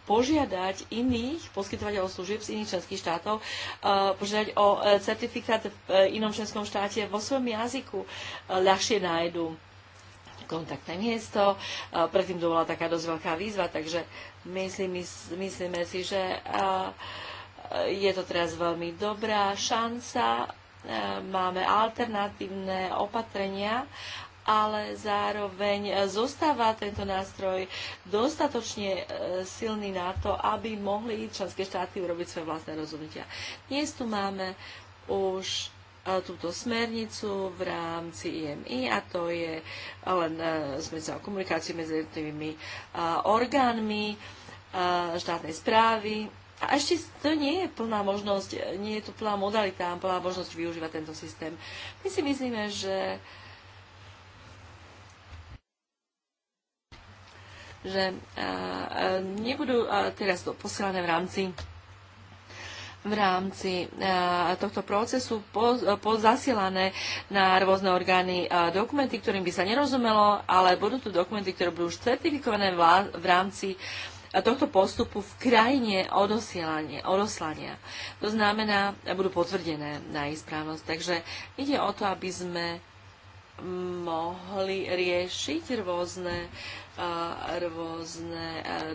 požiadať iných poskytovateľov služieb z iných členských štátov, e, požiadať o certifikát v inom členskom štáte vo svojom jazyku ľahšie nájdu kontaktné miesto. Predtým to bola taká dosť veľká výzva, takže myslím, myslíme si, že je to teraz veľmi dobrá šanca. Máme alternatívne opatrenia ale zároveň zostáva tento nástroj dostatočne e, silný na to, aby mohli členské štáty urobiť svoje vlastné rozhodnutia. Dnes tu máme už E, túto smernicu v rámci IMI a to je len zmena e, komunikácie medzi jednotlivými e, orgánmi štátnej správy. A ešte to nie je plná možnosť, nie je to plná modalita, plná možnosť využívať tento systém. My si myslíme, že že nebudú teraz to posielané v rámci v rámci e, tohto procesu pozasielané na rôzne orgány e, dokumenty, ktorým by sa nerozumelo, ale budú tu dokumenty, ktoré budú už certifikované v rámci e, tohto postupu v krajine odoslania. To znamená, budú potvrdené na ich správnosť. Takže ide o to, aby sme mohli riešiť rôzne, rôzne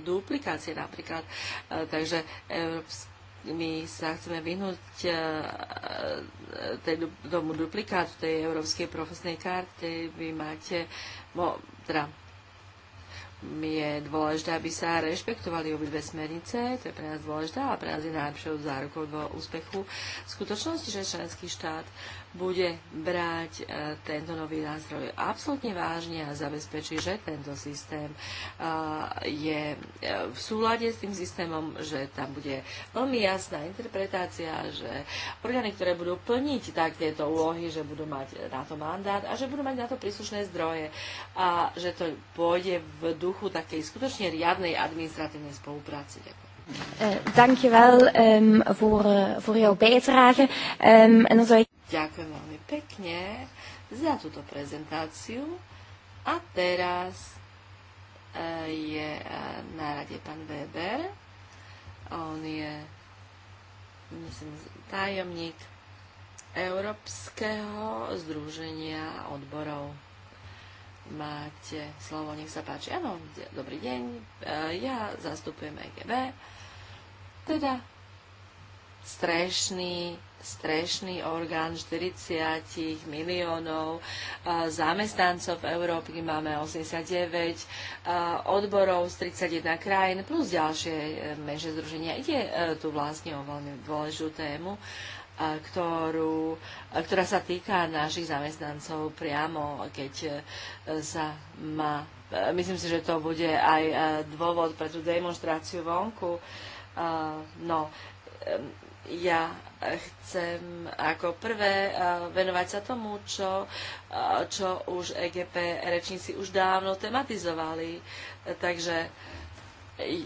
duplikácie napríklad. Takže Európska my sa chceme vyhnúť e, e, tej, tomu duplikátu tej európskej profesnej karty. Vy máte, mo, teda, je dôležité, aby sa rešpektovali obidve smernice, to je pre nás dôležité a pre nás je najlepšou zárukou do úspechu v skutočnosti, že členský štát bude brať e, tento nový nástroj absolútne vážne a zabezpečí, že tento systém e, je e, v súlade s tým systémom, že tam bude veľmi jasná interpretácia, že orgány, ktoré budú plniť tak tieto úlohy, že budú mať na to mandát a že budú mať na to príslušné zdroje a že to pôjde v duchu takej skutočne riadnej administratívnej spolupráci. Uh, eh, dankjewel um, ehm, voor, uh, voor jouw bijdrage. Um, en dan zou ik Ďakujem veľmi pekne za túto prezentáciu. A teraz e, je e, na rade pán Weber. On je, myslím, tajomník Európskeho združenia odborov. Máte slovo, nech sa páči. Áno, dobrý deň. E, ja zastupujem EGB, teda strešný, strešný orgán 40 miliónov e, zamestnancov v Európe, máme 89 e, odborov z 31 krajín plus ďalšie e, menšie združenia. Ide tu vlastne o veľmi dôležitú tému ktorú, ktorá sa týka našich zamestnancov priamo, keď sa má. Myslím si, že to bude aj dôvod pre tú demonstráciu vonku. No, ja chcem ako prvé eh, venovať sa tomu, čo, eh, čo už EGP rečníci už dávno tematizovali. Takže eh,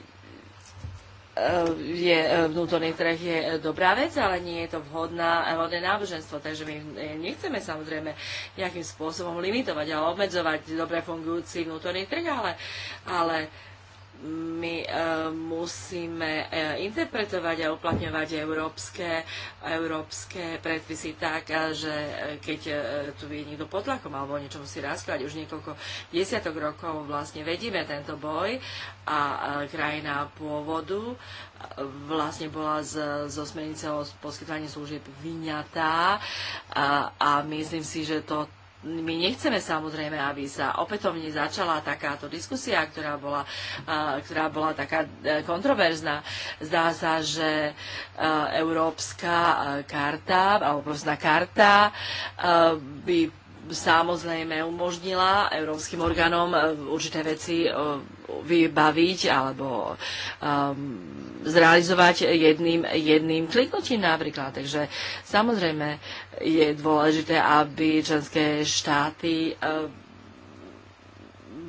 je, vnútorný trh je dobrá vec, ale nie je to vhodná, vhodné náboženstvo. Takže my nechceme samozrejme nejakým spôsobom limitovať a obmedzovať dobre fungujúci vnútorný trh, ale, ale my e, musíme e, interpretovať a uplatňovať európske, európske predpisy tak, e, že keď tu je niekto pod tlakom alebo niečo musí raskať, už niekoľko desiatok rokov vlastne vedíme tento boj a krajina pôvodu vlastne bola z, zo smernice o poskytovaní služieb vyňatá a, a myslím si, že to my nechceme samozrejme, aby sa opätovne začala takáto diskusia, ktorá bola, ktorá bola taká e, kontroverzná. Zdá sa, že e, Európska e, karta, alebo Európska karta by samozrejme umožnila európskym orgánom určité veci vybaviť alebo um, zrealizovať jedným, jedným kliknutím napríklad. Takže samozrejme je dôležité, aby členské štáty um,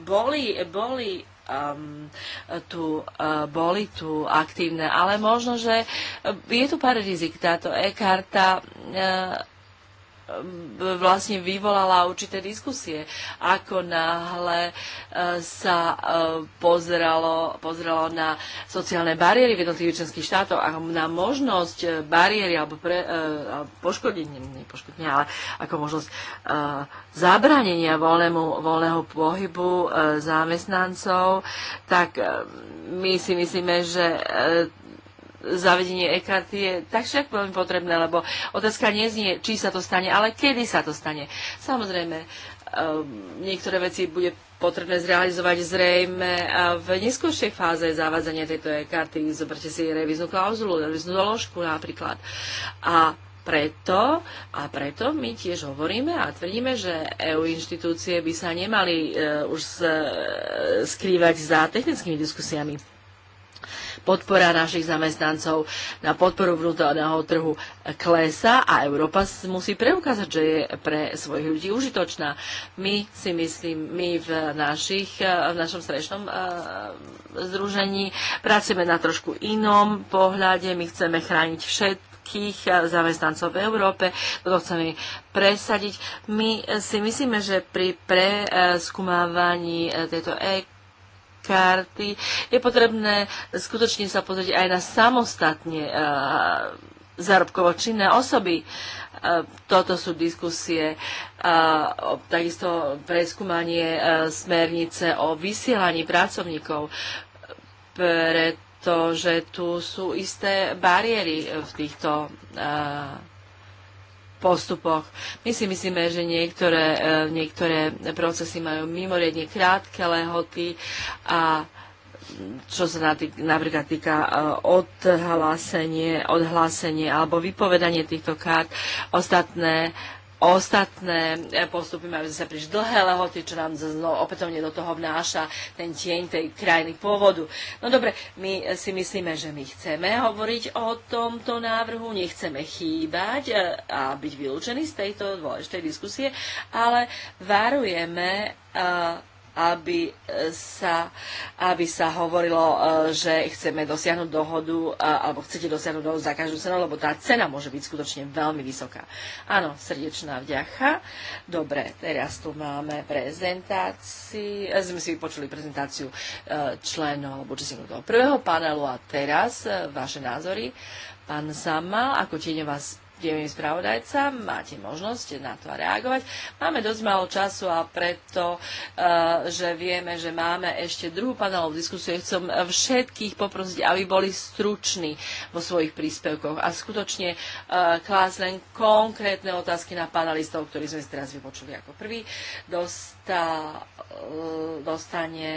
boli, boli um, tu, uh, boli tu aktívne, ale možno, že je tu pár rizik. Táto e-karta uh, E, vlastne vyvolala určité diskusie. Ako náhle e, sa e, pozeralo, pozeralo na sociálne bariéry v jednotlivých členských štátoch a na možnosť bariéry alebo pre, poškodenie, nie poškodenie, ale ako možnosť zabranenia voľnému, voľného pohybu zamestnancov, tak my si myslíme, že zavedenie EKAT je tak však veľmi potrebné, lebo otázka neznie, či sa to stane, ale kedy sa to stane. Samozrejme, um, niektoré veci bude potrebné zrealizovať zrejme v neskôršej fáze zavádzania tejto e-karty. Zoberte si reviznú klauzulu, reviznú doložku napríklad. A preto, a preto my tiež hovoríme a tvrdíme, že EU inštitúcie by sa nemali uh, už s, e, skrývať za technickými diskusiami podpora našich zamestnancov na podporu vnútorného trhu klesa a Európa musí preukázať, že je pre svojich ľudí užitočná. My si myslím, my v, našich, eh, v našom strešnom eh, združení pracujeme na trošku inom pohľade. My chceme chrániť všetko všetkých eh, zamestnancov v Európe, toto chceme presadiť. My si myslíme, že pri preskúmávaní tejto ek karty, je potrebné skutočne sa pozrieť aj na samostatne uh, zárobkovo činné osoby. Uh, toto sú diskusie, e, takisto preskúmanie uh, smernice o vysielaní pracovníkov, pretože tu sú isté bariéry v týchto uh, postupoch. My si myslíme, že niektoré, e, niektoré procesy majú mimoriadne krátke lehoty a čo sa napríklad týka e, odhlásenie, odhlásenie alebo vypovedanie týchto kart. Ostatné Ostatné eh, postupy majú zase príliš dlhé lehoty, čo nám no, opätovne do toho vnáša ten tieň tej krajiny pôvodu. No dobre, my eh, si myslíme, že my chceme hovoriť o tomto návrhu, nechceme chýbať eh, a byť vylúčení z tejto dôležitej diskusie, ale varujeme aby e, sa, aby sa hovorilo, e, že chceme dosiahnuť dohodu, e, alebo chcete dosiahnuť dohodu za každú cenu, lebo tá cena môže byť skutočne veľmi vysoká. Áno, srdečná vďaka. Dobre, teraz tu máme prezentáciu, Sme si vypočuli prezentáciu členov alebo toho prvého panelu a teraz vaše názory. Pán Zama, ako tieňová dejovým spravodajca, máte možnosť na to reagovať. Máme dosť málo času a preto, eh, že vieme, že máme ešte druhú panelovú diskusiu, chcem všetkých poprosiť, aby boli struční vo svojich príspevkoch a skutočne eh, klásť len konkrétne otázky na panelistov, ktorí sme si teraz vypočuli ako prvý. Eh, dostane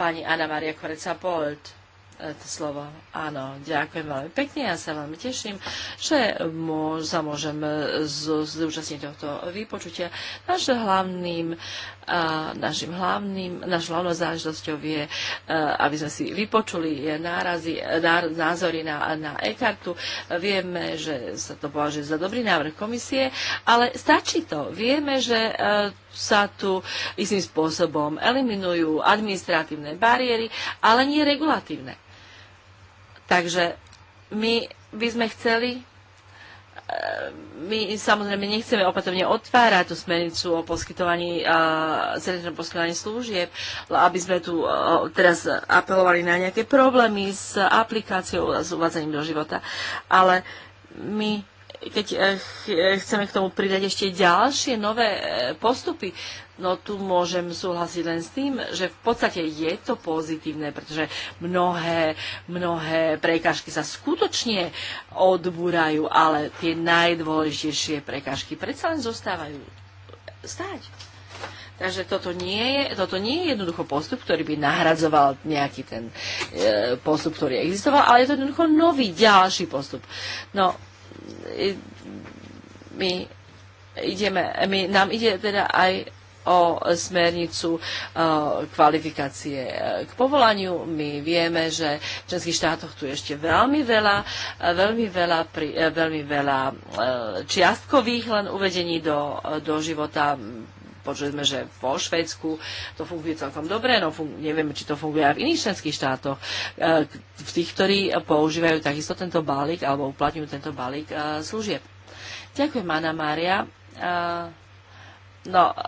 pani Anna Maria Koreca-Polt. E, to slovo. Áno, ďakujem veľmi pekne. Ja sa veľmi teším, že sa môžem e, zúčastniť tohto vypočutia. Naš hlavným, našim hlavným, našou hlavnou záležitosťou je, e, aby sme si vypočuli nárazy, názory na, na e-kartu. Vieme, že sa to považuje za dobrý návrh komisie, ale stačí to. Vieme, že sa tu istým spôsobom eliminujú administratívne bariéry, ale nie regulatívne. Takže my by sme chceli, e, my samozrejme nechceme opätovne otvárať tú smernicu o poskytovaní, e, smernicu poskytovaní služieb, aby sme tu e, teraz apelovali na nejaké problémy s aplikáciou a s uvádzaním do života. Ale my keď chceme k tomu pridať ešte ďalšie nové postupy, No tu môžem súhlasiť len s tým, že v podstate je to pozitívne, pretože mnohé, mnohé prekážky sa skutočne odbúrajú, ale tie najdôležitejšie prekážky predsa len zostávajú stáť. Takže toto nie, je, toto nie je jednoducho postup, ktorý by nahradzoval nejaký ten e, postup, ktorý existoval, ale je to jednoducho nový, ďalší postup. No, e, my ideme, my, nám ide teda aj o smernicu e, kvalifikácie e, k povolaniu. My vieme, že v českých štátoch tu ešte veľmi veľa, e, veľmi veľa, pri, veľmi veľa čiastkových len uvedení do, do života počuli sme, že vo Švedsku to funguje celkom dobre, no fun- nevieme, či to funguje aj v iných členských štátoch, e, v tých, ktorí používajú takisto tento balík alebo uplatňujú tento balík e, služieb. Ďakujem, Anna Mária. E, No, e,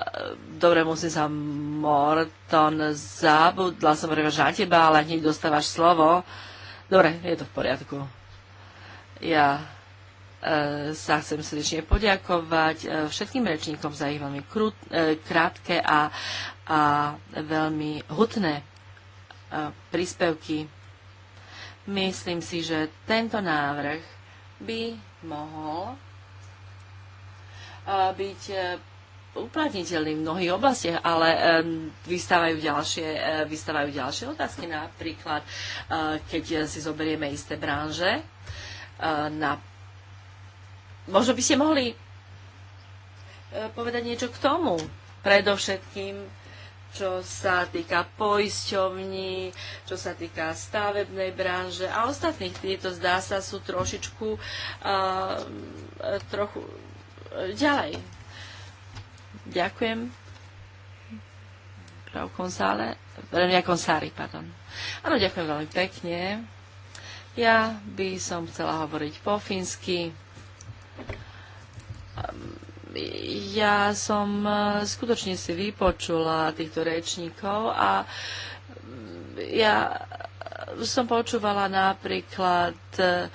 dobre, musím sa, Morton, zabudla som prevaž na teba, ale hneď dostávaš slovo. Dobre, je to v poriadku. Ja e, sa chcem srdečne poďakovať e, všetkým rečníkom za ich veľmi krut, e, krátke a, a veľmi hutné e, príspevky. Myslím si, že tento návrh by mohol e, byť e, uplatniteľný v mnohých oblastiach, ale vystávajú ďalšie, vystávajú ďalšie otázky. Napríklad, eh, keď si zoberieme isté branže, eh, na... možno by ste mohli eh, povedať niečo k tomu. Predovšetkým čo sa týka poisťovní, čo sa týka stavebnej branže a ostatných. Tieto zdá sa sú trošičku uh, trochu ďalej. Ďakujem. Prav Konzále. Renia Konzári, pardon. Áno, ďakujem veľmi pekne. Ja by som chcela hovoriť po fínsky. Ja som e, skutočne si vypočula týchto rečníkov a mm, ja som počúvala napríklad uh,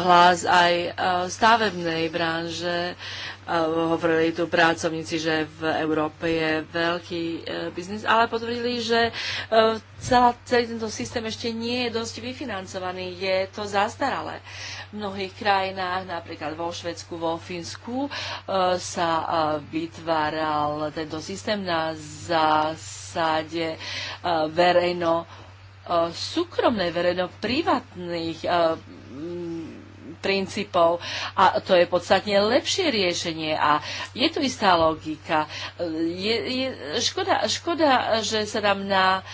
hlas aj uh, stavebnej branže. Uh, hovorili tu pracovníci, že v Európe je veľký uh, biznis, ale potvrdili, že uh, celá, celý tento systém ešte nie je dosť vyfinancovaný. Je to zastaralé. V mnohých krajinách, napríklad vo Švedsku, vo Fínsku, uh, sa uh, vytváral tento systém na zásade uh, verejno E, súkromnej, verejno-privátnych e, princípov a to je podstatne lepšie riešenie a je tu istá logika. E, je, je, škoda, škoda, že sa nám na,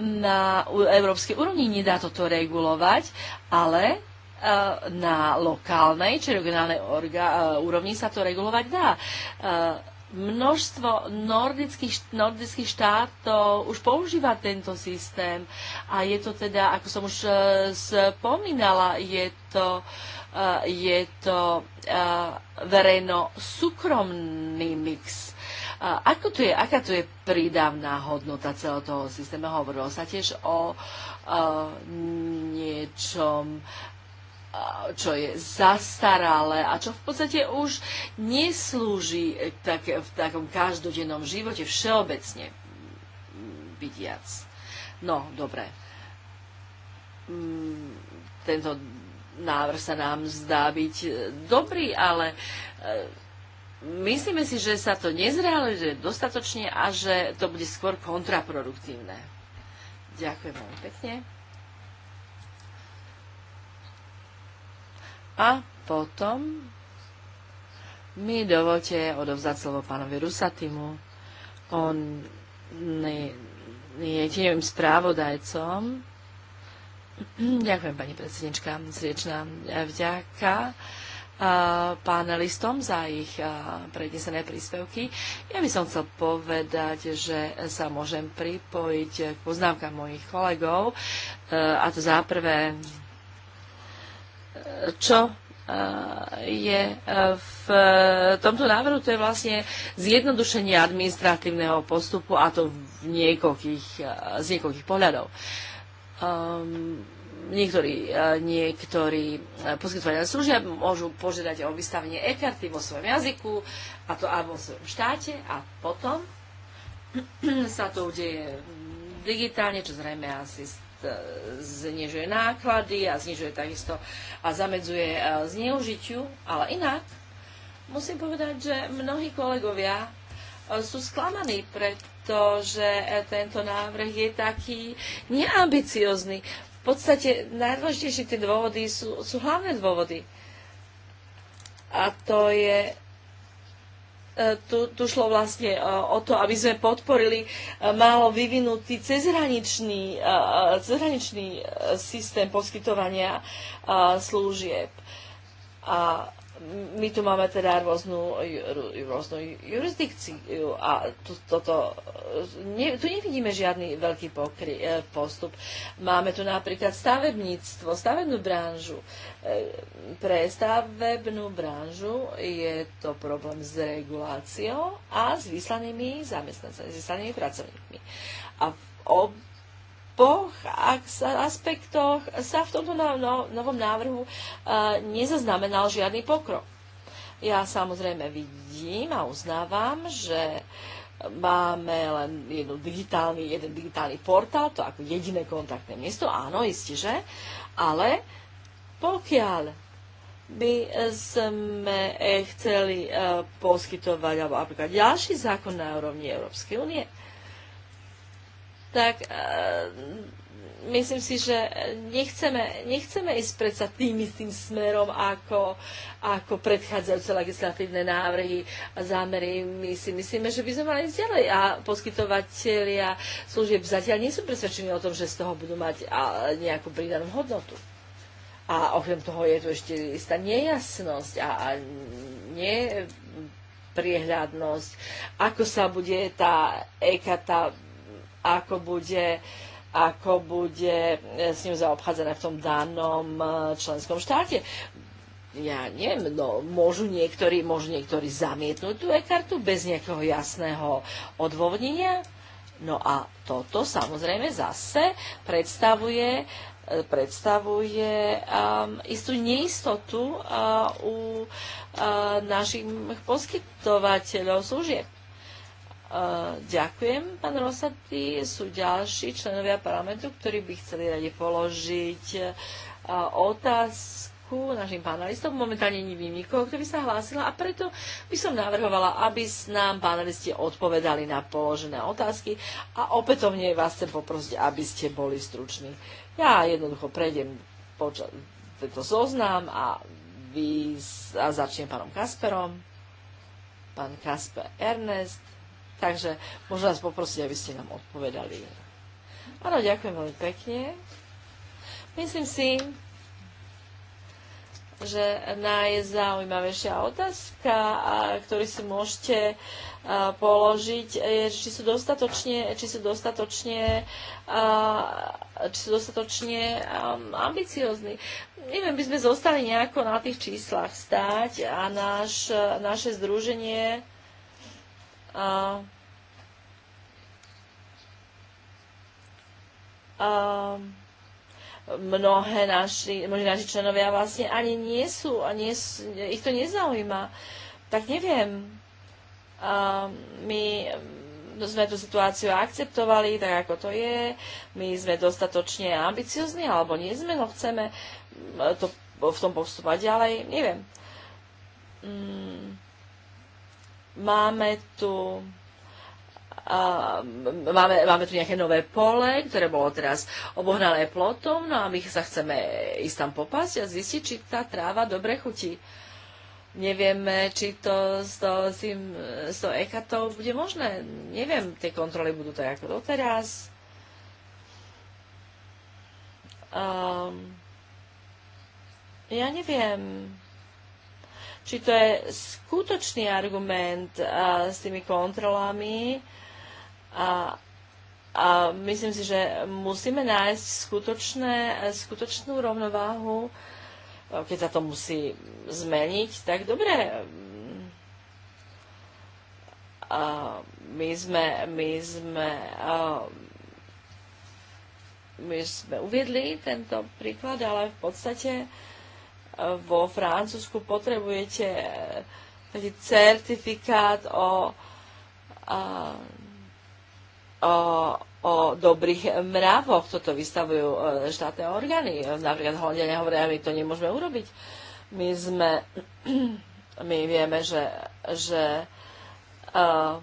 na európskej úrovni nedá toto regulovať, ale na lokálnej či regionálnej orga, úrovni sa to regulovať dá Množstvo nordických, nordických štátov už používa tento systém a je to teda, ako som už eh, spomínala, je to, eh, je to eh, verejno-súkromný mix. Ako tu je, aká tu je prídavná hodnota celého toho systému? Hovorilo sa tiež o niečom čo je zastaralé a čo v podstate už neslúži tak, v takom každodennom živote všeobecne vidiac. No, dobre. Mm, tento návrh sa nám zdá byť e, dobrý, ale e, myslíme si, že sa to nezrealizuje dostatočne a že to bude skôr kontraproduktívne. Ďakujem veľmi pekne. A potom mi dovolte odovzdať slovo pánovi Rusatimu. On je, je tým správodajcom. Ďakujem, pani predsednička, srdečná vďaka panelistom za ich prednesené príspevky. Ja by som chcel povedať, že sa môžem pripojiť k poznámkam mojich kolegov, a to za prvé čo e, je e, v e, tomto návrhu, to je vlastne zjednodušenie administratívneho postupu a to v niekoľkých, z niekoľkých pohľadov. Um, niektorí, niektorí poskytovateľe služieb môžu požiadať o vystavenie e-karty vo svojom jazyku a to alebo v svojom štáte a potom sa to udeje digitálne, čo zrejme asi znižuje náklady a znižuje takisto a zamedzuje e, zneužitiu, ale inak musím povedať, že mnohí kolegovia e, sú sklamaní, pretože e, tento návrh je taký neambiciozný. V podstate najdôležitejšie tie dôvody sú, sú hlavné dôvody. A to je E, tu, tu šlo vlastne e, o to, aby sme podporili e, málo vyvinutý cezhraničný, cezhraničný systém poskytovania služieb. A my tu máme teda rôznu, rôznu jurisdikciu a tu, toto, ne, tu nevidíme žiadny veľký pokry, e, postup. Máme tu napríklad stavebníctvo, stavebnú branžu. E, pre stavebnú branžu je to problém s reguláciou a s vyslanými zamestnancami, s vyslanými pracovníkmi. A v ob sa, aspektoch sa v tomto no, no, novom návrhu e, nezaznamenal žiadny pokrok. Ja samozrejme vidím a uznávam, že máme len jednu digitálny, jeden digitálny portál, to ako jediné kontaktné miesto, áno, isté, že, ale pokiaľ by sme e, chceli e, poskytovať alebo aplikovať ďalší zákon na úrovni Európskej únie, tak eh, myslím si, že nechceme, nechceme ísť predsa tým istým smerom ako, ako predchádzajúce legislatívne návrhy a zámery. My si myslíme, že by sme mali ísť ďalej a poskytovateľia služieb zatiaľ nie sú presvedčení o tom, že z toho budú mať eh, nejakú pridanú hodnotu. A okrem toho je tu ešte istá nejasnosť a, a priehľadnosť, ako sa bude tá ekata ako bude ako bude e, s ním zaobchádzané v tom danom e, členskom štáte. Ja neviem, no, môžu niektorí, môžu niektorí zamietnúť tú e-kartu bez nejakého jasného odôvodnenia. No a toto samozrejme zase predstavuje e, predstavuje um, istú neistotu uh, u uh, našich poskytovateľov služieb. Eh, ďakujem, pán Rosati. Sú ďalší členovia parlamentu, ktorí by chceli radi položiť eh, otázku našim panelistom. Momentálne nevím nikoho, kto by sa hlásila a preto by som navrhovala, aby nám panelisti odpovedali na položené otázky a opätovne vás chcem poprosiť, aby ste boli struční. Ja jednoducho prejdem poča- tento zoznam a, vy, a začnem pánom Kasperom. Pán Kasper Ernest, Takže môžem vás poprosiť, aby ste nám odpovedali. Áno, ďakujem veľmi pekne. Myslím si, že najzaujímavejšia otázka, ktorú si môžete položiť, je, či sú dostatočne, či sú dostatočne, či sú dostatočne um, ambiciozni. Neviem, by sme zostali nejako na tých číslach stáť a náš, naše združenie a um, mnohé naši, mnohí naši členovia vlastne ani nie sú, a nie, ich to nezaujíma. Tak neviem, um, my sme tú situáciu akceptovali, tak ako to je, my sme dostatočne ambiciozni, alebo nie sme, no chceme e, to v tom postupovať ďalej, neviem. Mm. Máme tu máme, máme tu nejaké nové pole, ktoré bolo teraz obohnané plotom, no a my sa chceme ísť tam popasť a zistiť, či tá tráva dobre chutí. Nevieme, či to s to, tým, s to ekatou bude možné. Neviem, tie kontroly budú tak ako doteraz. Um, ja neviem či to je skutočný argument uh, s tými kontrolami, a, a myslím si, že musíme nájsť skutočné, skutočnú rovnováhu, keď sa to musí zmeniť, tak dobre. A my sme, my sme, a my sme uviedli tento príklad, ale v podstate e, vo Francúzsku potrebujete taký certifikát o a, o, o dobrých mravoch. Toto vystavujú e, štátne orgány. Napríklad Holandia hovoria, my to nemôžeme urobiť. My sme, my vieme, že, že uh,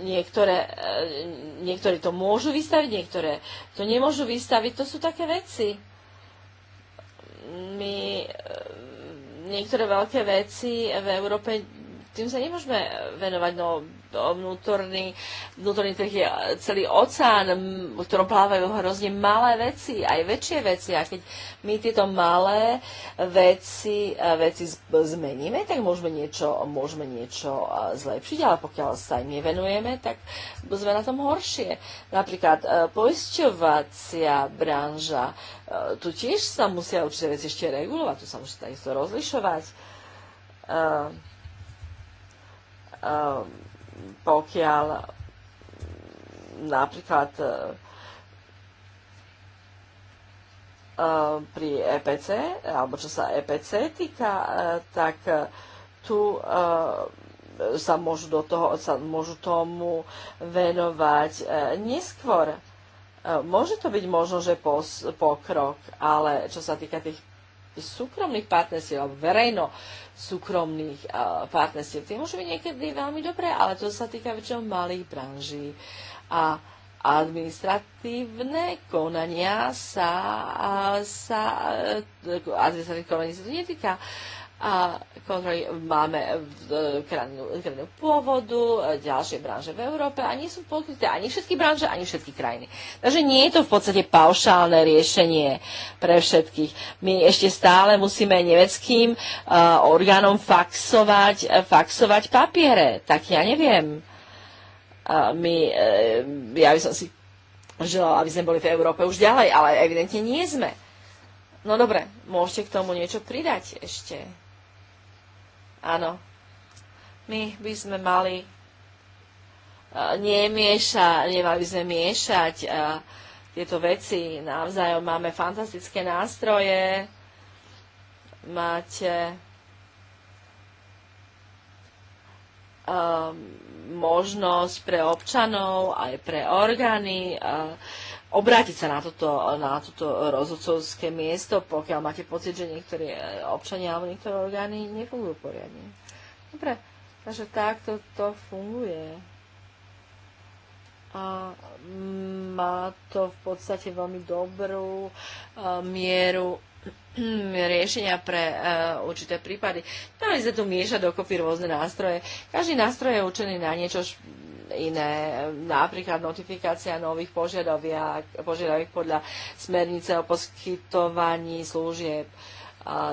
niektoré, uh, e, niektoré to môžu vystaviť, niektoré to nemôžu vystaviť. To sú také veci. My uh, niektoré veľké veci v Európe tým sa nemôžeme venovať. No, no, vnútorný, vnútorný trh je celý oceán, v ktorom plávajú hrozne malé veci, aj väčšie veci. A keď my tieto malé veci, veci zmeníme, tak môžeme niečo, môžeme niečo zlepšiť, ale pokiaľ sa im nevenujeme, tak sme na tom horšie. Napríklad e, poisťovacia branža, e, tu tiež sa musia určite veci ešte regulovať, tu sa musí takisto rozlišovať. Uh, Ehm, pokiaľ napríklad e, ehm, pri EPC, alebo čo sa EPC týka, e, tak e, tu sa môžu, do toho, sa môžu tomu venovať neskôr. Môže to byť možno, že pokrok, ale čo sa týka tých súkromných partnerstiev alebo verejno súkromných partnerstiev. Tie môžu byť niekedy veľmi dobré, ale to sa týka väčšinou malých branží. A administratívne konania sa, sa e, e, administratívne konania sa to netýka a kontroly máme e, v e, krajinu pôvodu, e, ďalšie branže v Európe a nie sú pokryté ani všetky branže, ani všetky krajiny. Takže nie je to v podstate paušálne riešenie pre všetkých. My ešte stále musíme nemeckým uh, orgánom faxovať, faxovať papiere. Tak ja neviem. Uh, my, uh, ja by som si želala, aby sme boli v Európe už ďalej, ale evidentne nie sme. No dobre, môžete k tomu niečo pridať ešte. Áno. My by sme mali e, nemieša, nemali by sme miešať e, tieto veci navzájom. Máme fantastické nástroje, máte e, možnosť pre občanov, aj pre orgány obrátiť sa na toto, na toto rozhodcovské miesto, pokiaľ máte pocit, že niektorí e, občania alebo niektoré orgány nefungujú poriadne. Dobre, takže takto to funguje. A má to v podstate veľmi dobrú e, mieru riešenia pre uh, určité prípady. Dali sa tu mieša dokopy rôzne nástroje. Každý nástroj je určený na niečo iné, ehm, napríklad notifikácia nových požiadaviek, podľa smernice o poskytovaní služieb.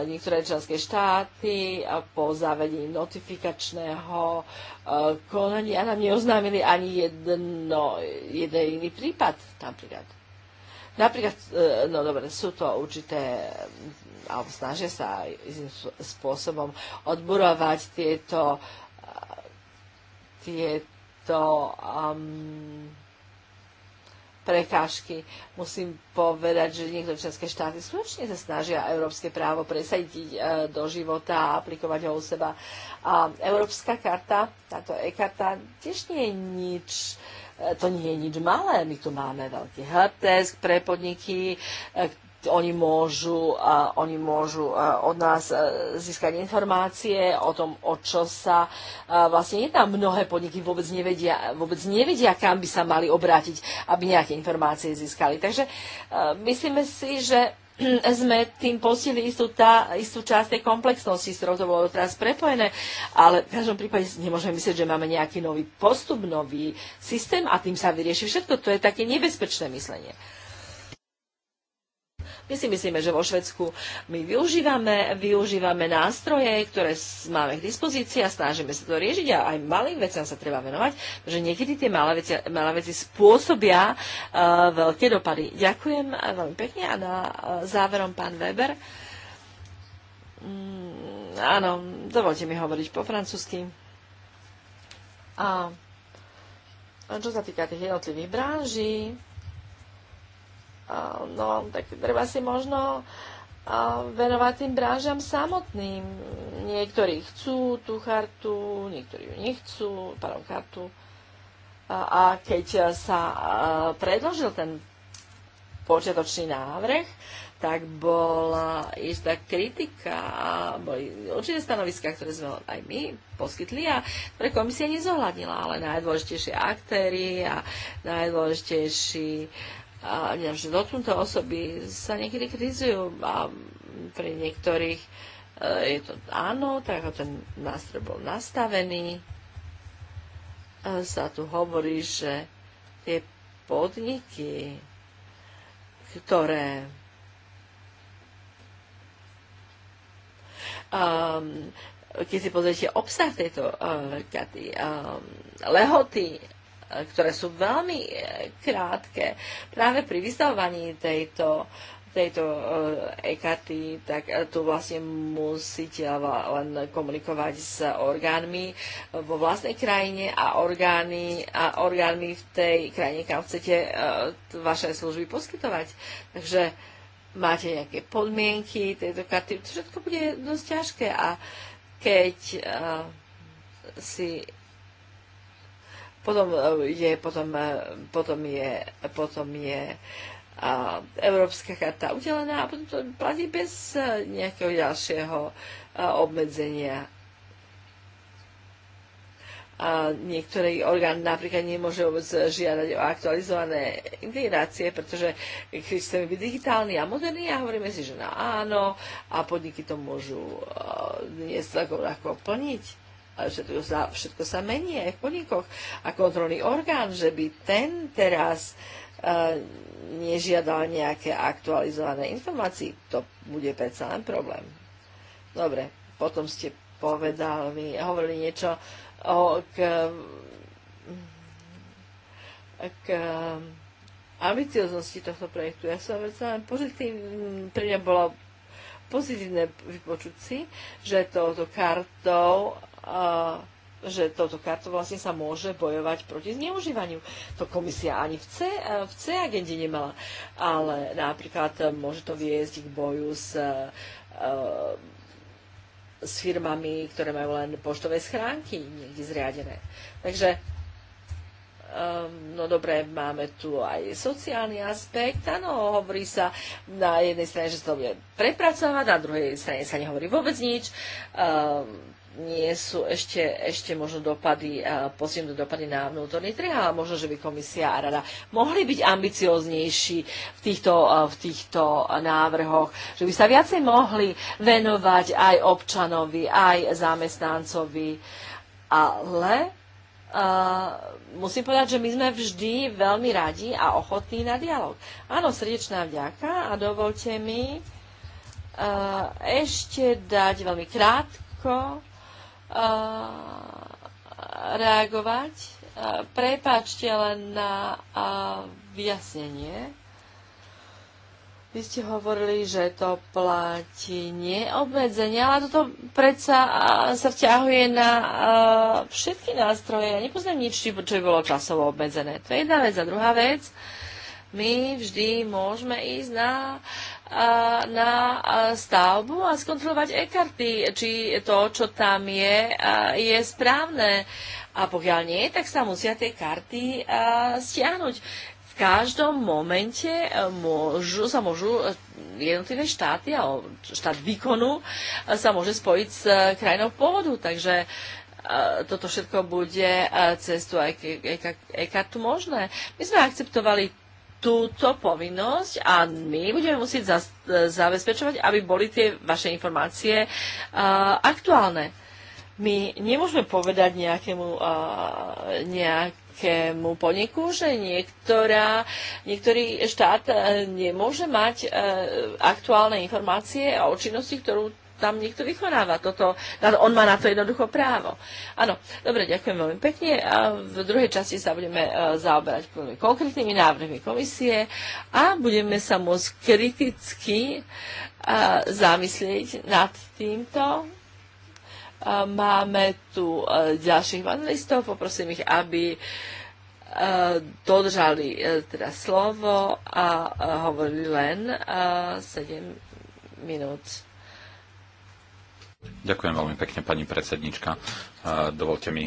Niektoré členské štáty po zavedení notifikačného e, konania nám neoznámili ani jedno, jeden iný prípad napríklad. Napríklad, e, no dobre, sú to určité, alebo snažia sa istým spôsobom odburovať tieto, e, tieto tieto um, prekážky. Musím povedať, že niektoré členské štáty skutočne sa snažia európske právo presadiť e, do života a aplikovať ho u seba. A európska karta, táto e-karta, tiež nie je nič e, to nie je nič malé. My tu máme veľký hrtesk pre podniky, e, oni môžu, uh, oni môžu uh, od nás uh, získať informácie o tom, o čo sa uh, vlastne je tam mnohé podniky vôbec nevedia, vôbec nevedia, kam by sa mali obrátiť, aby nejaké informácie získali. Takže uh, myslíme si, že sme tým postihli istú, tá, istú časť tej komplexnosti, s ktorou to bolo teraz prepojené, ale v každom prípade nemôžeme myslieť, že máme nejaký nový postup, nový systém a tým sa vyrieši všetko. To je také nebezpečné myslenie. Uh, my si myslíme, že vo Švedsku my využívame, využívame nástroje, ktoré máme k dispozícii a snažíme sa to riešiť a aj malým veciam sa treba venovať, že niekedy tie malé veci, malé veci spôsobia uh, veľké dopady. Ďakujem eh, veľmi pekne a na uh, záverom pán Weber. Mm, áno, dovolte mi hovoriť po francúzsky. A čo sa týka tých jednotlivých branží, no tak treba si možno venovať tým brážam samotným. Niektorí chcú tú chartu, niektorí ju nechcú, pardon, chartu. A keď sa predložil ten počiatočný návrh, tak bola istá kritika boli určité stanoviská, ktoré sme aj my poskytli a ktoré komisia nezohľadnila, ale najdôležitejšie aktéry a najdôležitejší a že dotknuté osoby sa niekedy krizujú a pre niektorých e, je to áno, tak ako ten nástroj bol nastavený, e, sa tu hovorí, že tie podniky, ktoré um, keď si pozriete obsah tejto um, katy, um, lehoty ktoré sú veľmi e, krátke. Práve pri vystavovaní tejto tejto e tak e, tu vlastne musíte len komunikovať s orgánmi vo vlastnej krajine a, orgány, a orgánmi v tej krajine, kam chcete e, vaše služby poskytovať. Takže máte nejaké podmienky tejto karty, to všetko bude dosť ťažké a keď si potom je, potom, e, potom je, potom je a Európska karta udelená a potom to platí bez e, nejakého ďalšieho e, obmedzenia. A niektorý orgán napríklad nemôže vôbec žiadať o aktualizované integrácie, pretože chceme byť digitálny a moderný a hovoríme si, že na no áno a podniky to môžu dnes ako, ako plniť všetko za všetko sa mení aj v podnikoch. A kontrolný orgán, že by ten teraz e, nežiadal nejaké aktualizované informácie, to bude predsa len problém. Dobre, potom ste povedal mi, hovorili niečo o k, k ambicioznosti tohto projektu. Ja som veľmi pozitívne, pre mňa bolo pozitívne vypočuť si, že touto kartou že toto karto vlastne sa môže bojovať proti zneužívaniu. To komisia ani v C, e, v C agende nemala. Ale napríklad e, môže to viesť k boju s, e, s firmami, ktoré majú len poštové schránky niekde zriadené. Takže no dobre, máme tu aj sociálny aspekt, áno, hovorí sa na jednej strane, že sa to bude prepracovať, na druhej strane sa nehovorí vôbec nič. Um, nie sú ešte, ešte možno dopady, posunuté dopady na vnútorný trh, ale možno, že by komisia a rada mohli byť ambicioznejší v týchto, v týchto návrhoch, že by sa viacej mohli venovať aj občanovi, aj zamestnancovi, ale uh, musím povedať, že my sme vždy veľmi radi a ochotní na dialog. Áno, srdečná vďaka a dovolte mi uh, ešte dať veľmi krátko Eh, reagovať. Eh, Prepáčte len na eh, vyjasnenie. Vy ste hovorili, že to platí neobmedzenie, ale toto predsa sa vťahuje na všetky nástroje. Ja nepoznám nič, čo by bolo časovo obmedzené. To je jedna vec. A druhá vec, my vždy môžeme ísť na uh, na stavbu a skontrolovať e-karty, či to, čo tam je, je správne. A pokiaľ nie, tak sa musia tie karty stiahnuť. V každom momente môžu, sa môžu jednotlivé štáty alebo štát výkonu sa môže spojiť s krajinou pôvodu. Takže toto všetko bude cez tú e-kartu možné. My sme akceptovali túto povinnosť a my budeme musieť zabezpečovať, aby boli tie vaše informácie aktuálne. My nemôžeme povedať nejakému, nejakému podniku, že niektorá, niektorý štát e, nemôže mať e, aktuálne informácie o činnosti, ktorú tam niekto vykonáva. Toto, on má na to jednoducho právo. Áno, dobre, ďakujem veľmi pekne. A v druhej časti sa budeme e, zaoberať konkrétnymi návrhmi komisie a budeme sa môcť kriticky e, zamyslieť nad týmto e, Máme tu ďalších panelistov, poprosím ich, aby dodržali teda slovo a hovorili len 7 minút. Ďakujem veľmi pekne, pani predsednička. Dovolte mi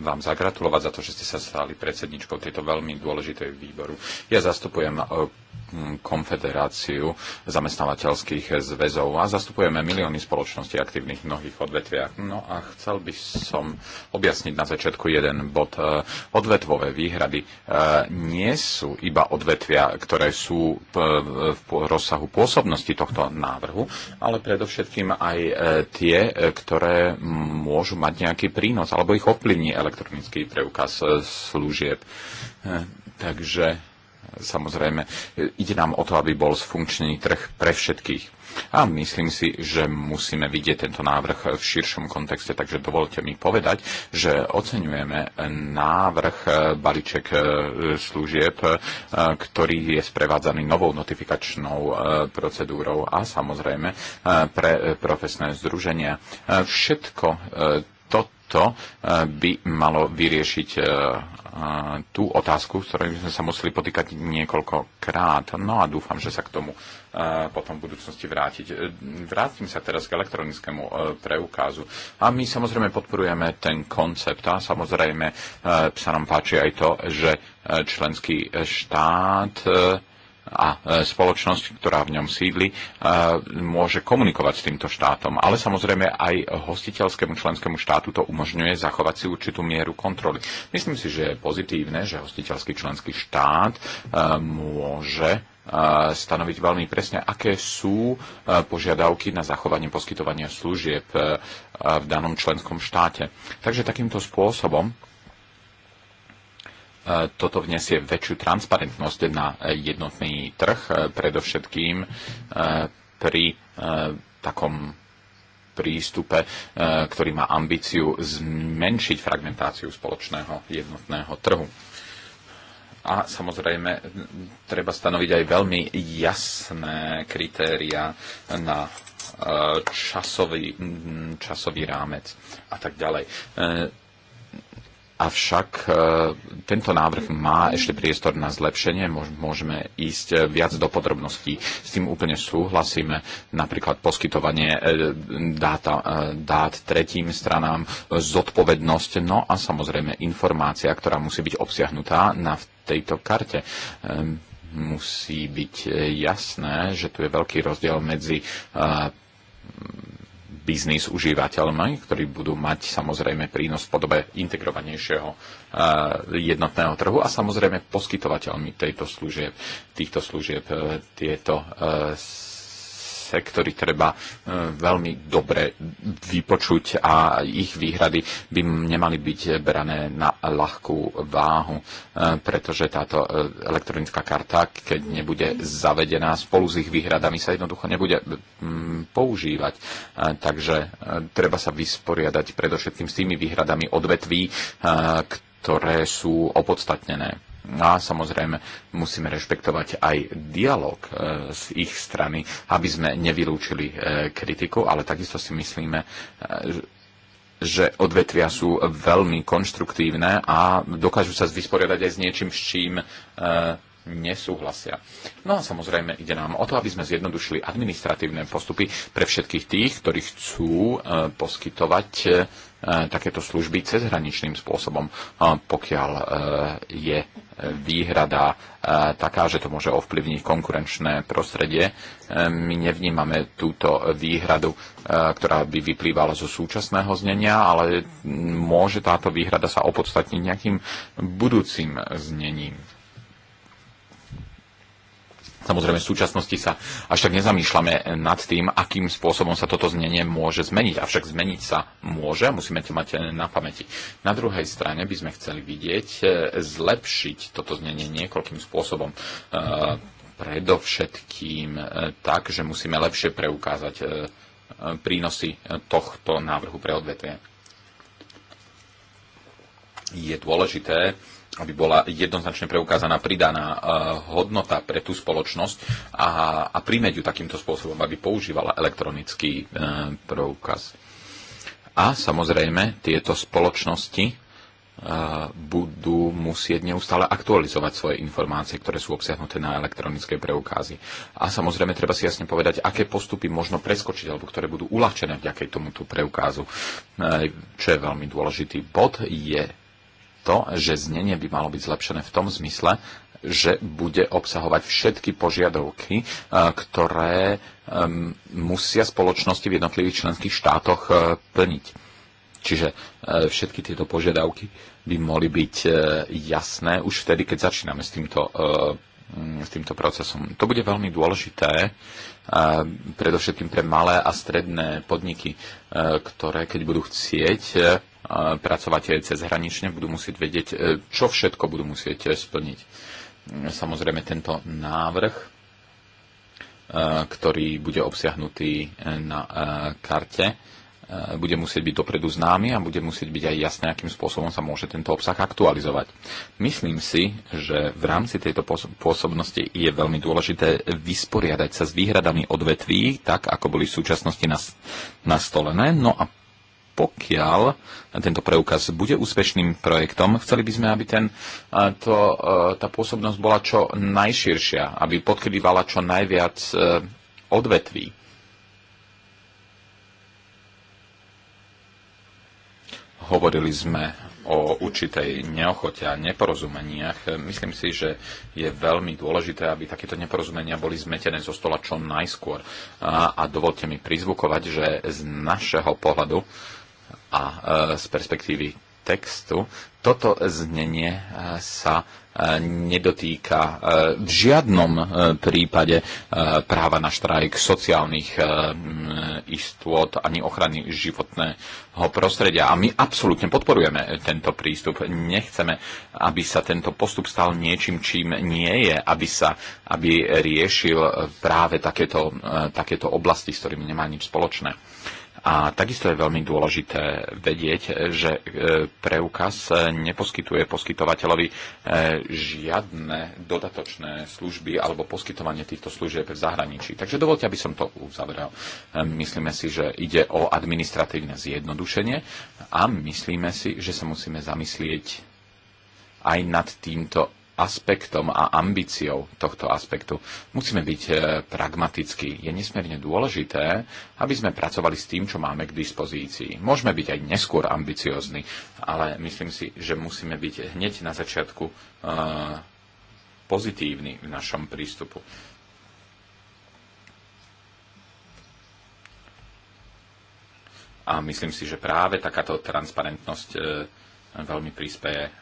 vám zagratulovať za to, že ste sa stali predsedničkou tejto veľmi dôležitej výboru. Ja zastupujem Mm, konfederáciu zamestnávateľských zväzov a zastupujeme milióny spoločností aktívnych v mnohých odvetviach. No a chcel by som objasniť na začiatku jeden bod. E, odvetvové výhrady e, nie sú iba odvetvia, ktoré sú v rozsahu pôsobnosti tohto návrhu, ale predovšetkým aj e, tie, ktoré môžu mať nejaký prínos alebo ich ovplyvní elektronický preukaz služieb. Takže Samozrejme, ide nám o to, aby bol sfunkčný trh pre všetkých. A myslím si, že musíme vidieť tento návrh v širšom kontexte, takže dovolte mi povedať, že oceňujeme návrh e, balíček e, služieb, e, ktorý je sprevádzaný novou notifikačnou procedúrou a samozrejme pre profesné združenia. Všetko to eh, by malo vyriešiť eh, eh, tú otázku, s ktorej by sme sa museli potýkať niekoľkokrát. No a dúfam, že sa k tomu potom v budúcnosti vrátiť. Vrátim sa teraz k elektronickému preukázu. A my samozrejme podporujeme ten koncept a samozrejme sa nám páči aj to, že členský štát a e, spoločnosť, ktorá v ňom sídli, e, môže komunikovať s týmto štátom. Ale samozrejme aj hostiteľskému členskému štátu to umožňuje zachovať si určitú mieru kontroly. Myslím si, že je pozitívne, že hostiteľský členský štát e, môže stanoviť veľmi presne, aké sú požiadavky na zachovanie poskytovania služieb v danom členskom štáte. Takže takýmto spôsobom E, toto vniesie väčšiu transparentnosť na jednotný trh, e, predovšetkým e, pri takom prístupe, ktorý má ambíciu zmenšiť fragmentáciu spoločného jednotného trhu. A samozrejme, treba stanoviť aj veľmi jasné kritéria na časový, časový rámec a tak ďalej Avšak e, tento návrh má ešte priestor na zlepšenie, môžeme ísť e, viac do podrobností. S tým úplne súhlasíme, napríklad poskytovanie e, dáta, dát tretím stranám, zodpovednosť, no a samozrejme informácia, ktorá musí byť obsiahnutá na tejto karte musí byť jasné, že tu je veľký rozdiel medzi biznis užívateľmi, ktorí budú mať samozrejme prínos v podobe integrovanejšieho eh, jednotného trhu a samozrejme poskytovateľmi tejto služieb, týchto služieb eh, tieto eh, ktorý treba e, veľmi dobre vypočuť a ich výhrady by nemali byť brané na ľahkú váhu, e, pretože táto e, elektronická karta, keď nebude zavedená spolu s ich výhradami, sa jednoducho nebude používať. Takže treba sa vysporiadať predovšetkým s tými výhradami odvetví, ktoré sú opodstatnené. No a samozrejme musíme rešpektovať aj dialog e, z ich strany, aby sme nevylúčili e, kritiku, ale takisto si myslíme, e, že odvetvia sú veľmi konštruktívne a dokážu sa vysporiadať aj s niečím, s čím nesúhlasia. No a samozrejme ide nám o to, aby sme zjednodušili administratívne postupy pre všetkých tých, ktorí chcú poskytovať E, takéto služby cezhraničným spôsobom, pokiaľ e, je výhrada e, taká, že to môže ovplyvniť konkurenčné prostredie. My nevnímame túto výhradu, ktorá by vyplývala zo súčasného znenia, ale môže táto výhrada sa opodstatniť nejakým budúcim znením. Samozrejme, v súčasnosti sa až tak nezamýšľame nad tým, akým spôsobom sa toto znenie môže zmeniť. Avšak zmeniť sa môže, musíme to mať na pamäti. Na druhej strane by sme chceli vidieť, e, zlepšiť toto znenie niekoľkým spôsobom. E, predovšetkým e, tak, že musíme lepšie preukázať prínosy tohto návrhu pre odvetvie. Je dôležité, aby bola jednoznačne preukázaná pridaná eh, hodnota pre tú spoločnosť a, a prímeť ju takýmto spôsobom, aby používala elektronický eh, preukaz. A samozrejme, tieto spoločnosti eh, budú musieť neustále aktualizovať svoje informácie, ktoré sú obsiahnuté na elektronické preukázy. A samozrejme, treba si jasne povedať, aké postupy možno preskočiť, alebo ktoré budú uľahčené vďaka tomuto preukázu. Čo je veľmi dôležitý bod, je to, že znenie by malo byť zlepšené v tom zmysle, že bude obsahovať všetky požiadavky, e, ktoré musia spoločnosti v jednotlivých členských štátoch e, plniť. Čiže e, všetky tieto požiadavky by mohli byť jasné už vtedy, keď začíname s týmto, s týmto procesom. To bude veľmi dôležité, predovšetkým pre malé a stredné podniky, ktoré keď budú chcieť pracovať aj hranične budú musieť vedieť, e, čo všetko budú musieť e, splniť. E, samozrejme, tento návrh ktorý bude obsiahnutý na karte, bude musieť byť dopredu známy a bude musieť byť aj jasné, akým spôsobom sa môže tento obsah aktualizovať. Myslím si, že v rámci tejto pôsobnosti je veľmi dôležité vysporiadať sa s výhradami odvetví, tak ako boli v súčasnosti nastolené, no a pokiaľ tento preukaz bude úspešným projektom, chceli by sme, aby ten, to, e, tá pôsobnosť bola čo najširšia, aby podkrývala čo najviac e, odvetví. Hovorili sme o určitej neochote a neporozumeniach. Myslím si, že je veľmi dôležité, aby takéto neporozumenia boli zmetené zo stola čo najskôr. A, a dovolte mi prizvukovať, že z našeho pohľadu a e, z perspektívy textu toto znenie e, sa e, nedotýka v žiadnom prípade práva na štrajk sociálnych istôt ani ochrany životného prostredia. A my absolútne podporujeme tento prístup. Nechceme, aby sa tento postup stal niečím, čím nie je, aby, sa, aby riešil práve takéto, takéto oblasti, s ktorými nemá nič spoločné. A takisto je veľmi dôležité vedieť, že e, preukaz neposkytuje poskytovateľovi e, žiadne dodatočné služby alebo poskytovanie týchto služieb v zahraničí. Takže dovolte, aby som to uzavrel. E, myslíme si, že ide o administratívne zjednodušenie a myslíme si, že sa musíme zamyslieť aj nad týmto aspektom a ambíciou tohto aspektu. Musíme byť e, pragmatickí. Je nesmierne dôležité, aby sme pracovali s tým, čo máme k dispozícii. Môžeme byť aj neskôr ambiciozni, ale myslím si, že musíme byť hneď na začiatku e, pozitívni v našom prístupu. A myslím si, že práve takáto transparentnosť e, veľmi prispieje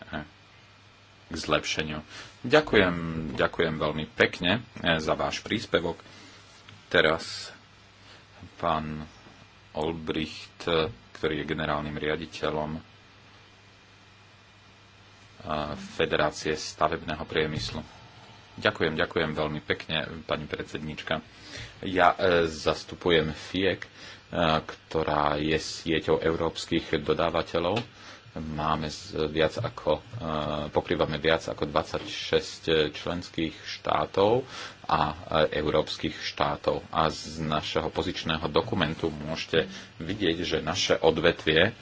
k zlepšeniu. Ďakujem, ďakujem veľmi pekne e, za váš príspevok. Teraz pán Olbricht, e, ktorý je generálnym riaditeľom e, Federácie stavebného priemyslu. Ďakujem, ďakujem veľmi pekne, pani predsednička. Ja zastupujem FIEK, ktorá je sieťou európskych dodávateľov máme viac ako, e, pokrývame viac ako 26 členských štátov a e, európskych štátov. A z našeho pozičného dokumentu môžete vidieť, že naše odvetvie e,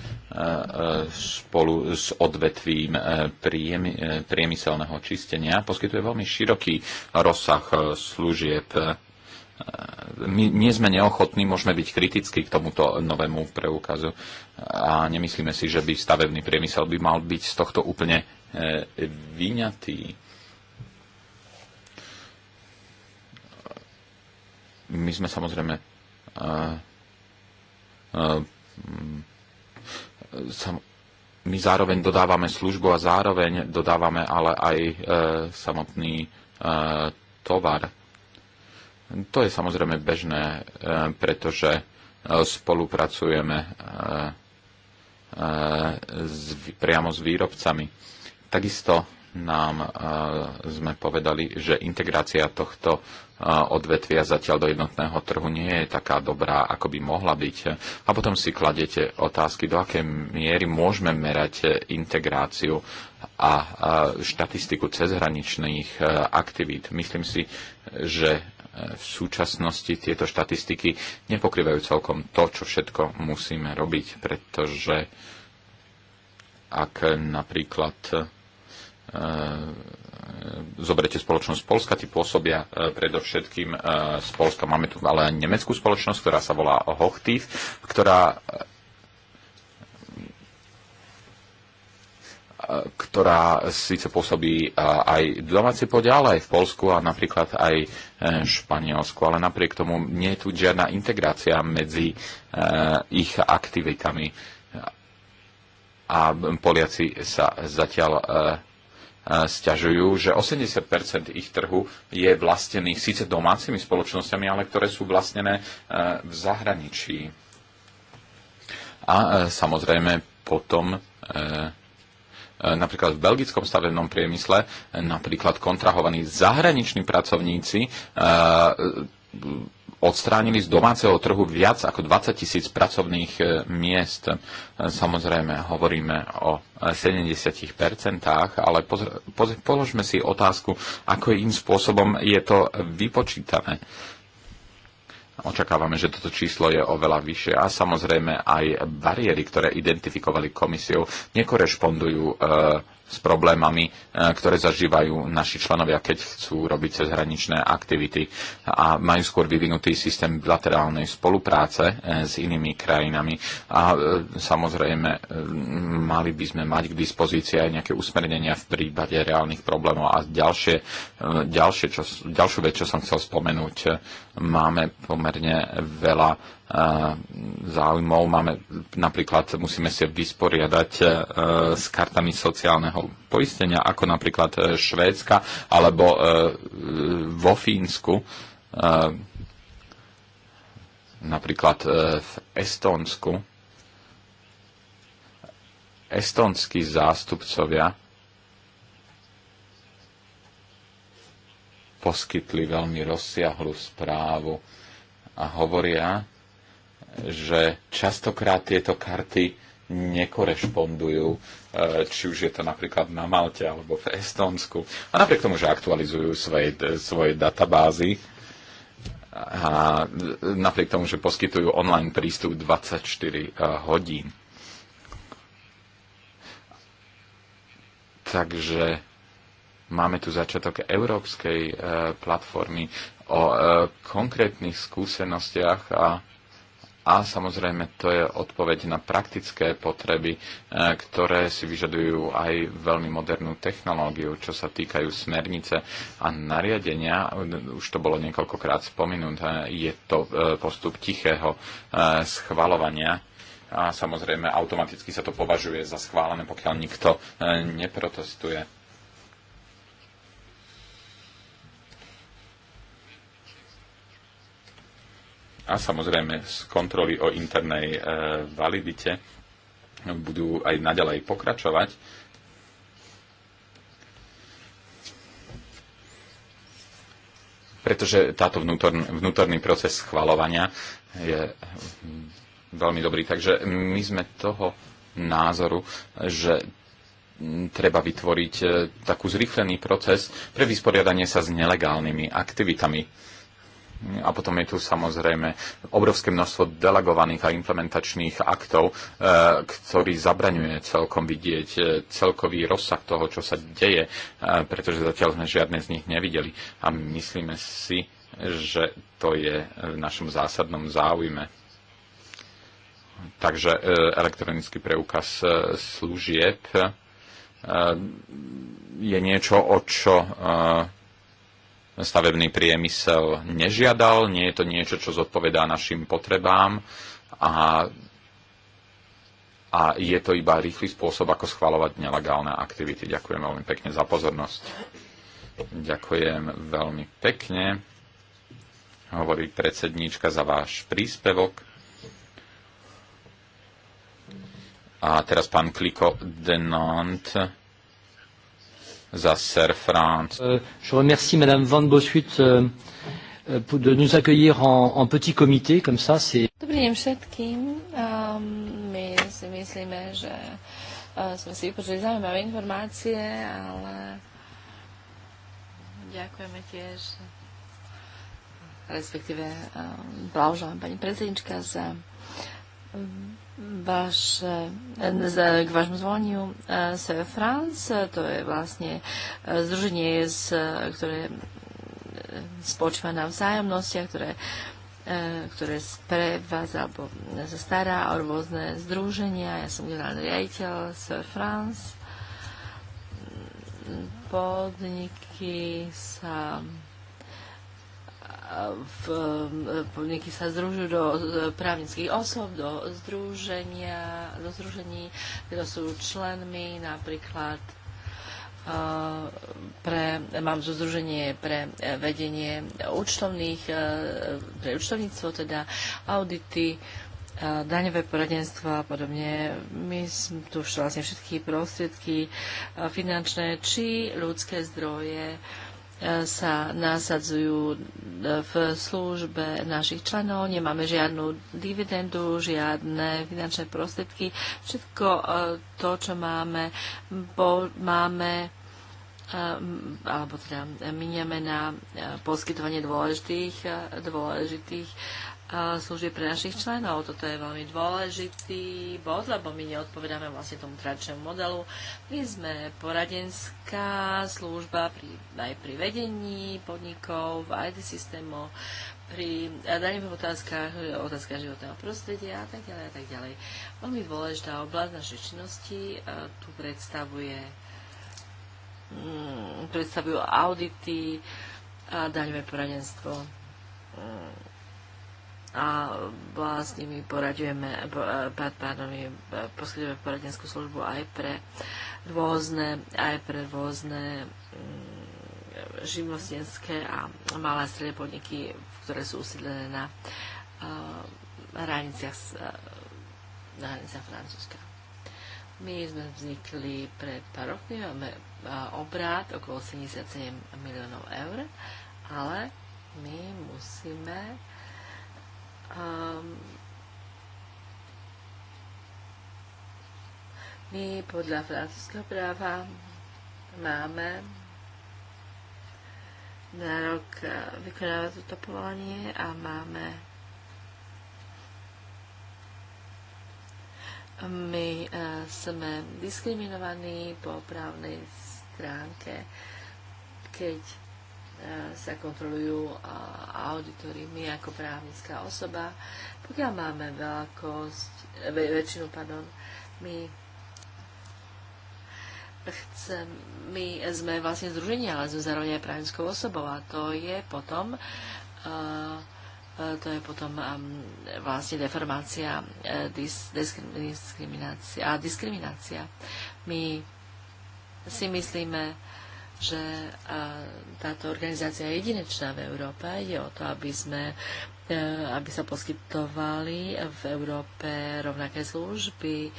spolu s odvetvím priemyselného čistenia poskytuje veľmi široký rozsah služieb my nie sme neochotní, môžeme byť kritickí k tomuto novému preukazu a nemyslíme si, že by stavebný priemysel by mal byť z tohto úplne e, vyňatý. My sme samozrejme e, e, my zároveň dodávame službu a zároveň dodávame ale aj samotný tovar to je samozrejme bežné, e, pretože e, spolupracujeme e, priamo s výrobcami. Takisto nám sme povedali, že integrácia tohto odvetvia zatiaľ do jednotného trhu nie je taká dobrá, ako by mohla byť. A potom si kladete otázky, do akej miery môžeme merať integráciu a štatistiku cezhraničných aktivít. Myslím si, že v súčasnosti tieto štatistiky nepokrývajú celkom to, čo všetko musíme robiť, pretože ak napríklad e, zoberete spoločnosť Polska, tí pôsobia e, predovšetkým e, z Polska. Máme tu ale aj nemeckú spoločnosť, ktorá sa volá Hochtiv, ktorá ktorá síce pôsobí aj v domácej pôde, ale aj v Polsku a napríklad aj v e, Španielsku. Ale napriek tomu nie je tu žiadna integrácia medzi e, ich aktivitami. A Poliaci sa zatiaľ e, stiažujú, že 80% ich trhu je vlastnených síce domácimi spoločnosťami, ale ktoré sú vlastnené v zahraničí. A samozrejme potom E, napríklad v belgickom stavebnom priemysle, e, napríklad kontrahovaní zahraniční pracovníci e, odstránili z domáceho trhu viac ako 20 tisíc pracovných miest. Samozrejme, hovoríme o 70%, ale pozr- položme si otázku, ako akým spôsobom je to vypočítané. Uh, Očakávame, že toto číslo je oveľa vyššie a samozrejme aj bariéry, ktoré identifikovali komisiou, nekorešpondujú e, s problémami, e, ktoré zažívajú naši členovia, keď chcú robiť cezhraničné aktivity a majú skôr vyvinutý systém bilaterálnej spolupráce e, s inými krajinami. A e, samozrejme, mali by sme mať k dispozícii aj nejaké usmernenia v prípade reálnych problémov. A ďalšie, ďalšie čo, ďalšiu vec, čo som chcel spomenúť, máme pomerne veľa E, záujmov. Máme napríklad, musíme sa vysporiadať e, s kartami sociálneho poistenia, ako napríklad e, Švédska alebo vo Fínsku, napríklad v Estónsku. Estónsky zástupcovia poskytli veľmi rozsiahlu správu a hovoria, že častokrát tieto karty nekorešpondujú, e, či už je to napríklad na Malte alebo v Estonsku. A napriek tomu, že aktualizujú svoje, svoje databázy a napriek tomu, že poskytujú online prístup 24 e, hodín. Takže máme tu začiatok európskej e, platformy o konkrétnych skúsenostiach a a samozrejme to je odpoveď na praktické potreby, e, ktoré si vyžadujú aj veľmi modernú technológiu, čo sa týkajú smernice a nariadenia. Už to bolo niekoľkokrát spomenuté. Je to e, postup tichého e, schvalovania a samozrejme automaticky sa to považuje za schválené, pokiaľ nikto neprotestuje a samozrejme z kontroly o internej e, validite budú aj naďalej pokračovať. pretože táto vnútorný, vnútorný proces schvalovania je veľmi dobrý. Takže my sme toho názoru, že treba vytvoriť e, takú zrýchlený proces pre vysporiadanie sa s nelegálnymi aktivitami a potom je tu samozrejme obrovské množstvo delegovaných a implementačných aktov, e, ktorý zabraňuje celkom vidieť e, celkový rozsah toho, čo sa deje, e, pretože zatiaľ sme žiadne z nich nevideli. A myslíme si, že to je v našom zásadnom záujme. Takže elektronický preukaz služieb je niečo, o čo stavebný priemysel nežiadal, nie je to niečo, čo zodpovedá našim potrebám a, a je to iba rýchly spôsob, ako schvalovať nelegálne aktivity. Ďakujem veľmi pekne za pozornosť. Ďakujem veľmi pekne, hovorí predsedníčka, za váš príspevok. A teraz pán Kliko Denant za Sir Franz. Euh, je remercie Madame Van Bosuit euh, euh, de nous accueillir en, en petit comité, comme ça c'est... Dobrý deň všetkým. Um, my si myslíme, že uh, sme si vypočuli zaujímavé informácie, ale ďakujeme tiež respektíve um, blahoželám pani prezidentka za um, vaše, k vášmu zvoleniu e, se France, to je vlastne e, združenie, z, e, ktoré spočíva na vzájomnosti a ktoré, ktoré sprevádza alebo sa stará o rôzne združenia. Ja som generálny riaditeľ se France. Podniky sa v, podniky sa združujú do právnických osob, do združenia, do združení, kde sú členmi napríklad pre, mám zo združenie pre vedenie účtovných, pre účtovníctvo, teda audity, daňové poradenstvo a podobne. My tu vlastne všetky prostriedky finančné či ľudské zdroje sa násadzujú e, v službe našich členov. Nemáme žiadnu dividendu, žiadne finančné prostriedky. Všetko e, to, čo máme, bo, máme e, alebo teda miniame na poskytovanie dôležitých, dôležitých služieb pre našich členov. Toto je veľmi dôležitý bod, lebo my neodpovedáme vlastne tomu tradičnému modelu. My sme poradenská služba pri, aj pri vedení podnikov, v IT systémoch, pri daných otázkach, otázkach životného prostredia a tak ďalej a tak ďalej. Veľmi dôležitá oblasť našej činnosti e, tu predstavuje mm, predstavujú audity a daňové poradenstvo mm a vlastne my poradujeme, e, pardon, my e, poskytujeme poradenskú službu aj pre rôzne, aj pre rôzne mm, živnostenské a malé stredné podniky, ktoré sú usídlené na e, hraniciach, na hraniciach Francúzska. My sme vznikli pred pár rokmi, máme obrát okolo 77 miliónov eur, ale my musíme Ehm, my podľa francúzského práva máme nárok e, vykonávať toto povolanie a máme my e, sme diskriminovaní po právnej stránke, keď sa kontrolujú auditory my ako právnická osoba. Pokiaľ máme veľkosť, väčšinu, pardon, my chcem, my sme vlastne združenia, ale sme zároveň aj právnickou osobou a to je potom uh, to je potom um, vlastne deformácia e, dis, diskriminácia a diskriminácia. My si myslíme, že e, táto organizácia je jedinečná v Európe. Je o to, aby sme e, aby sa poskytovali v Európe rovnaké služby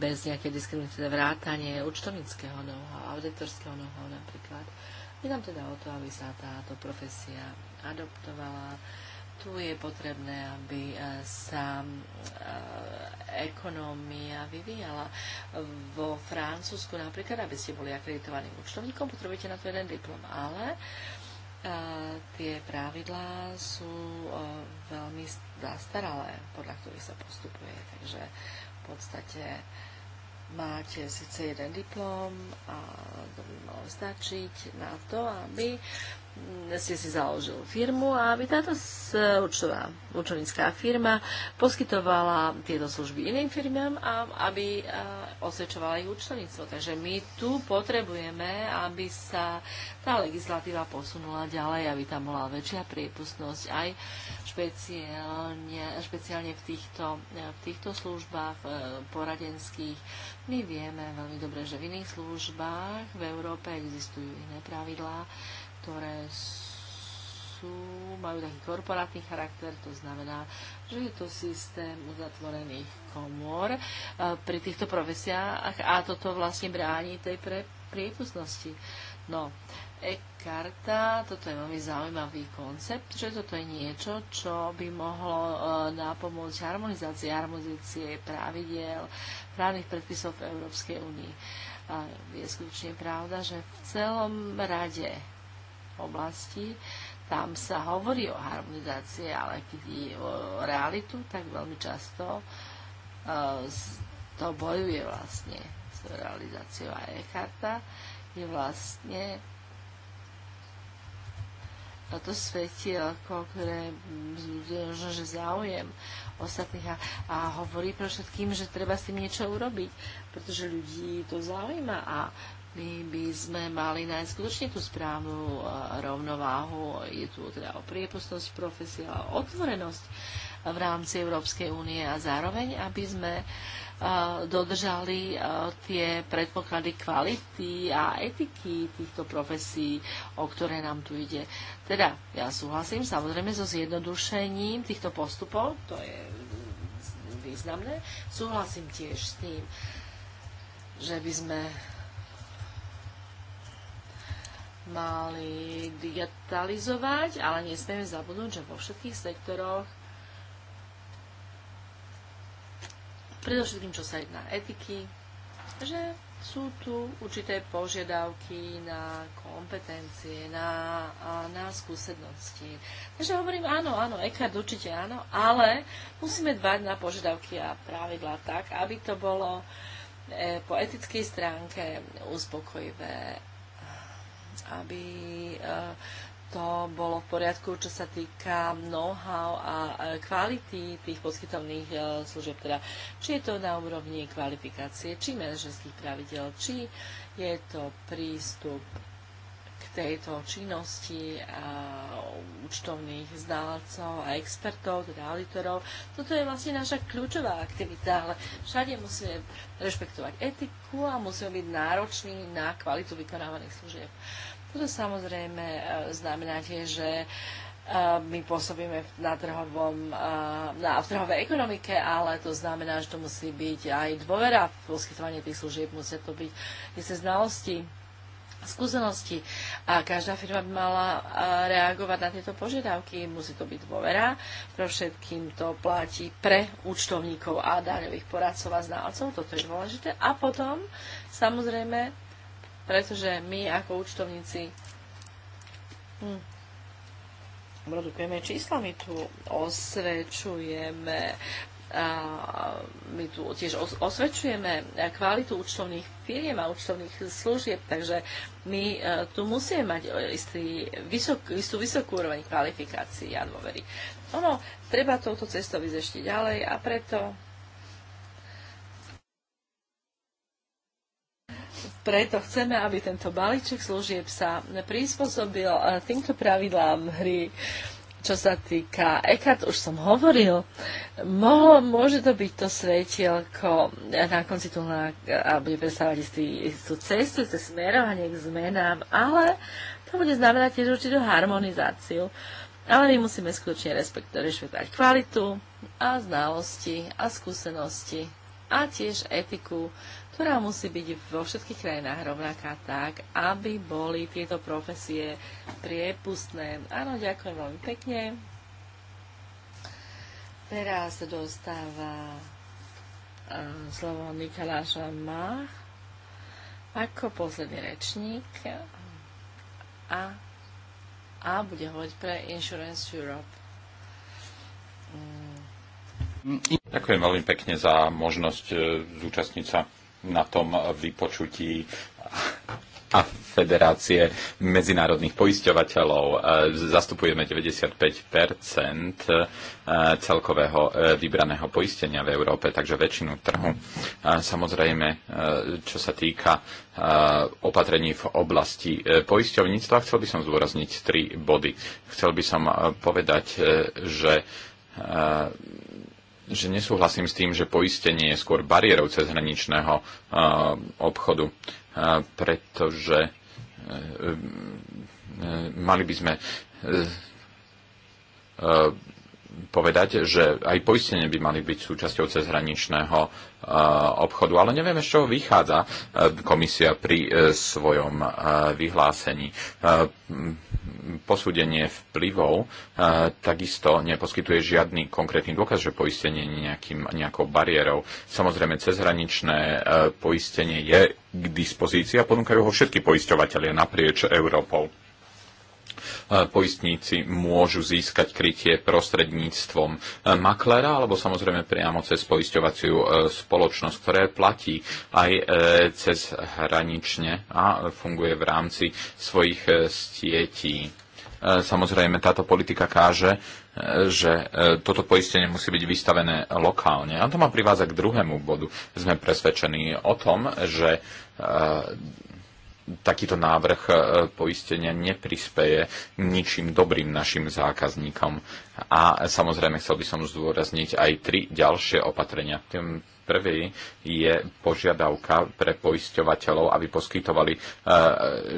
bez nejakej diskriminácie, teda vrátanie účtovníckého noha, auditorského noha napríklad. Je nám teda o to, aby sa táto profesia adoptovala, tu je potrebné, aby e, sa e, ekonomia vyvíjala. Vo Francúzsku napríklad, aby ste boli akreditovaným účtovníkom, potrebujete na to jeden diplom, ale e, tie pravidlá sú veľmi zastaralé, podľa ktorých sa postupuje. Takže v podstate máte síce jeden diplom a to by malo stačiť na to, aby ste si založil firmu a aby táto účtová, účtovnícká firma poskytovala tieto služby iným firmám a aby osvedčovala ich účtovníctvo. Takže my tu potrebujeme, aby sa tá legislatíva posunula ďalej, aby tam bola väčšia priepustnosť aj špeciálne, špeciálne v, týchto, v týchto službách e, poradenských. My vieme veľmi dobre, že v iných službách v Európe existujú iné pravidlá, ktoré sú, majú taký korporátny charakter, to znamená, že je to systém uzatvorených komor e, pri týchto profesiách a toto vlastne bráni tej pre priepustnosti. No, e-karta, toto je veľmi zaujímavý koncept, že toto je niečo, čo by mohlo e, napomôcť harmonizácii, harmonizácie pravidiel, právnych predpisov v Európskej únii. je skutočne pravda, že v celom rade oblasti, tam sa hovorí o harmonizácii, ale keď je o realitu, tak veľmi často e, to bojuje vlastne s realizáciou a je karta je vlastne to svetielko, ktoré možno, že záujem ostatných a, a hovorí pre všetkým, že treba s tým niečo urobiť, pretože ľudí to zaujíma a my by sme mali nájsť skutočne tú správnu e, rovnováhu. Je tu teda o priepustnosť profesie a otvorenosť v rámci Európskej únie a zároveň, aby sme e, dodržali e, tie predpoklady kvality a etiky týchto profesí, o ktoré nám tu ide. Teda, ja súhlasím samozrejme so zjednodušením týchto postupov, to je významné. Súhlasím tiež s tým, že by sme mali digitalizovať, ale nesmieme zabudnúť, že vo všetkých sektoroch predovšetkým čo sa jedná etiky, že sú tu určité požiadavky na kompetencie, na, na skúsenosti. Takže hovorím áno, áno, Eckhart určite áno, ale musíme dbať na požiadavky a pravidlá tak, aby to bolo eh, po etickej stránke uspokojivé aby e, to bolo v poriadku, čo sa týka know-how a e, kvality tých poskytovných e, služieb, teda či je to na úrovni kvalifikácie, či manažerských pravidel, či je to prístup tejto činnosti účtovných zdávacov a expertov, teda auditorov. Toto je vlastne naša kľúčová aktivita, ale všade musíme rešpektovať etiku a musíme byť nároční na kvalitu vykonávaných služieb. Toto samozrejme e, znamená tiež, že e, my pôsobíme na, trhovom, e, na v trhovej ekonomike, ale to znamená, že to musí byť aj dôvera v poskytovanie tých služieb, musia to byť isté znalosti skúsenosti. A každá firma by mala reagovať na tieto požiadavky. Musí to byť dôvera. Pro všetkým to platí pre účtovníkov a daňových poradcov a znalcov. Toto je dôležité. A potom, samozrejme, pretože my ako účtovníci hm, produkujeme čísla, my tu osvedčujeme my tu tiež osvedčujeme kvalitu účtovných firiem a účtovných služieb, takže my e, tu musíme mať e, istý, vysok, istú vysokú úroveň kvalifikácií a dôvery. Ono, treba touto cestou ísť ešte ďalej a preto Preto chceme, aby tento balíček služieb sa prispôsobil e, týmto pravidlám hry. Uh, čo sa týka Eckhart, už som hovoril, mohlo, môže to byť to svetielko na konci tunela a bude predstavovať istý, istú cestu, cez smerovanie k zmenám, ale to bude znamenať tiež určitú harmonizáciu. Ale my musíme skutočne rešpektovať kvalitu a znalosti a skúsenosti a tiež etiku ktorá musí byť vo všetkých krajinách rovnaká tak, aby boli tieto profesie priepustné. Áno, ďakujem veľmi pekne. Teraz dostáva e, slovo Nikoláša Mach ako posledný rečník a, a bude hovoriť pre Insurance Europe. Ďakujem veľmi pekne za možnosť e, zúčastniť sa na tom vypočutí a Federácie medzinárodných poisťovateľov. E, zastupujeme 95 e, celkového e, vybraného poistenia v Európe, takže väčšinu trhu. Samozrejme, čo sa týka opatrení v oblasti poisťovníctva, chcel by som zdôrazniť tri body. Chcel by som povedať, že že nesúhlasím s tým, že poistenie je skôr bariérou cezhraničného eh, obchodu, eh, pretože eh, mali by sme povedať, že aj poistenie by mali byť súčasťou cezhraničného eh, obchodu, ale nevieme, z čoho vychádza eh, komisia pri eh, svojom vyhlásení. Posúdenie vplyvov takisto neposkytuje žiadny konkrétny dôkaz, že poistenie je nejakým, nejakou bariérou. Samozrejme, cezhraničné poistenie je k dispozícii a ponúkajú ho všetky poisťovateľia naprieč Európou E, poistníci môžu získať krytie prostredníctvom e, maklera alebo samozrejme priamo cez poisťovaciu e, spoločnosť, ktoré platí aj cez hranične a funguje v rámci svojich stietí. Samozrejme, táto politika káže, že toto poistenie musí byť vystavené lokálne. A to ma privádza k druhému bodu. Sme presvedčení o tom, že takýto návrh e, poistenia neprispeje ničím dobrým našim zákazníkom. A samozrejme chcel by som zdôrazniť aj tri ďalšie opatrenia. Tým prvý je požiadavka pre poisťovateľov, aby poskytovali e,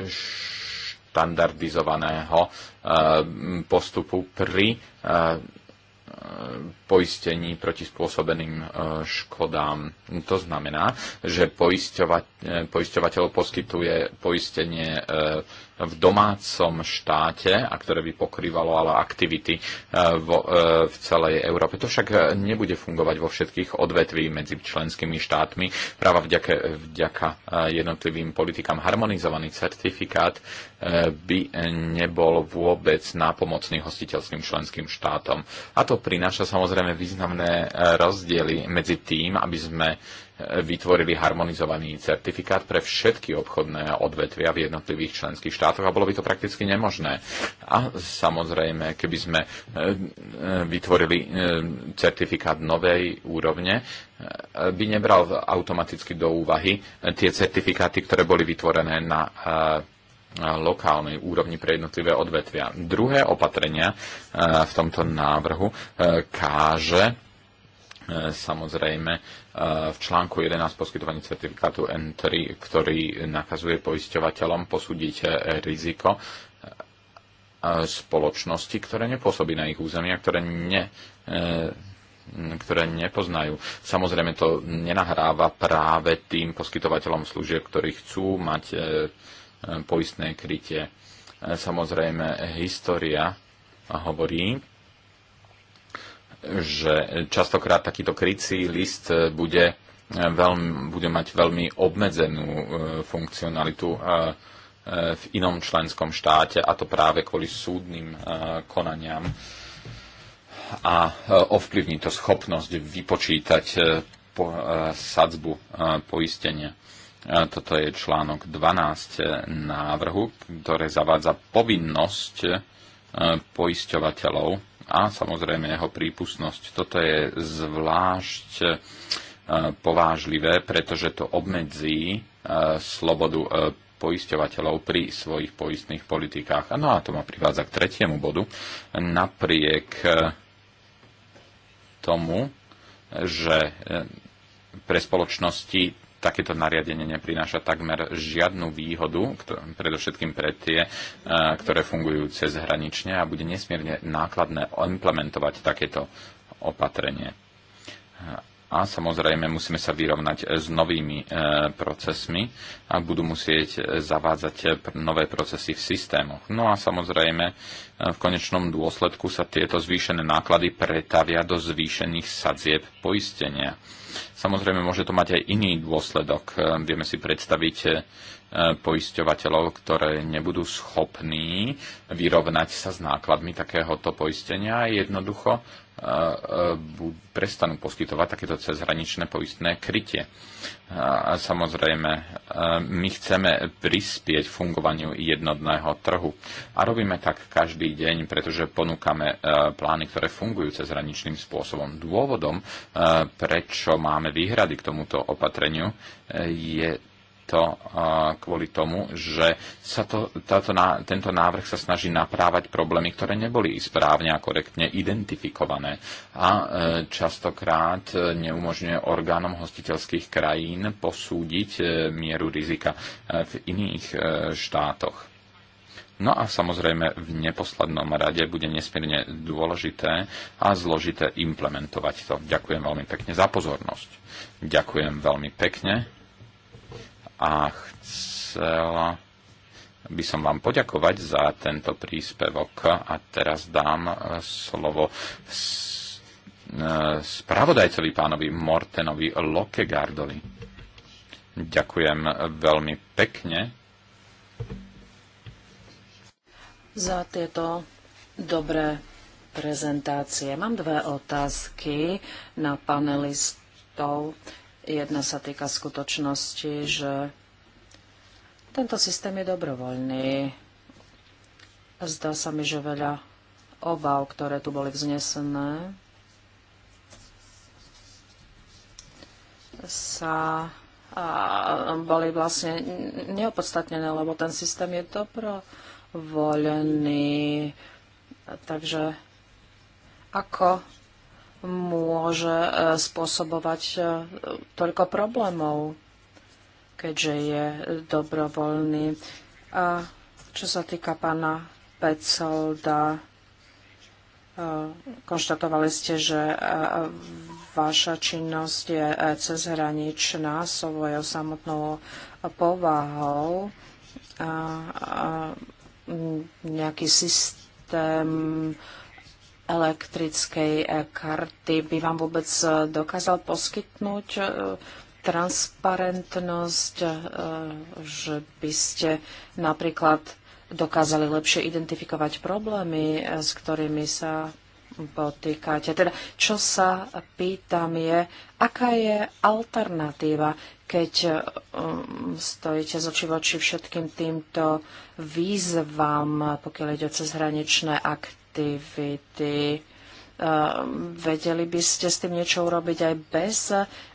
štandardizovaného e, postupu pri poistení proti spôsobeným e, škodám. To znamená, že e, poisťovateľ poskytuje poistenie e, v domácom štáte a ktoré by pokrývalo ale aktivity eh, v, eh, v celej Európe. To však nebude fungovať vo všetkých odvetví medzi členskými štátmi. Práva vďaka, vďaka eh, jednotlivým politikám harmonizovaný certifikát by nebol vôbec nápomocný hostiteľským členským štátom. A to prináša samozrejme významné rozdiely medzi tým, aby sme vytvorili harmonizovaný certifikát pre všetky obchodné odvetvia v jednotlivých členských štátoch a bolo by to prakticky nemožné. A samozrejme, keby sme e, e, vytvorili e, certifikát novej úrovne, by nebral automaticky do úvahy tie certifikáty, ktoré boli vytvorené na lokálnej úrovni pre jednotlivé odvetvia. Druhé opatrenia v tomto návrhu káže E, samozrejme e, v článku 11 poskytovanie certifikátu N3, ktorý nakazuje poisťovateľom posúdiť e, riziko spoločnosti, ktoré nepôsobí na ich územia, ktoré, ne, ktoré nepoznajú. Samozrejme to nenahráva práve tým poskytovateľom služieb, ktorí chcú mať poistné krytie. Samozrejme, história hovorí, že častokrát takýto krycí list eh, bude, eh, veľmi, bude mať veľmi obmedzenú eh, funkcionalitu v inom členskom štáte, a to práve kvôli súdnym konaniam a ovplyvní to schopnosť vypočítať sadzbu poistenia. Toto je článok 12 návrhu, ktoré zavádza povinnosť poisťovateľov a samozrejme jeho prípustnosť. Toto je zvlášť e, povážlivé, pretože to obmedzí e, slobodu e, poisťovateľov pri svojich poistných politikách. No a to ma privádza k tretiemu bodu. Napriek tomu, že pre spoločnosti takéto nariadenie neprináša takmer žiadnu výhodu, predovšetkým pre tie, eh, ktoré fungujú cez hranične a bude nesmierne nákladné implementovať takéto opatrenie eh, a samozrejme musíme sa vyrovnať s novými e, procesmi a budú musieť e, zavádzať e, nové procesy v systémoch. No a samozrejme e, v konečnom dôsledku sa tieto zvýšené náklady pretavia do zvýšených sadzieb poistenia. Samozrejme môže to mať aj iný dôsledok. vieme si predstaviť E, poisťovateľov, ktoré nebudú schopní vyrovnať sa s nákladmi takéhoto poistenia a jednoducho e, e, prestanú poskytovať takéto cezhraničné poistné krytie. A samozrejme, my chceme prispieť fungovaniu jednotného trhu. A robíme tak každý deň, pretože ponúkame plány, ktoré fungujú cezhraničným spôsobom. Dôvodom, prečo máme výhrady k tomuto opatreniu, je to kvôli tomu, že sa to, táto, tento návrh sa snaží naprávať problémy, ktoré neboli správne a korektne identifikované a e, častokrát e, neumožňuje orgánom hostiteľských krajín posúdiť e, mieru rizika v iných štátoch. No a samozrejme v neposlednom rade bude nesmierne dôležité a zložité implementovať to. Ďakujem veľmi pekne za pozornosť. Ďakujem veľmi pekne a chcela by som vám poďakovať za tento príspevok a teraz dám e, slovo e, spravodajcovi pánovi Mortenovi Lokegardovi. Ďakujem veľmi pekne za tieto dobré prezentácie. Mám dve otázky na panelistov. Jedna sa týka skutočnosti, že tento systém je dobrovoľný. Zdá sa mi, že veľa obav, ktoré tu boli vznesené, sa a boli vlastne neopodstatnené, lebo ten systém je dobrovoľný. Takže ako môže e, spôsobovať e, toľko problémov, keďže je dobrovoľný. A čo sa týka pána Pecolda, e, konštatovali ste, že vaša činnosť je cezhraničná svojou samotnou povahou. A nejaký systém elektrickej eh, karty by vám vôbec eh, dokázal poskytnúť eh, transparentnosť, že by ste napríklad dokázali lepšie identifikovať problémy, s ktorými sa potýkate. Teda, čo sa pýtam je, aká je alternatíva, keď mm, stojíte z oči voči všetkým týmto výzvam, pokiaľ ide o cezhraničné akty aktivity. Vedeli by ste s tým niečo urobiť aj bez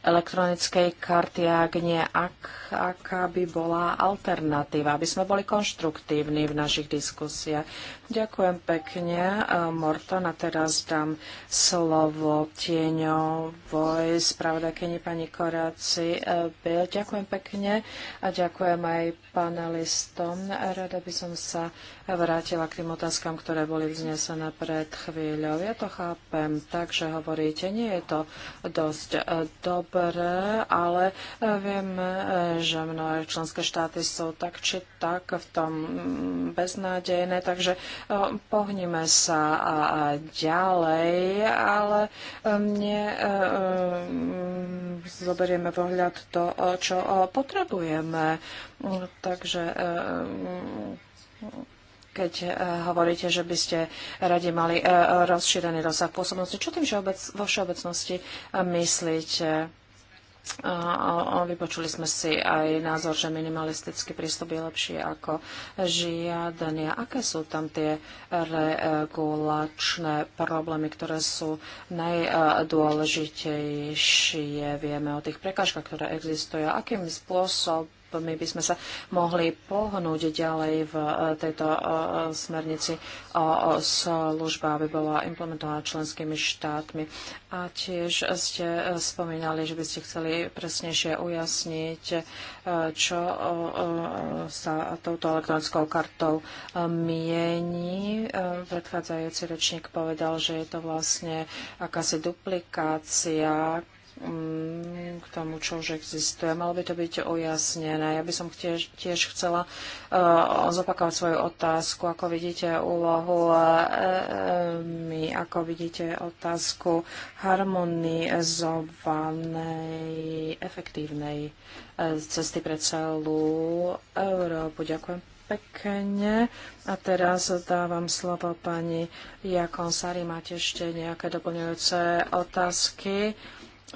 elektronickej karty, ak nie, ak, aká by bola alternatíva, aby sme boli konštruktívni v našich diskusiách. Ďakujem pekne, Morton. A teraz dám slovo tieňovoj spravodajkyni pani Koráci. Byl. Ďakujem pekne a ďakujem aj panelistom. Rada by som sa vrátila k tým otázkam, ktoré boli vznesené pred chvíľou. Ja to chápem tak, že hovoríte, nie je to dosť dobré, ale viem, že mnohé členské štáty sú tak či tak v tom beznádejné, takže Pohneme sa ďalej, ale um, mne um, zoberieme pohľad to, čo potrebujeme. Takže um, keď uh, hovoríte, že by ste radi mali uh, rozšírený rozsah pôsobnosti. Čo tým vo všeobecnosti uh, myslíte? Vypočuli sme si aj názor, že minimalistický prístup je lepší ako žiadania. Aké sú tam tie regulačné problémy, ktoré sú najdôležitejšie? Vieme o tých prekážkach, ktoré existujú. Akým spôsobom my by sme sa mohli pohnúť ďalej v e, tejto e, smernici o službe, aby bola implementovaná členskými štátmi. A tiež ste e, spomínali, že by ste chceli presnejšie ujasniť, čo sa touto elektronickou kartou mieni. Predchádzajúci rečník povedal, že je to vlastne akási duplikácia Mm, k tomu, čo už existuje. Malo by to byť ujasnené. Ja by som tiež, tiež chcela eh, zopakovať svoju otázku. Ako vidíte úlohu eh, eh, my, ako vidíte otázku harmonizovanej, efektívnej cesty pre celú Európu. Ďakujem pekne. A teraz dávam slovo pani Jakonsari. Máte ešte nejaké doplňujúce otázky?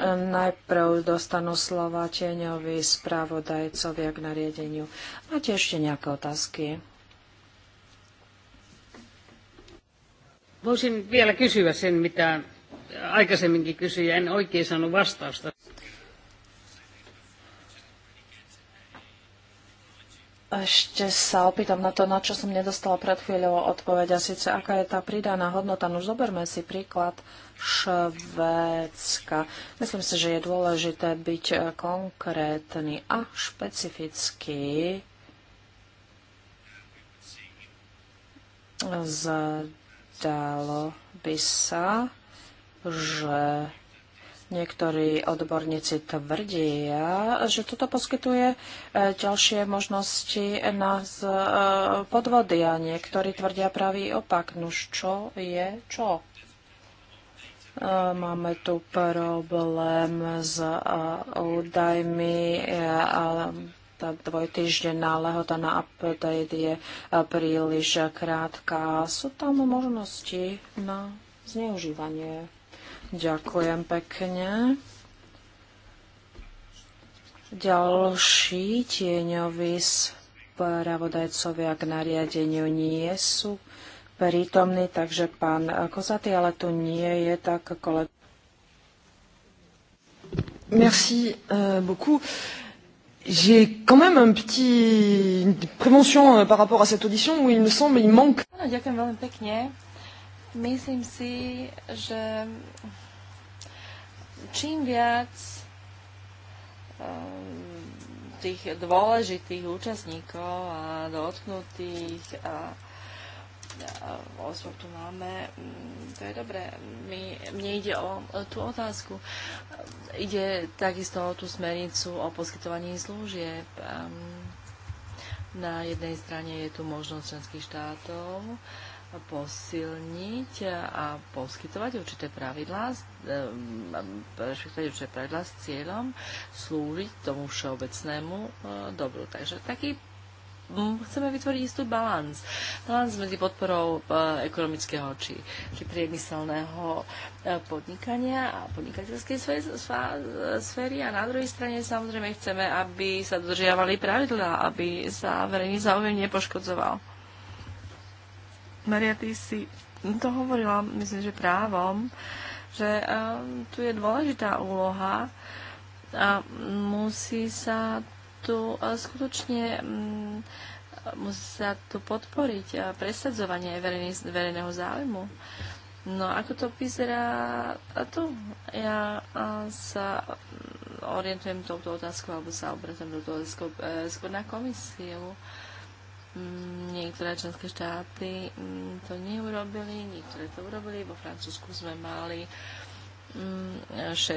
Najprv dostanú slova tieňovi správodajcovia k nariadeniu. Máte ešte nejaké otázky? Voisin vielä kysyä sen, mitä aikaisemminkin kysyin. En oikein saanut vastausta. Ešte sa opýtam na to, na čo som nedostala pred chvíľou odpoveď, a síce aká je tá pridaná hodnota. No zoberme si príklad Švédska. Myslím si, že je dôležité byť e, konkrétny a špecifický zdalo by sa, že Niektorí odborníci tvrdia, že toto poskytuje e, ďalšie možnosti na e, podvody a niektorí tvrdia pravý opak. Nuž čo je čo? E, máme tu problém s údajmi a tá dvojtýždenná lehota na update je príliš krátka. Sú tam možnosti na zneužívanie? Ďakujem pekne. Ďalší tieňový spravodajcovia k nariadeniu nie sú prítomní, takže pán Kozaty, ale tu nie je tak kolega. Merci euh, beaucoup. J'ai quand même un petit prévention euh, par rapport à cette audition où il me semble il manque. Ďakujem veľmi pekne. Myslím si, že čím viac ehm, tých dôležitých účastníkov a dotknutých a, osôb tu máme, mm, to je dobré. My, mne ide o, o tú otázku. Ide takisto o tú smernicu o poskytovaní služieb. Ehm, na jednej strane je tu možnosť členských štátov, posilniť a poskytovať určité pravidlá, rešpektovať určité pravidlá s cieľom slúžiť tomu všeobecnému e, dobru. Takže taký chceme vytvoriť istú balans. Balans medzi podporou e, ekonomického či, či priemyselného e, podnikania a podnikateľskej sféry a na druhej strane samozrejme chceme, aby sa dodržiavali pravidlá, aby sa verejný záujem nepoškodzoval. Maria, ty si to hovorila, myslím, že právom, že eh, tu je dôležitá úloha a musí sa tu eh, skutočne mm, musí sa tu podporiť eh, presadzovanie verejného záujmu. No ako to vyzerá tu? Ja sa mm, orientujem touto otázkou alebo sa obracujem do toho skôr na komisiu. Niektoré členské štáty mm, to neurobili, niektoré to urobili. Vo Francúzsku sme mali 6 mm,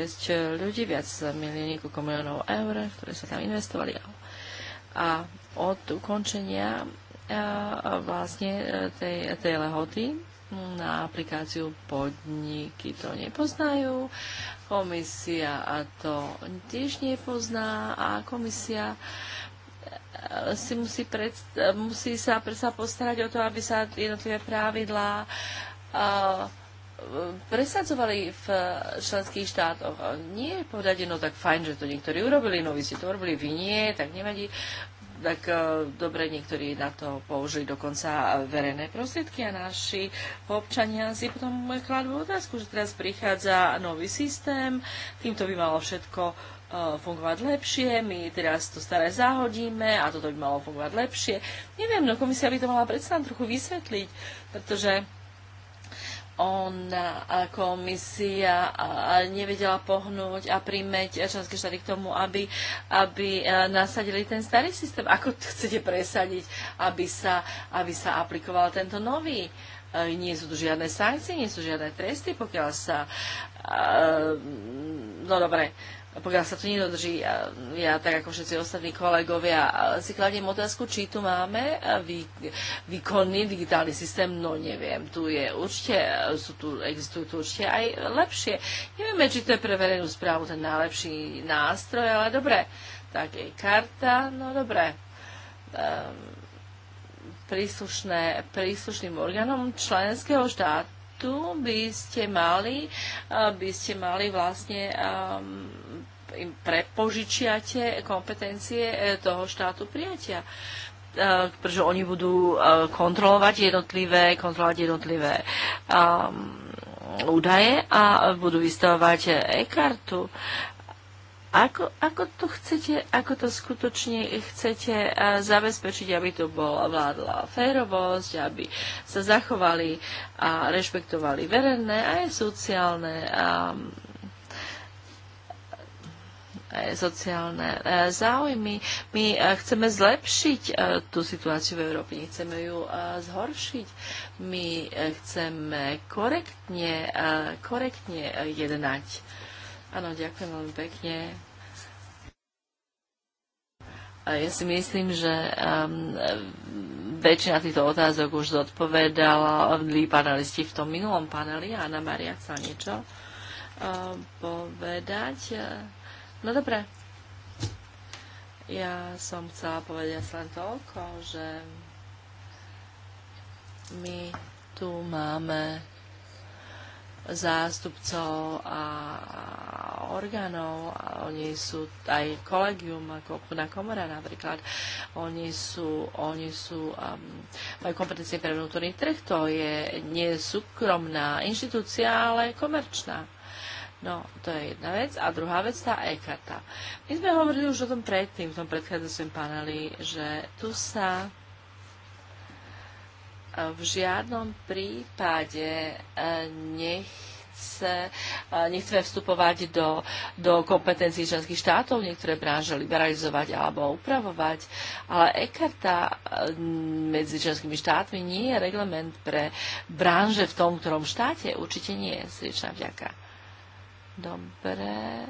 ľudí, viac zamili niekoľko miliónov eur, ktoré sa tam investovali. A od ukončenia vlastne e, tej, tej lehoty na aplikáciu podniky to nepoznajú, komisia a to tiež nepozná a komisia si musí, pred, musí sa, sa postarať o to, aby sa jednotlivé pravidlá presadzovali v členských štátoch. Nie povedať, no tak fajn, že to niektorí urobili, no vy si to urobili, vy nie, tak nevadí. Tak e, dobre, niektorí na to použili dokonca verejné prostriedky a naši občania si potom kladú otázku, že teraz prichádza nový systém, týmto by malo všetko Eh, fungovať lepšie, my teraz to staré zahodíme a toto by malo fungovať lepšie. Neviem, no komisia by to mala predsa nám trochu vysvetliť, pretože on komisia nevedela pohnúť a príjmeť členské štáty k tomu, aby, aby eh, nasadili ten starý systém. Ako chcete presadiť, aby sa, aby sa aplikoval tento nový? Eh, nie sú tu žiadne sankcie, nie sú žiadne tresty, pokiaľ sa... No dobre, pokiaľ sa to nedodrží, ja, ja tak ako všetci ostatní kolegovia si kladiem otázku, či tu máme vý, výkonný digitálny systém, no neviem, tu je určite, sú tu, existujú tu určite aj lepšie. Nevieme, či to je pre verejnú správu ten najlepší nástroj, ale dobre, tak je karta, no dobre. Um, príslušné, príslušným orgánom členského štátu by ste mali, by ste mali vlastne um, im prepožičiate kompetencie e, toho štátu prijatia e, pretože oni budú e, kontrolovať jednotlivé, kontrolovať jednotlivé um, údaje a budú vystavovať e-kartu. Ako, ako to chcete, ako to skutočne chcete zabezpečiť, aby to bola vládla férovosť, aby sa zachovali a rešpektovali verejné aj sociálne um, E, sociálne e, záujmy. My e, chceme zlepšiť tú situáciu v Európe, nechceme ju zhoršiť. My chceme korektne, korektne jednať. Áno, ďakujem veľmi pekne. Ja si myslím, že um, väčšina týchto otázok už zodpovedala panelisti v tom minulom paneli. Anna Maria chcela niečo uh, povedať. No dobre. Ja som chcela povedať len toľko, že my tu máme zástupcov a orgánov, a oni sú aj kolegium, ako obchodná komora napríklad, oni sú, oni sú um, majú kompetencie pre vnútorný trh, to je nie súkromná inštitúcia, ale komerčná. No, to je jedna vec. A druhá vec, tá e-karta. My sme hovorili už o tom predtým, v tom predchádzajúcom paneli, že tu sa e, v žiadnom prípade e, nechce, e, nechceme vstupovať do, do kompetencií členských štátov, niektoré branže liberalizovať alebo upravovať, ale e-karta medzi členskými štátmi nie je reglement pre branže v tom, ktorom štáte. Určite nie, je srdečná vďaka. Dobre.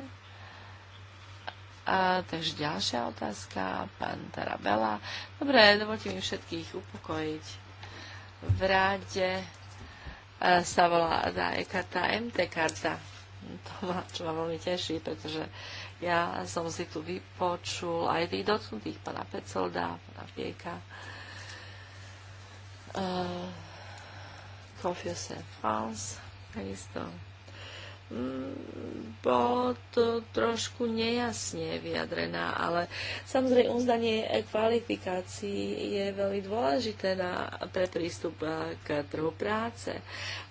A, takže ďalšia otázka, pán Tarabela. Dobre, dovolte mi všetkých upokojiť. V ráde e, sa volá tá e-karta MT karta. To ma, čo ma veľmi teší, pretože ja som si tu vypočul aj tých dotknutých, pána Pecolda, pána Pieka, uh, Confuse France, takisto Mm, bolo to trošku nejasne vyjadrená, ale samozrejme uznanie kvalifikácií je veľmi dôležité na, pre prístup eh, k trhu práce.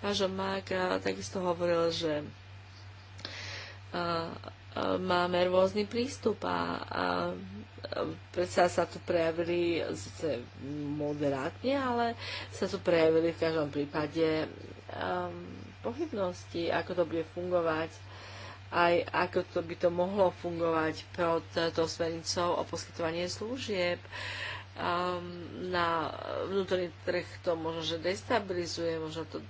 Váš Mák eh, takisto hovoril, že a, eh, a, máme rôzny prístup a, a predsa sa tu prejavili zase moderátne, ale sa tu prejavili v každom prípade ehm, pochybnosti, ako to bude fungovať, aj ako to by to mohlo fungovať pod tou smernicou o poskytovanie služieb. Um, na vnútorný trh to možno, že destabilizuje, možno to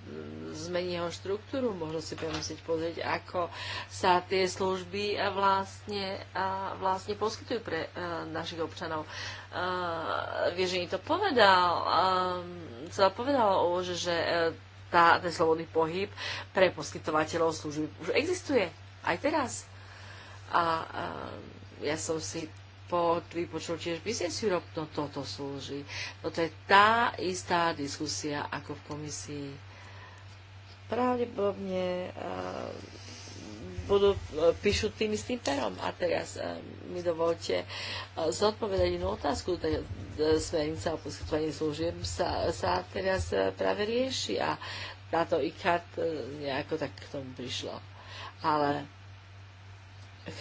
zmení jeho štruktúru, možno si budeme musieť pozrieť, ako sa tie služby vlastne, vlastne poskytujú pre uh, našich občanov. Uh, e, Viežení to povedal, um, sa povedalo, že, že e, tá, ten slobodný pohyb pre poskytovateľov služby už existuje. Aj teraz. A, a e, ja som si pod vypočul tiež Business Europe, no toto slúži. No to je tá istá diskusia ako v komisii. Pravdepodobne e, budú, eh, píšu tým istým perom. A teraz eh, mi dovolte eh, zodpovedať inú otázku. Tak smernica o poskytovaní služieb sa, sa teraz práve rieši a táto IKAT nejako tak k tomu prišlo. Ale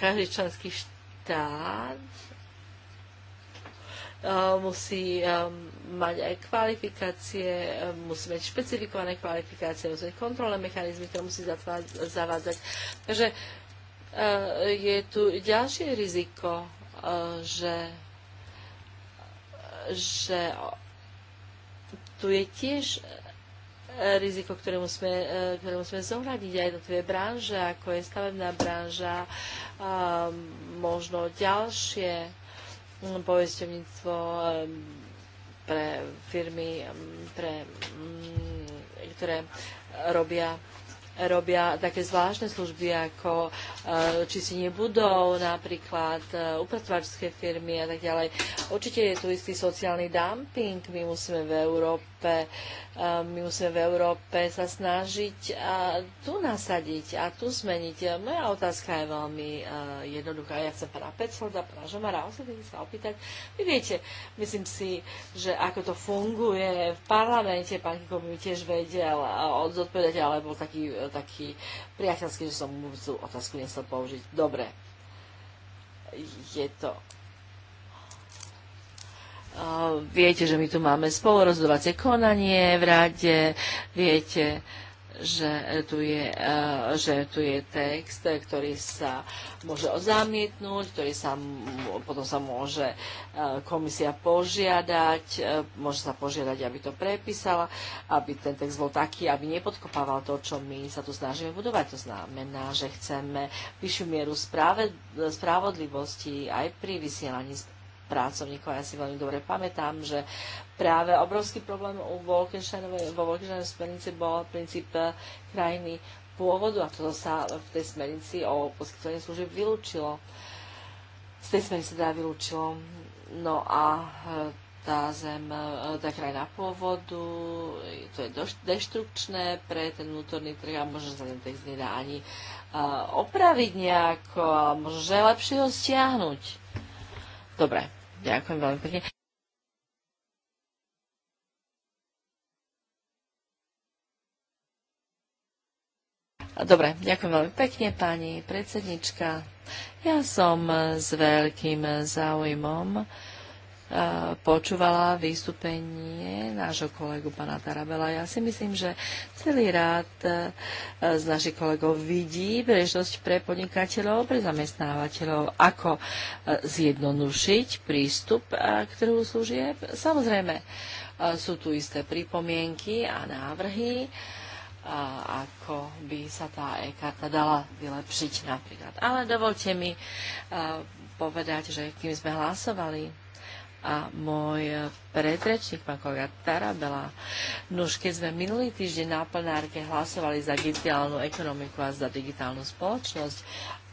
každý členský štát musí um, mať aj kvalifikácie, e, musí mať špecifikované kvalifikácie, musí mať kontrolné mechanizmy, ktoré musí zavádzať. Takže e, je tu ďalšie riziko, e, že, že tu je tiež riziko, ktoré musíme, ktoré musíme zohľadiť aj tvojej branže, ako je stavebná branža, možno ďalšie poisťovníctvo, pre firmy, pre, mm, ktoré robia robia také zvláštne služby ako e, čistenie budov, napríklad e, upratovačské firmy a tak ďalej. Určite je tu istý sociálny dumping. My musíme v Európe my musíme v Európe sa snažiť a tu nasadiť a tu zmeniť. Moja otázka je veľmi e, jednoduchá. Ja chcem pána Petsolda, pána Žomara, osobne sa opýtať. Vy viete, myslím si, že ako to funguje v parlamente, pán Kiko by tiež vedel e, odpovedať, ale bol taký, e, taký priateľský, že som mu tú otázku nesel použiť. Dobre. Je to Viete, že my tu máme spolorozhodovacie konanie v rade, viete, že tu, je, že tu je text, ktorý sa môže zamietnúť, ktorý sa, potom sa môže komisia požiadať, môže sa požiadať, aby to prepísala, aby ten text bol taký, aby nepodkopával to, čo my sa tu snažíme budovať. To znamená, že chceme vyššiu mieru spravodlivosti aj pri vysielaní pracovníkov. Ja si veľmi dobre pamätám, že práve obrovský problém u Wolkensteinovej, vo Wolkensteinovej smernici bol princíp e, krajiny pôvodu a toto sa v tej smernici o poskytovaní služieb vylúčilo. Z tej smernice teda vylúčilo. No a e, tá zem, e, tá krajina pôvodu, to je deštrukčné pre ten vnútorný trh a možno sa ten text nedá ani opraviť nejako, a možno, že je lepšie ho stiahnuť. Dobre, Ďakujem veľmi pekne. Dobre, ďakujem veľmi pekne, pani predsednička. Ja som s veľkým záujmom E, počúvala vystúpenie nášho kolegu pana Tarabela. Ja si myslím, že celý rád e, z našich kolegov vidí príležitosť pre podnikateľov, pre zamestnávateľov, ako e, zjednodušiť prístup k trhu služieb. Samozrejme, sú tu isté pripomienky a návrhy, a ako by sa tá e-karta dala vylepšiť napríklad. Ale dovolte mi povedať, že kým sme hlasovali a môj predrečník, pán kolega Tarabela. už keď sme minulý týždeň na plenárke hlasovali za digitálnu ekonomiku a za digitálnu spoločnosť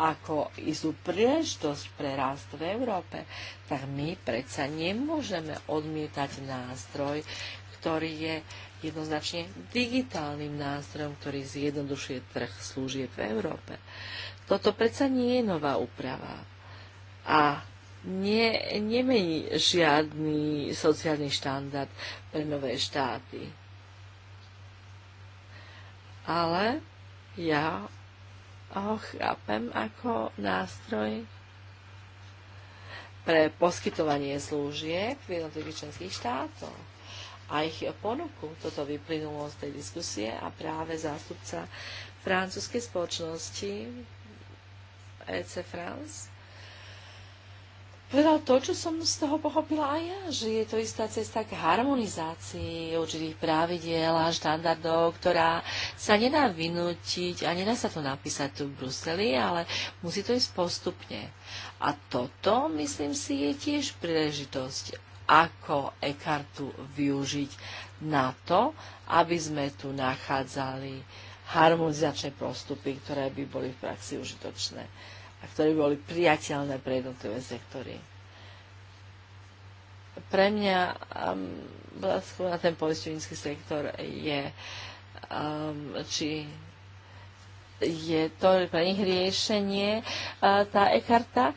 ako istú príležitosť pre rast v Európe, tak my predsa nemôžeme odmietať nástroj, ktorý je jednoznačne digitálnym nástrojom, ktorý zjednodušuje trh služieb v Európe. Toto predsa nie je nová úprava. A ne, nemení žiadny sociálny štandard pre nové štáty. Ale ja ho chápem ako nástroj pre poskytovanie služieb v jednotlivých členských štátoch a ich ponuku. Toto vyplynulo z tej diskusie a práve zástupca francúzskej spoločnosti EC France povedal to, čo som z toho pochopila aj ja, že je to istá cesta k harmonizácii určitých pravidiel a štandardov, ktorá sa nedá vynútiť a nedá sa to napísať tu v Bruseli, ale musí to ísť postupne. A toto, myslím si, je tiež príležitosť, ako e-kartu využiť na to, aby sme tu nachádzali harmonizačné postupy, ktoré by boli v praxi užitočné a ktoré by boli priateľné pre jednotlivé sektory. Pre mňa um, na ten poistovnícky sektor je, um, či je to pre nich riešenie, tá e-karta,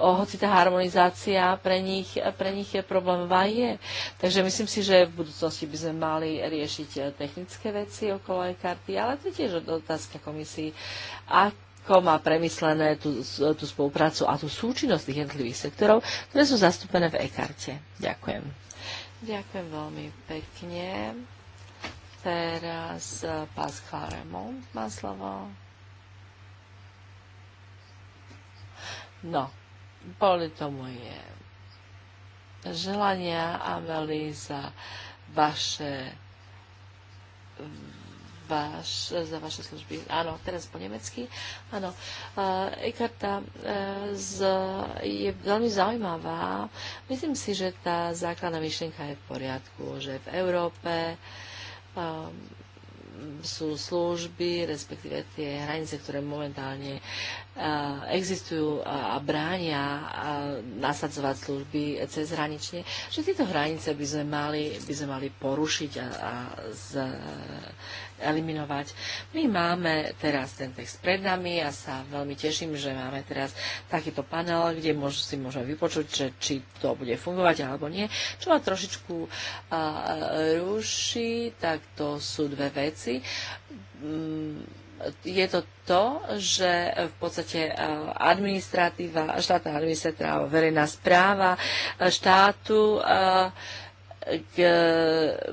hoci tá harmonizácia pre nich, pre nich je problémová je. Takže myslím si, že v budúcnosti by sme mali riešiť e, technické veci okolo e-karty, ale to je tiež otázka komisii, ako má premyslené tú, tú spoluprácu a tú súčinnosť tých jednotlivých sektorov, ktoré sú zastúpené v e-karte. Ďakujem. Ďakujem veľmi pekne. Teraz e, Pascal Remont má slovo. No, boli to moje želania, a veľmi za vaše váš, za vaše služby. Áno, teraz po nemecky. Áno, e z, je veľmi zaujímavá. Myslím si, že tá základná myšlienka je v poriadku, že v Európe ehm, sú služby, respektíve tie hranice, ktoré momentálne e, existujú a bránia nasadzovať služby cezhranične, že tieto hranice by sme mali, by sme mali porušiť a, a z, eliminovať. My máme teraz ten text pred nami a sa veľmi teším, že máme teraz takýto panel, kde môž, si môžeme vypočuť, že, či to bude fungovať alebo nie. Čo ma trošičku a, ruší, tak to sú dve veci. Mm, je to to, že v podstate administratíva, štátna administratíva, verejná správa štátu k e,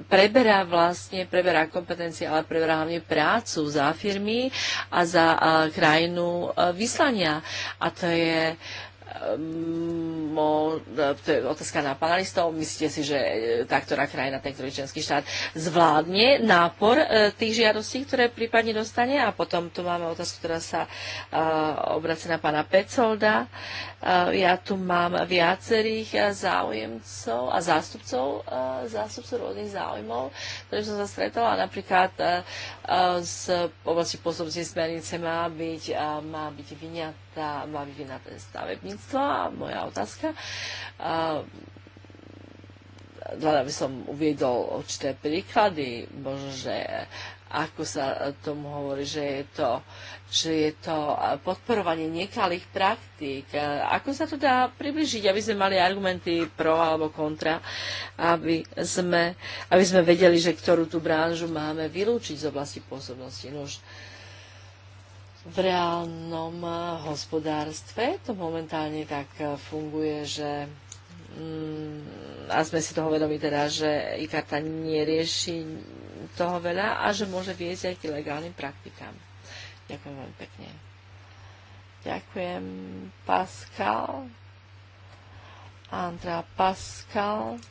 preberá vlastne, preberá kompetencie, ale preberá hlavne prácu za firmy a za e, krajinu e, vyslania. A to je mo, ehm, e, to je otázka na panelistov. Myslíte si, že e, tá, ktorá krajina, ten ktorý členský štát zvládne nápor e, tých žiadostí, ktoré prípadne dostane? A potom tu máme otázku, ktorá sa obracia na pána Pecolda. Ja tu mám viacerých záujemcov a zástupcov, zástupcov rôznych záujmov, ktoré som sa A Napríklad z oblasti pôsobnosti smernice má byť, má byť vyňatý sa teda má vyvinúť ten stavebníctvo a moja otázka. A, by som uviedol určité príklady, možno, že ako sa tomu hovorí, že je to, že je to podporovanie nekalých praktík. Ako sa to dá približiť, aby sme mali argumenty pro alebo kontra, aby sme, aby sme vedeli, že ktorú tú branžu máme vylúčiť z oblasti pôsobnosti. Nož, uh, v reálnom eh, hospodárstve to momentálne tak eh, funguje, že mm, a sme si toho vedomi teda, že IKARTA karta nerieši toho veľa a že môže viesť aj k ilegálnym praktikám. Ďakujem veľmi pekne. Ďakujem Pascal. Andra Pascal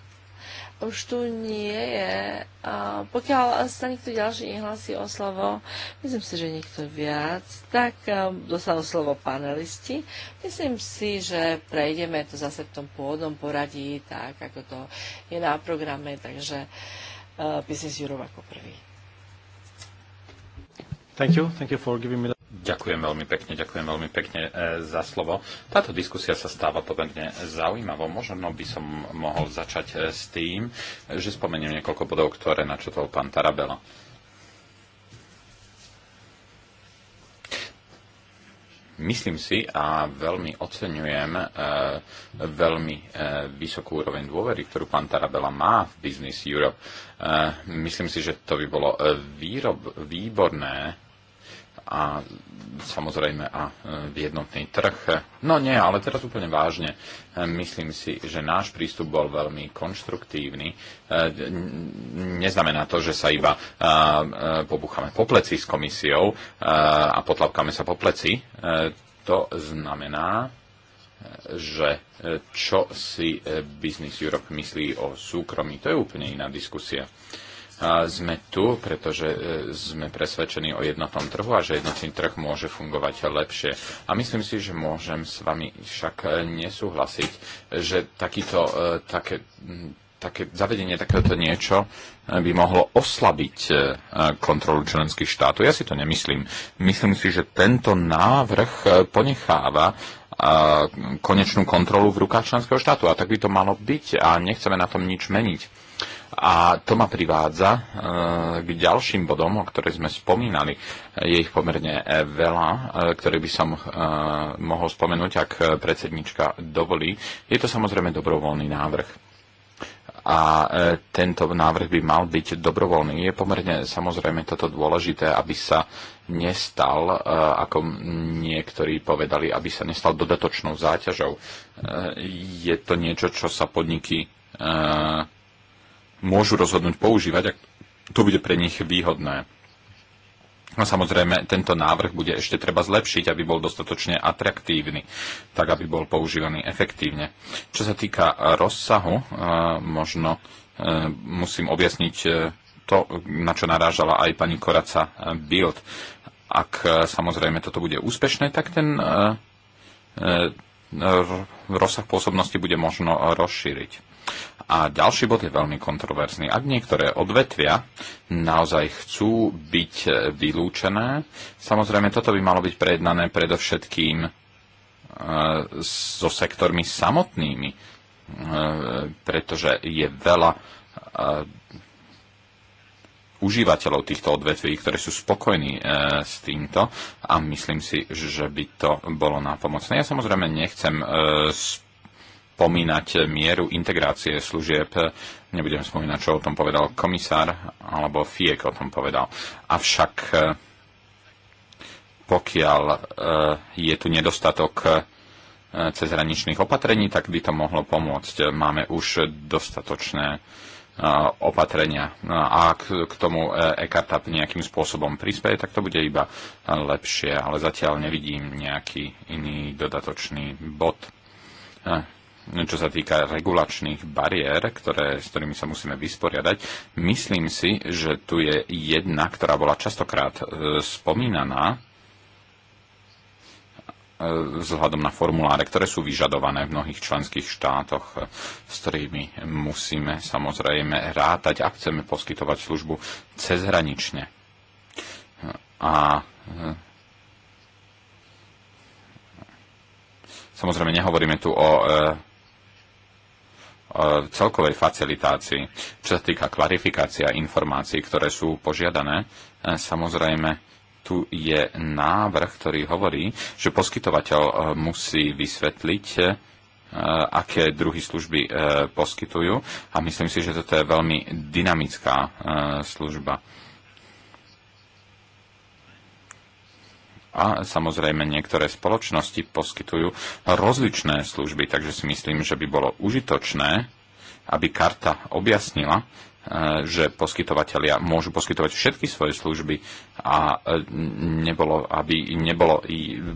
už tu nie je. A pokiaľ sa nikto ďalší nehlasí o slovo, myslím si, že niekto viac, tak e, dostal slovo panelisti. Myslím si, že prejdeme to zase v tom pôvodnom poradí, tak ako to je na programe, takže uh, si Jurov ako prvý. Thank you. Thank you for giving me that. Ďakujem veľmi pekne, ďakujem veľmi pekne e, za slovo. Táto diskusia sa stáva pomerne zaujímavou. Možno by som mohol začať e, s tým, že spomeniem niekoľko bodov, ktoré načetol pán Tarabela. Myslím si a veľmi oceňujem e, veľmi e, vysokú úroveň dôvery, ktorú pán Tarabela má v Business Europe. E, myslím si, že to by bolo e, výrob, výborné a samozrejme a e, v jednotný trh. No nie, ale teraz úplne vážne. E, myslím si, že náš prístup bol veľmi konštruktívny. E, neznamená to, že sa iba pobúchame po pleci s komisiou a potlapkáme sa po pleci. To znamená, že čo si Business Europe myslí o súkromí. To je úplne iná diskusia sme tu, pretože e, sme presvedčení o jednotnom trhu a že jednotný trh môže fungovať lepšie. A myslím si, že môžem s vami však e, nesúhlasiť, že takýto, e, také, také zavedenie takéhoto niečo by mohlo oslabiť kontrolu členských štátov. Ja si to nemyslím. Myslím si, že tento návrh ponecháva konečnú kontrolu v rukách členského štátu. A tak by to malo byť a nechceme na tom nič meniť a to ma privádza e, k ďalším bodom, o ktorých sme spomínali. Je ich pomerne e, veľa, e, ktoré by som mohol spomenúť, ak predsednička dovolí. Je to samozrejme dobrovoľný návrh a tento návrh by mal byť dobrovoľný. Je pomerne samozrejme toto dôležité, aby sa nestal, ako niektorí povedali, aby sa nestal dodatočnou záťažou. Je to niečo, čo sa podniky môžu rozhodnúť používať, ak to bude pre nich výhodné. No samozrejme, tento návrh bude ešte treba zlepšiť, aby bol dostatočne atraktívny, tak aby bol používaný efektívne. Čo sa týka rozsahu, e, možno e, musím objasniť e, to, na čo narážala aj pani Koraca Bild. Ak samozrejme toto bude úspešné, tak ten rozsah pôsobnosti bude možno rozšíriť. A ďalší bod je veľmi kontroverzný. Ak niektoré odvetvia naozaj chcú byť vylúčené, samozrejme toto by malo byť prejednané predovšetkým e, so sektormi samotnými, e, pretože je veľa e, užívateľov týchto odvetví, ktorí sú spokojní s týmto a myslím si, že by to bolo nápomocné. Ja samozrejme nechcem spomínať mieru integrácie služieb. Nebudem spomínať, čo o tom povedal komisár, alebo FIEK o tom povedal. Avšak eh, pokiaľ eh, je tu nedostatok eh, cezhraničných opatrení, tak by to mohlo pomôcť. Máme už dostatočné opatrenia. No a ak k tomu e nejakým spôsobom prispieje, tak to bude iba lepšie, ale zatiaľ nevidím nejaký iný dodatočný bod čo sa týka regulačných bariér, ktoré, s ktorými sa musíme vysporiadať, myslím si, že tu je jedna, ktorá bola častokrát e, spomínaná e, vzhľadom na formuláre, ktoré sú vyžadované v mnohých členských štátoch, e, s ktorými musíme samozrejme rátať, ak chceme poskytovať službu cezhranične. A samozrejme nehovoríme tu o E, celkovej facilitácii. Čo sa týka kvalifikácia informácií, ktoré sú požiadané, e, samozrejme tu je návrh, ktorý hovorí, že poskytovateľ e, musí vysvetliť, aké druhy služby poskytujú a myslím si, že toto je veľmi dynamická služba a samozrejme niektoré spoločnosti poskytujú rozličné služby, takže si myslím, že by bolo užitočné, aby karta objasnila, e, že poskytovateľia môžu poskytovať všetky svoje služby a e, nebolo, aby nebolo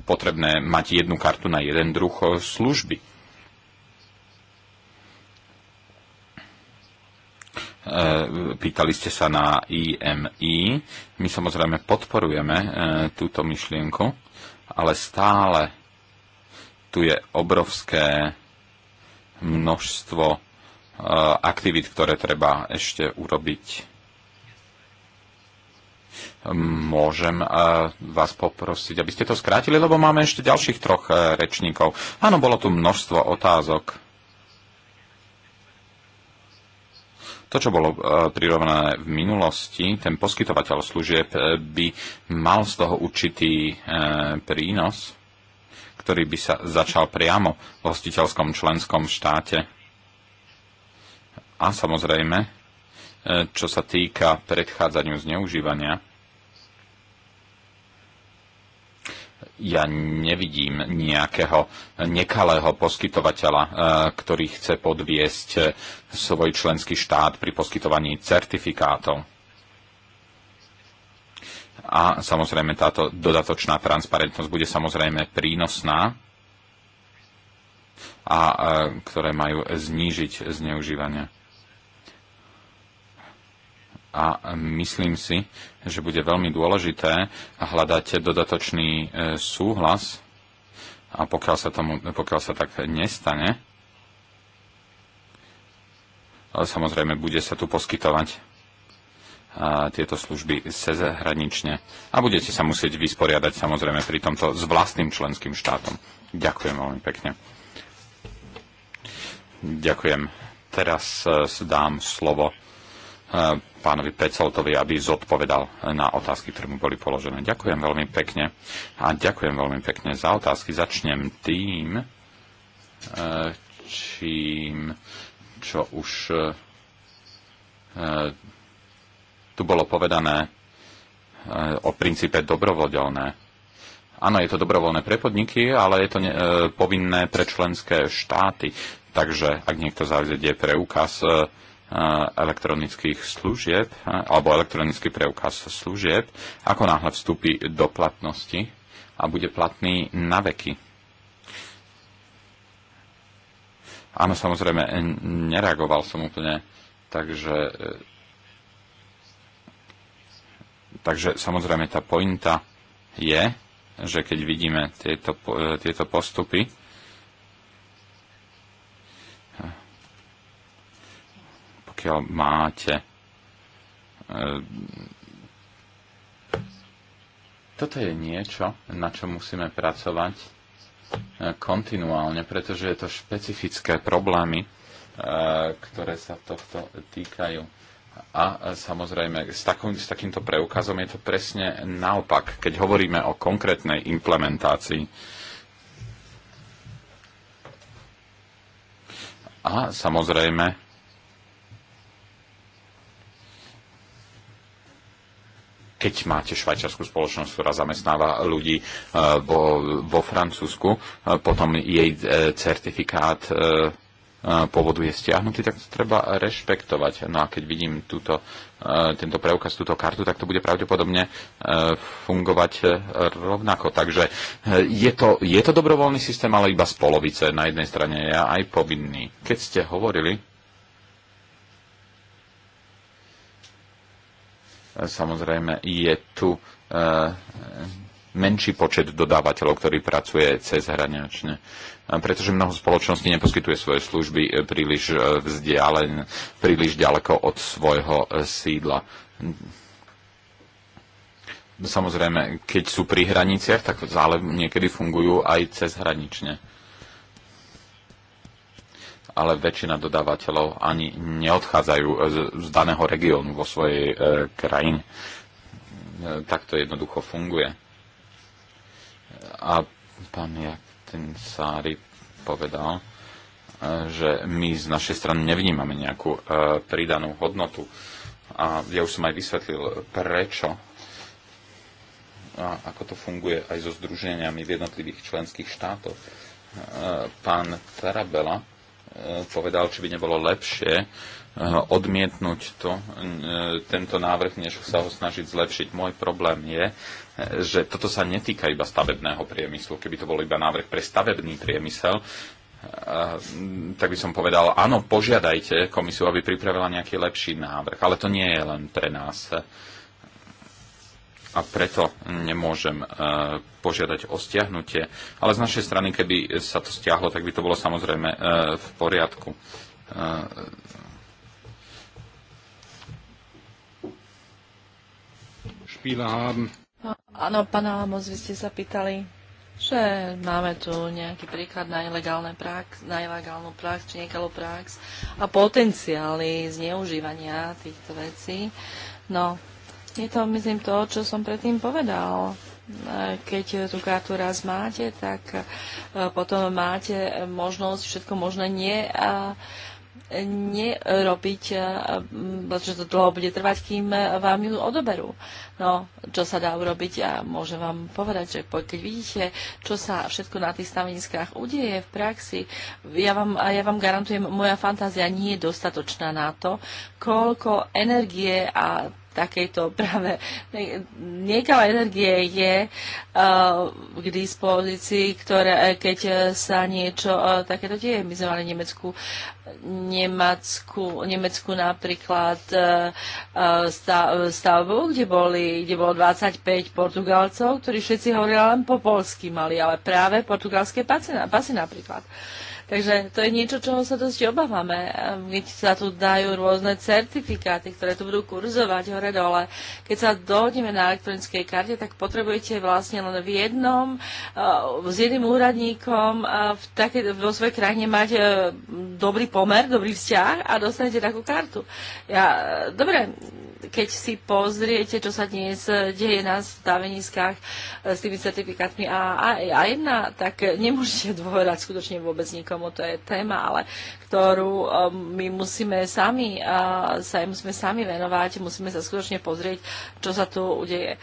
potrebné mať jednu kartu na jeden druh e, služby. Eh, pýtali ste sa na IMI. My samozrejme podporujeme eh, túto myšlienku, ale stále tu je obrovské množstvo eh, aktivít, ktoré treba ešte urobiť. Môžem vás poprosiť, aby ste to skrátili, lebo máme ešte ďalších troch rečníkov. Áno, bolo tu množstvo otázok. To, čo bolo e, prirovnané v minulosti, ten poskytovateľ služieb e, by mal z toho určitý e, prínos, ktorý by sa začal priamo v hostiteľskom členskom štáte. A samozrejme, čo sa týka predchádzaniu zneužívania, ja nevidím nejakého nekalého poskytovateľa, eh, ktorý chce podviesť eh, svoj členský štát pri poskytovaní certifikátov. A samozrejme táto dodatočná transparentnosť bude samozrejme prínosná a eh, ktoré majú znížiť zneužívanie a myslím si, že bude veľmi dôležité hľadať dodatočný e, súhlas a pokiaľ sa, tomu, pokiaľ sa tak nestane, ale samozrejme bude sa tu poskytovať tieto služby cezhranične a budete sa musieť vysporiadať samozrejme pri tomto s vlastným členským štátom. Ďakujem veľmi pekne. Ďakujem. Teraz e, dám slovo Eh, pánovi Peceltovi, aby zodpovedal na otázky, ktoré mu boli položené. Ďakujem veľmi pekne a ďakujem veľmi pekne za otázky. Začnem tým, eh, čím, čo už eh, tu bolo povedané o princípe dobrovoľné. Áno, je to dobrovoľné pre podniky, ale je to ne, e, povinné pre členské štáty. Takže ak niekto zavedie preukaz e, elektronických služieb alebo elektronický preukaz služieb, ako náhle vstúpi do platnosti a bude platný na veky. Áno, samozrejme, nereagoval som úplne, takže e, takže samozrejme tá pointa je, že keď vidíme tieto, tieto postupy, pokiaľ máte. Eh, toto je niečo, na čo musíme pracovať eh, kontinuálne, pretože je to špecifické problémy, eh, ktoré sa tohto týkajú. A samozrejme, s, takým, s takýmto preukazom je to presne naopak, keď hovoríme o konkrétnej implementácii. A samozrejme, keď máte švajčiarskú spoločnosť, ktorá zamestnáva ľudí eh, vo, vo Francúzsku, eh, potom jej eh, certifikát pôvodu je stiahnutý, tak to treba rešpektovať. No a keď vidím túto, tento preukaz, túto kartu, tak to bude pravdepodobne fungovať rovnako. Takže je to, je to dobrovoľný systém, ale iba z polovice. Na jednej strane je aj povinný. Keď ste hovorili Samozrejme, je tu eh, menší počet dodávateľov, ktorý pracuje cez hraniačne. Eh, pretože mnoho spoločností neposkytuje svoje služby eh, príliš vzdialen, príliš ďaleko od svojho sídla. Samozrejme, keď sú pri hraniciach, tak zále niekedy fungujú aj cez hranične ale väčšina dodávateľov ani neodchádzajú z daného regiónu vo svojej e, krajine. E, tak to jednoducho funguje. A pán ten Sári povedal, e, že my z našej strany nevnímame nejakú pridanú hodnotu. A ja už som aj vysvetlil, prečo a ako to funguje aj so združeniami v jednotlivých členských štátoch. Pán Tarabela E, povedal, či by nebolo lepšie e, odmietnúť to, e, tento návrh, než sa ho snažiť zlepšiť. Môj problém je, že toto sa netýka iba stavebného priemyslu. Keby to bol iba návrh pre stavebný priemysel, tak by som povedal, áno, požiadajte komisiu, aby pripravila nejaký lepší návrh, ale to nie je len pre nás a preto nemôžem e, požiadať o stiahnutie. Ale z našej strany, keby sa to stiahlo, tak by to bolo samozrejme e, v poriadku. E, Áno, pána Lamos, vy ste sa pýtali, že máme tu nejaký príklad na, ilegálne prax, na ilegálnu prax či nekalú prax a potenciály zneužívania týchto vecí. No, je vlastne to, myslím, to, čo som predtým povedal. Keď tú kartu raz máte, tak e, potom máte možnosť všetko možné nie a nerobiť, e, pretože to dlho bude trvať, kým e, vám ju odoberú. No, čo sa dá urobiť a môžem vám povedať, že keď vidíte, čo sa všetko na tých staveniskách udeje v praxi, ja vám, ja vám garantujem, moja fantázia nie je dostatočná na to, koľko energie a takejto práve niekala energie je uh, k dispozícii, ktoré, eh, keď sa niečo eh, takéto deje. My sme mali Nemecku, Nemecku, Nemecku napríklad eh, stavbu, kde, boli, kde bolo 25 Portugalcov, ktorí všetci hovorili len po polsky mali, ale práve portugalské pasy, pasy napríklad. Takže to je niečo, čoho sa dosť obávame, keď sa tu dajú rôzne certifikáty, ktoré tu budú kurzovať hore dole. Keď sa dohodneme na elektronickej karte, tak potrebujete vlastne len v jednom, eh, s jedným úradníkom eh, v také, vo svojej krajine mať eh, dobrý pomer, dobrý vzťah a dostanete takú kartu. Ja, dobre, keď si pozriete, čo sa dnes deje na staveniskách e, s tými certifikátmi a, a, jedna, tak nemôžete dôverať skutočne vôbec nikomu, to je téma, ale ktorú um, my musíme sami, sa musíme sami venovať, musíme sa skutočne pozrieť, čo sa tu udeje.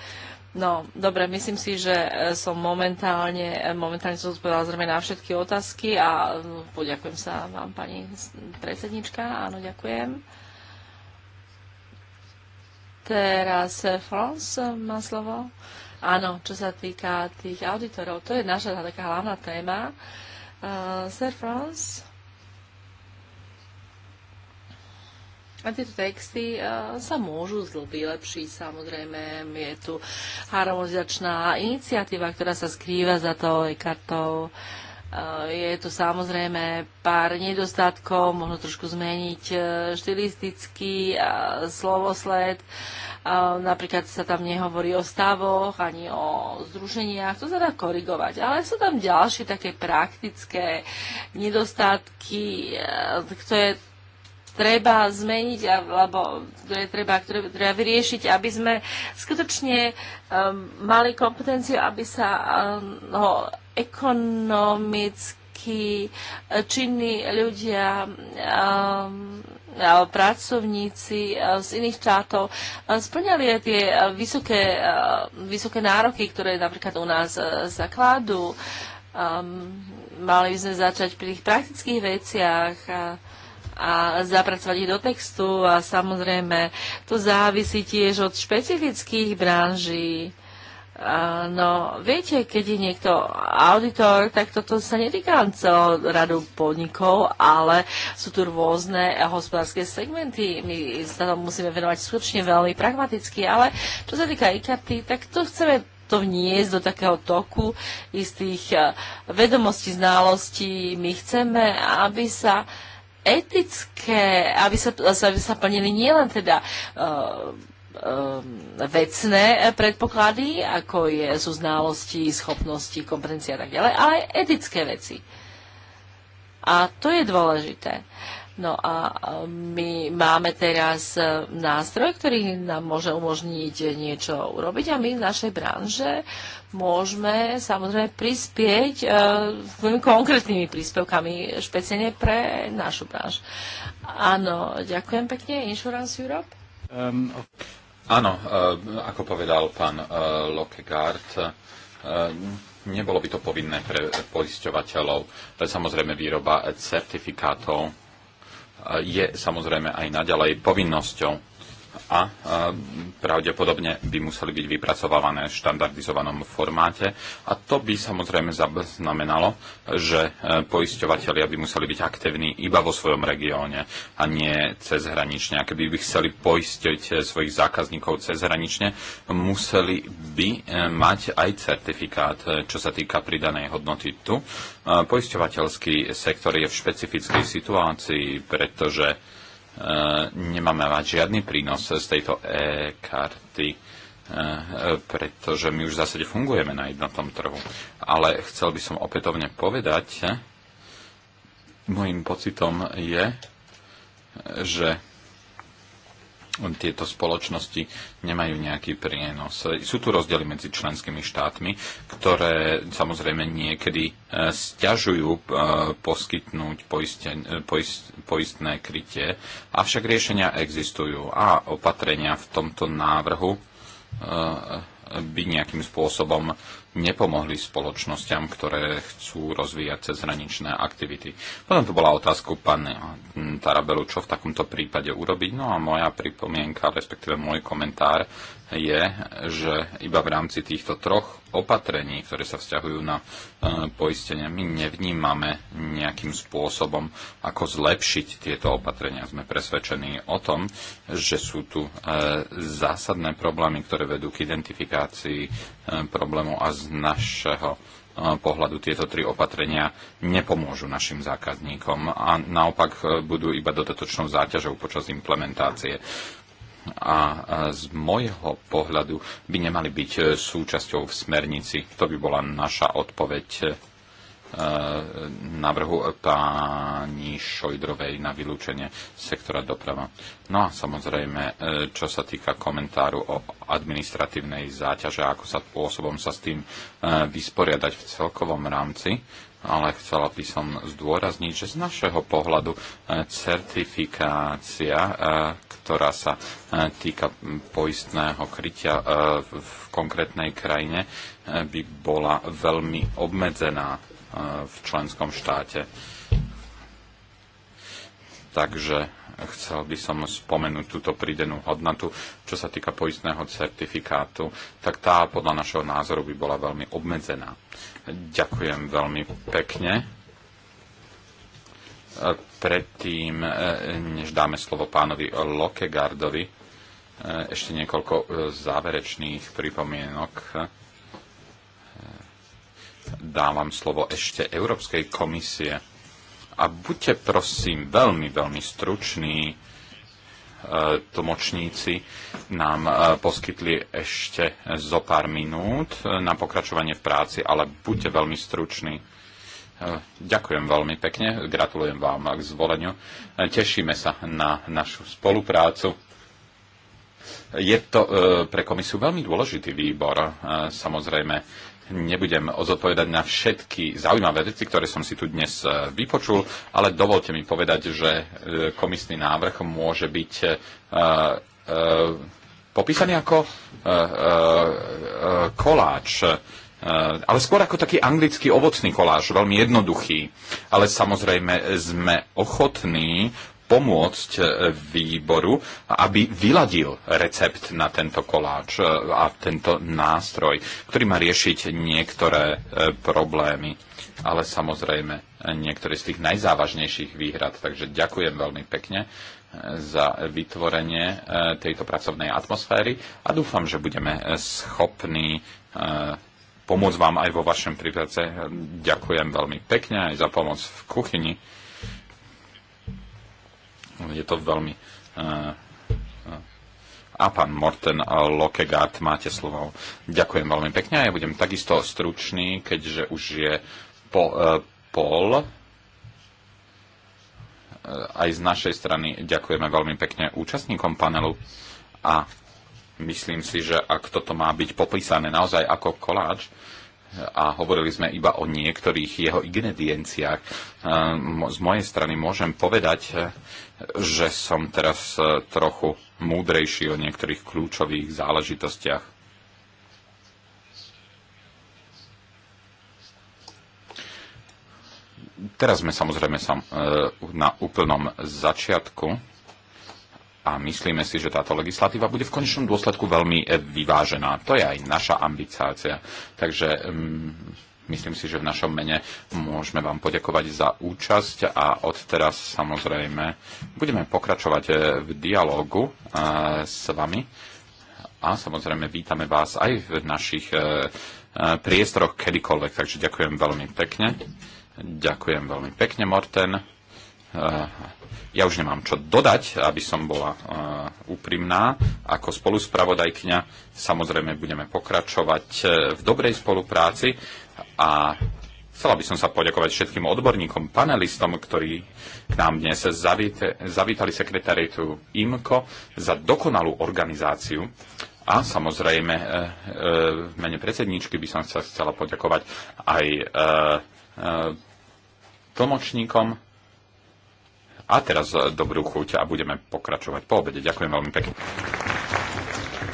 No, dobre, myslím si, že e, som momentálne, e, momentálne som odpovedala zrejme na všetky otázky a poďakujem sa vám, pani predsednička. Áno, ďakujem. Teraz eh, France eh, má slovo. Áno, čo sa týka tých auditorov, to je naša taká hlavná téma. Uh, Sir France. A tieto texty uh, sa môžu vylepšiť, samozrejme. Je tu harmonizačná iniciatíva, ktorá sa skrýva za tou kartou. Uh, Eh, je to samozrejme pár nedostatkov, možno trošku zmeniť eh, štilistický eh, slovosled. Napríklad sa tam nehovorí o stavoch ani o zrušeniach, to sa dá korigovať. Ale sú tam ďalšie také praktické nedostatky, ktoré treba zmeniť alebo ktoré treba, ktoré treba vyriešiť, aby sme skutočne um, mali kompetenciu, aby sa um, ho ekonomicky činní ľudia um, alebo pracovníci uh, z iných štátov uh, splňali aj tie uh, vysoké, vysoké nároky, ktoré napríklad u nás zakladú. Um, mali by sme začať pri tých praktických veciach a zapracovať ich do textu a samozrejme to závisí tiež od špecifických branží No, viete, keď je niekto auditor, tak toto sa netýka len celou radu podnikov, ale sú tu rôzne hospodárske segmenty. My sa tomu musíme venovať skutočne veľmi pragmaticky, ale čo sa týka IKT, tak to chceme to vniesť do takého toku istých eh, vedomostí, znalostí. My chceme, aby sa etické, aby sa, aby sa plnili nielen teda uh, Um, vecné predpoklady, ako je, sú znalosti, schopnosti, kompetencie a tak ďalej, ale aj etické veci. A to je dôležité. No a um, my máme teraz uh, nástroj, ktorý nám môže umožniť niečo urobiť a my v našej branže môžeme samozrejme prispieť e, konkrétnymi príspevkami, špeciálne pre našu branžu. Áno, ďakujem pekne. Insurance Europe? Um, okay. Áno, eh, ako povedal pán eh, Lockegaard, eh, nebolo by to povinné pre poisťovateľov. Samozrejme, výroba certifikátov je samozrejme aj naďalej povinnosťou a pravdepodobne by museli byť vypracovávané v štandardizovanom formáte. A to by samozrejme znamenalo, že e, poisťovateľia by museli byť aktívni iba vo svojom regióne a nie cezhranične. A keby by chceli poistiť e, svojich zákazníkov cezhranične, museli by e, mať aj certifikát, čo sa týka pridanej hodnoty tu. Poisťovateľský sektor je v špecifickej situácii, pretože Eh, nemáme mať žiadny prínos z tejto e-karty, eh, pretože my už v zásade fungujeme na jednotnom trhu. Ale chcel by som opätovne povedať, eh, môjim pocitom je, že tieto spoločnosti nemajú nejaký prienos. Sú tu rozdiely medzi členskými štátmi, ktoré samozrejme niekedy e, stiažujú e, poskytnúť poisten, e, poist, poistné krytie, avšak riešenia existujú a opatrenia v tomto návrhu by nejakým spôsobom nepomohli spoločnosťam, ktoré chcú rozvíjať cezhraničné aktivity. Potom to bola otázka pani Tarabelu, čo v takomto prípade urobiť. No a moja pripomienka, respektíve môj komentár je, že iba v rámci týchto troch opatrení, ktoré sa vzťahujú na e, poistenie, my nevnímame nejakým spôsobom, ako zlepšiť tieto opatrenia. Sme presvedčení o tom, že sú tu e, zásadné problémy, ktoré vedú k identifikácii e, problému a z našeho pohľadu tieto tri opatrenia nepomôžu našim zákazníkom a naopak budú iba dodatočnou záťažou počas implementácie a z môjho pohľadu by nemali byť e, súčasťou v smernici. To by bola naša odpoveď e, návrhu páni Šojdrovej na vylúčenie sektora doprava. No a samozrejme, e, čo sa týka komentáru o administratívnej záťaže, ako sa spôsobom sa s tým vysporiadať v celkovom rámci, ale chcela by som zdôrazniť, že z našeho pohľadu e, certifikácia, e, ktorá sa e, týka poistného krytia v konkrétnej krajine, by bola veľmi obmedzená v členskom štáte. Takže chcel by som spomenúť túto pridenú hodnotu, čo sa týka poistného certifikátu, tak tá podľa našeho názoru by bola veľmi obmedzená. Ďakujem veľmi pekne. E, predtým, e, než dáme slovo pánovi Lokegardovi, e, ešte niekoľko záverečných pripomienok dávam slovo ešte Európskej komisie. A buďte prosím veľmi, veľmi struční. E, tlmočníci nám e, poskytli ešte zo pár minút e, na pokračovanie v práci, ale buďte veľmi struční. Ďakujem veľmi pekne, gratulujem vám k zvoleniu. Tešíme sa na našu spoluprácu. Je to pre komisiu veľmi dôležitý výbor. Samozrejme, Nebudem zodpovedať na všetky zaujímavé veci, ktoré som si tu dnes e, vypočul, ale dovolte mi povedať, že e, komisný návrh môže byť e, popísaný ako koláč ale skôr ako taký anglický ovocný koláž, veľmi jednoduchý. Ale samozrejme sme ochotní pomôcť e, výboru, aby vyladil recept na tento koláč e, a tento nástroj, ktorý má riešiť niektoré e, problémy, ale samozrejme niektoré z tých najzávažnejších výhrad. Takže ďakujem veľmi pekne za vytvorenie tejto pracovnej atmosféry a dúfam, že budeme schopní pomôcť vám aj vo vašom prípade. Ďakujem veľmi pekne aj za pomoc v kuchyni. Je to veľmi... Eh, eh, a pán Morten Lokegaard, máte slovo. Ďakujem veľmi pekne a ja budem takisto stručný, keďže už je po, eh, pol aj z našej strany ďakujeme veľmi pekne účastníkom panelu a myslím si, že ak toto má byť popísané naozaj ako koláč, a hovorili sme iba o niektorých jeho ingredienciách. Z mojej strany môžem povedať, že som teraz e, trochu múdrejší o niektorých kľúčových záležitostiach. Teraz sme samozrejme sam, e, na úplnom začiatku a myslíme si, že táto legislatíva bude v konečnom dôsledku veľmi e, vyvážená. To je aj naša ambicácia. Takže mm, myslím si, že v našom mene môžeme vám poďakovať za účasť a odteraz samozrejme budeme pokračovať v dialógu s vami a samozrejme vítame vás aj v našich e, e, priestoroch kedykoľvek, takže ďakujem veľmi pekne. Ďakujem veľmi pekne, Morten. E, ja už nemám čo dodať, aby som bola úprimná. Ako spoluspravodajkňa samozrejme budeme pokračovať v dobrej spolupráci a chcela by som sa poďakovať všetkým odborníkom, panelistom, ktorí k nám dnes zavítali sekretariatu IMCO za dokonalú organizáciu a samozrejme e, e, v mene predsedničky by som sa chcela poďakovať aj e, tlmočníkom. A teraz dobrú chuť a budeme pokračovať po obede. Ďakujem veľmi pekne.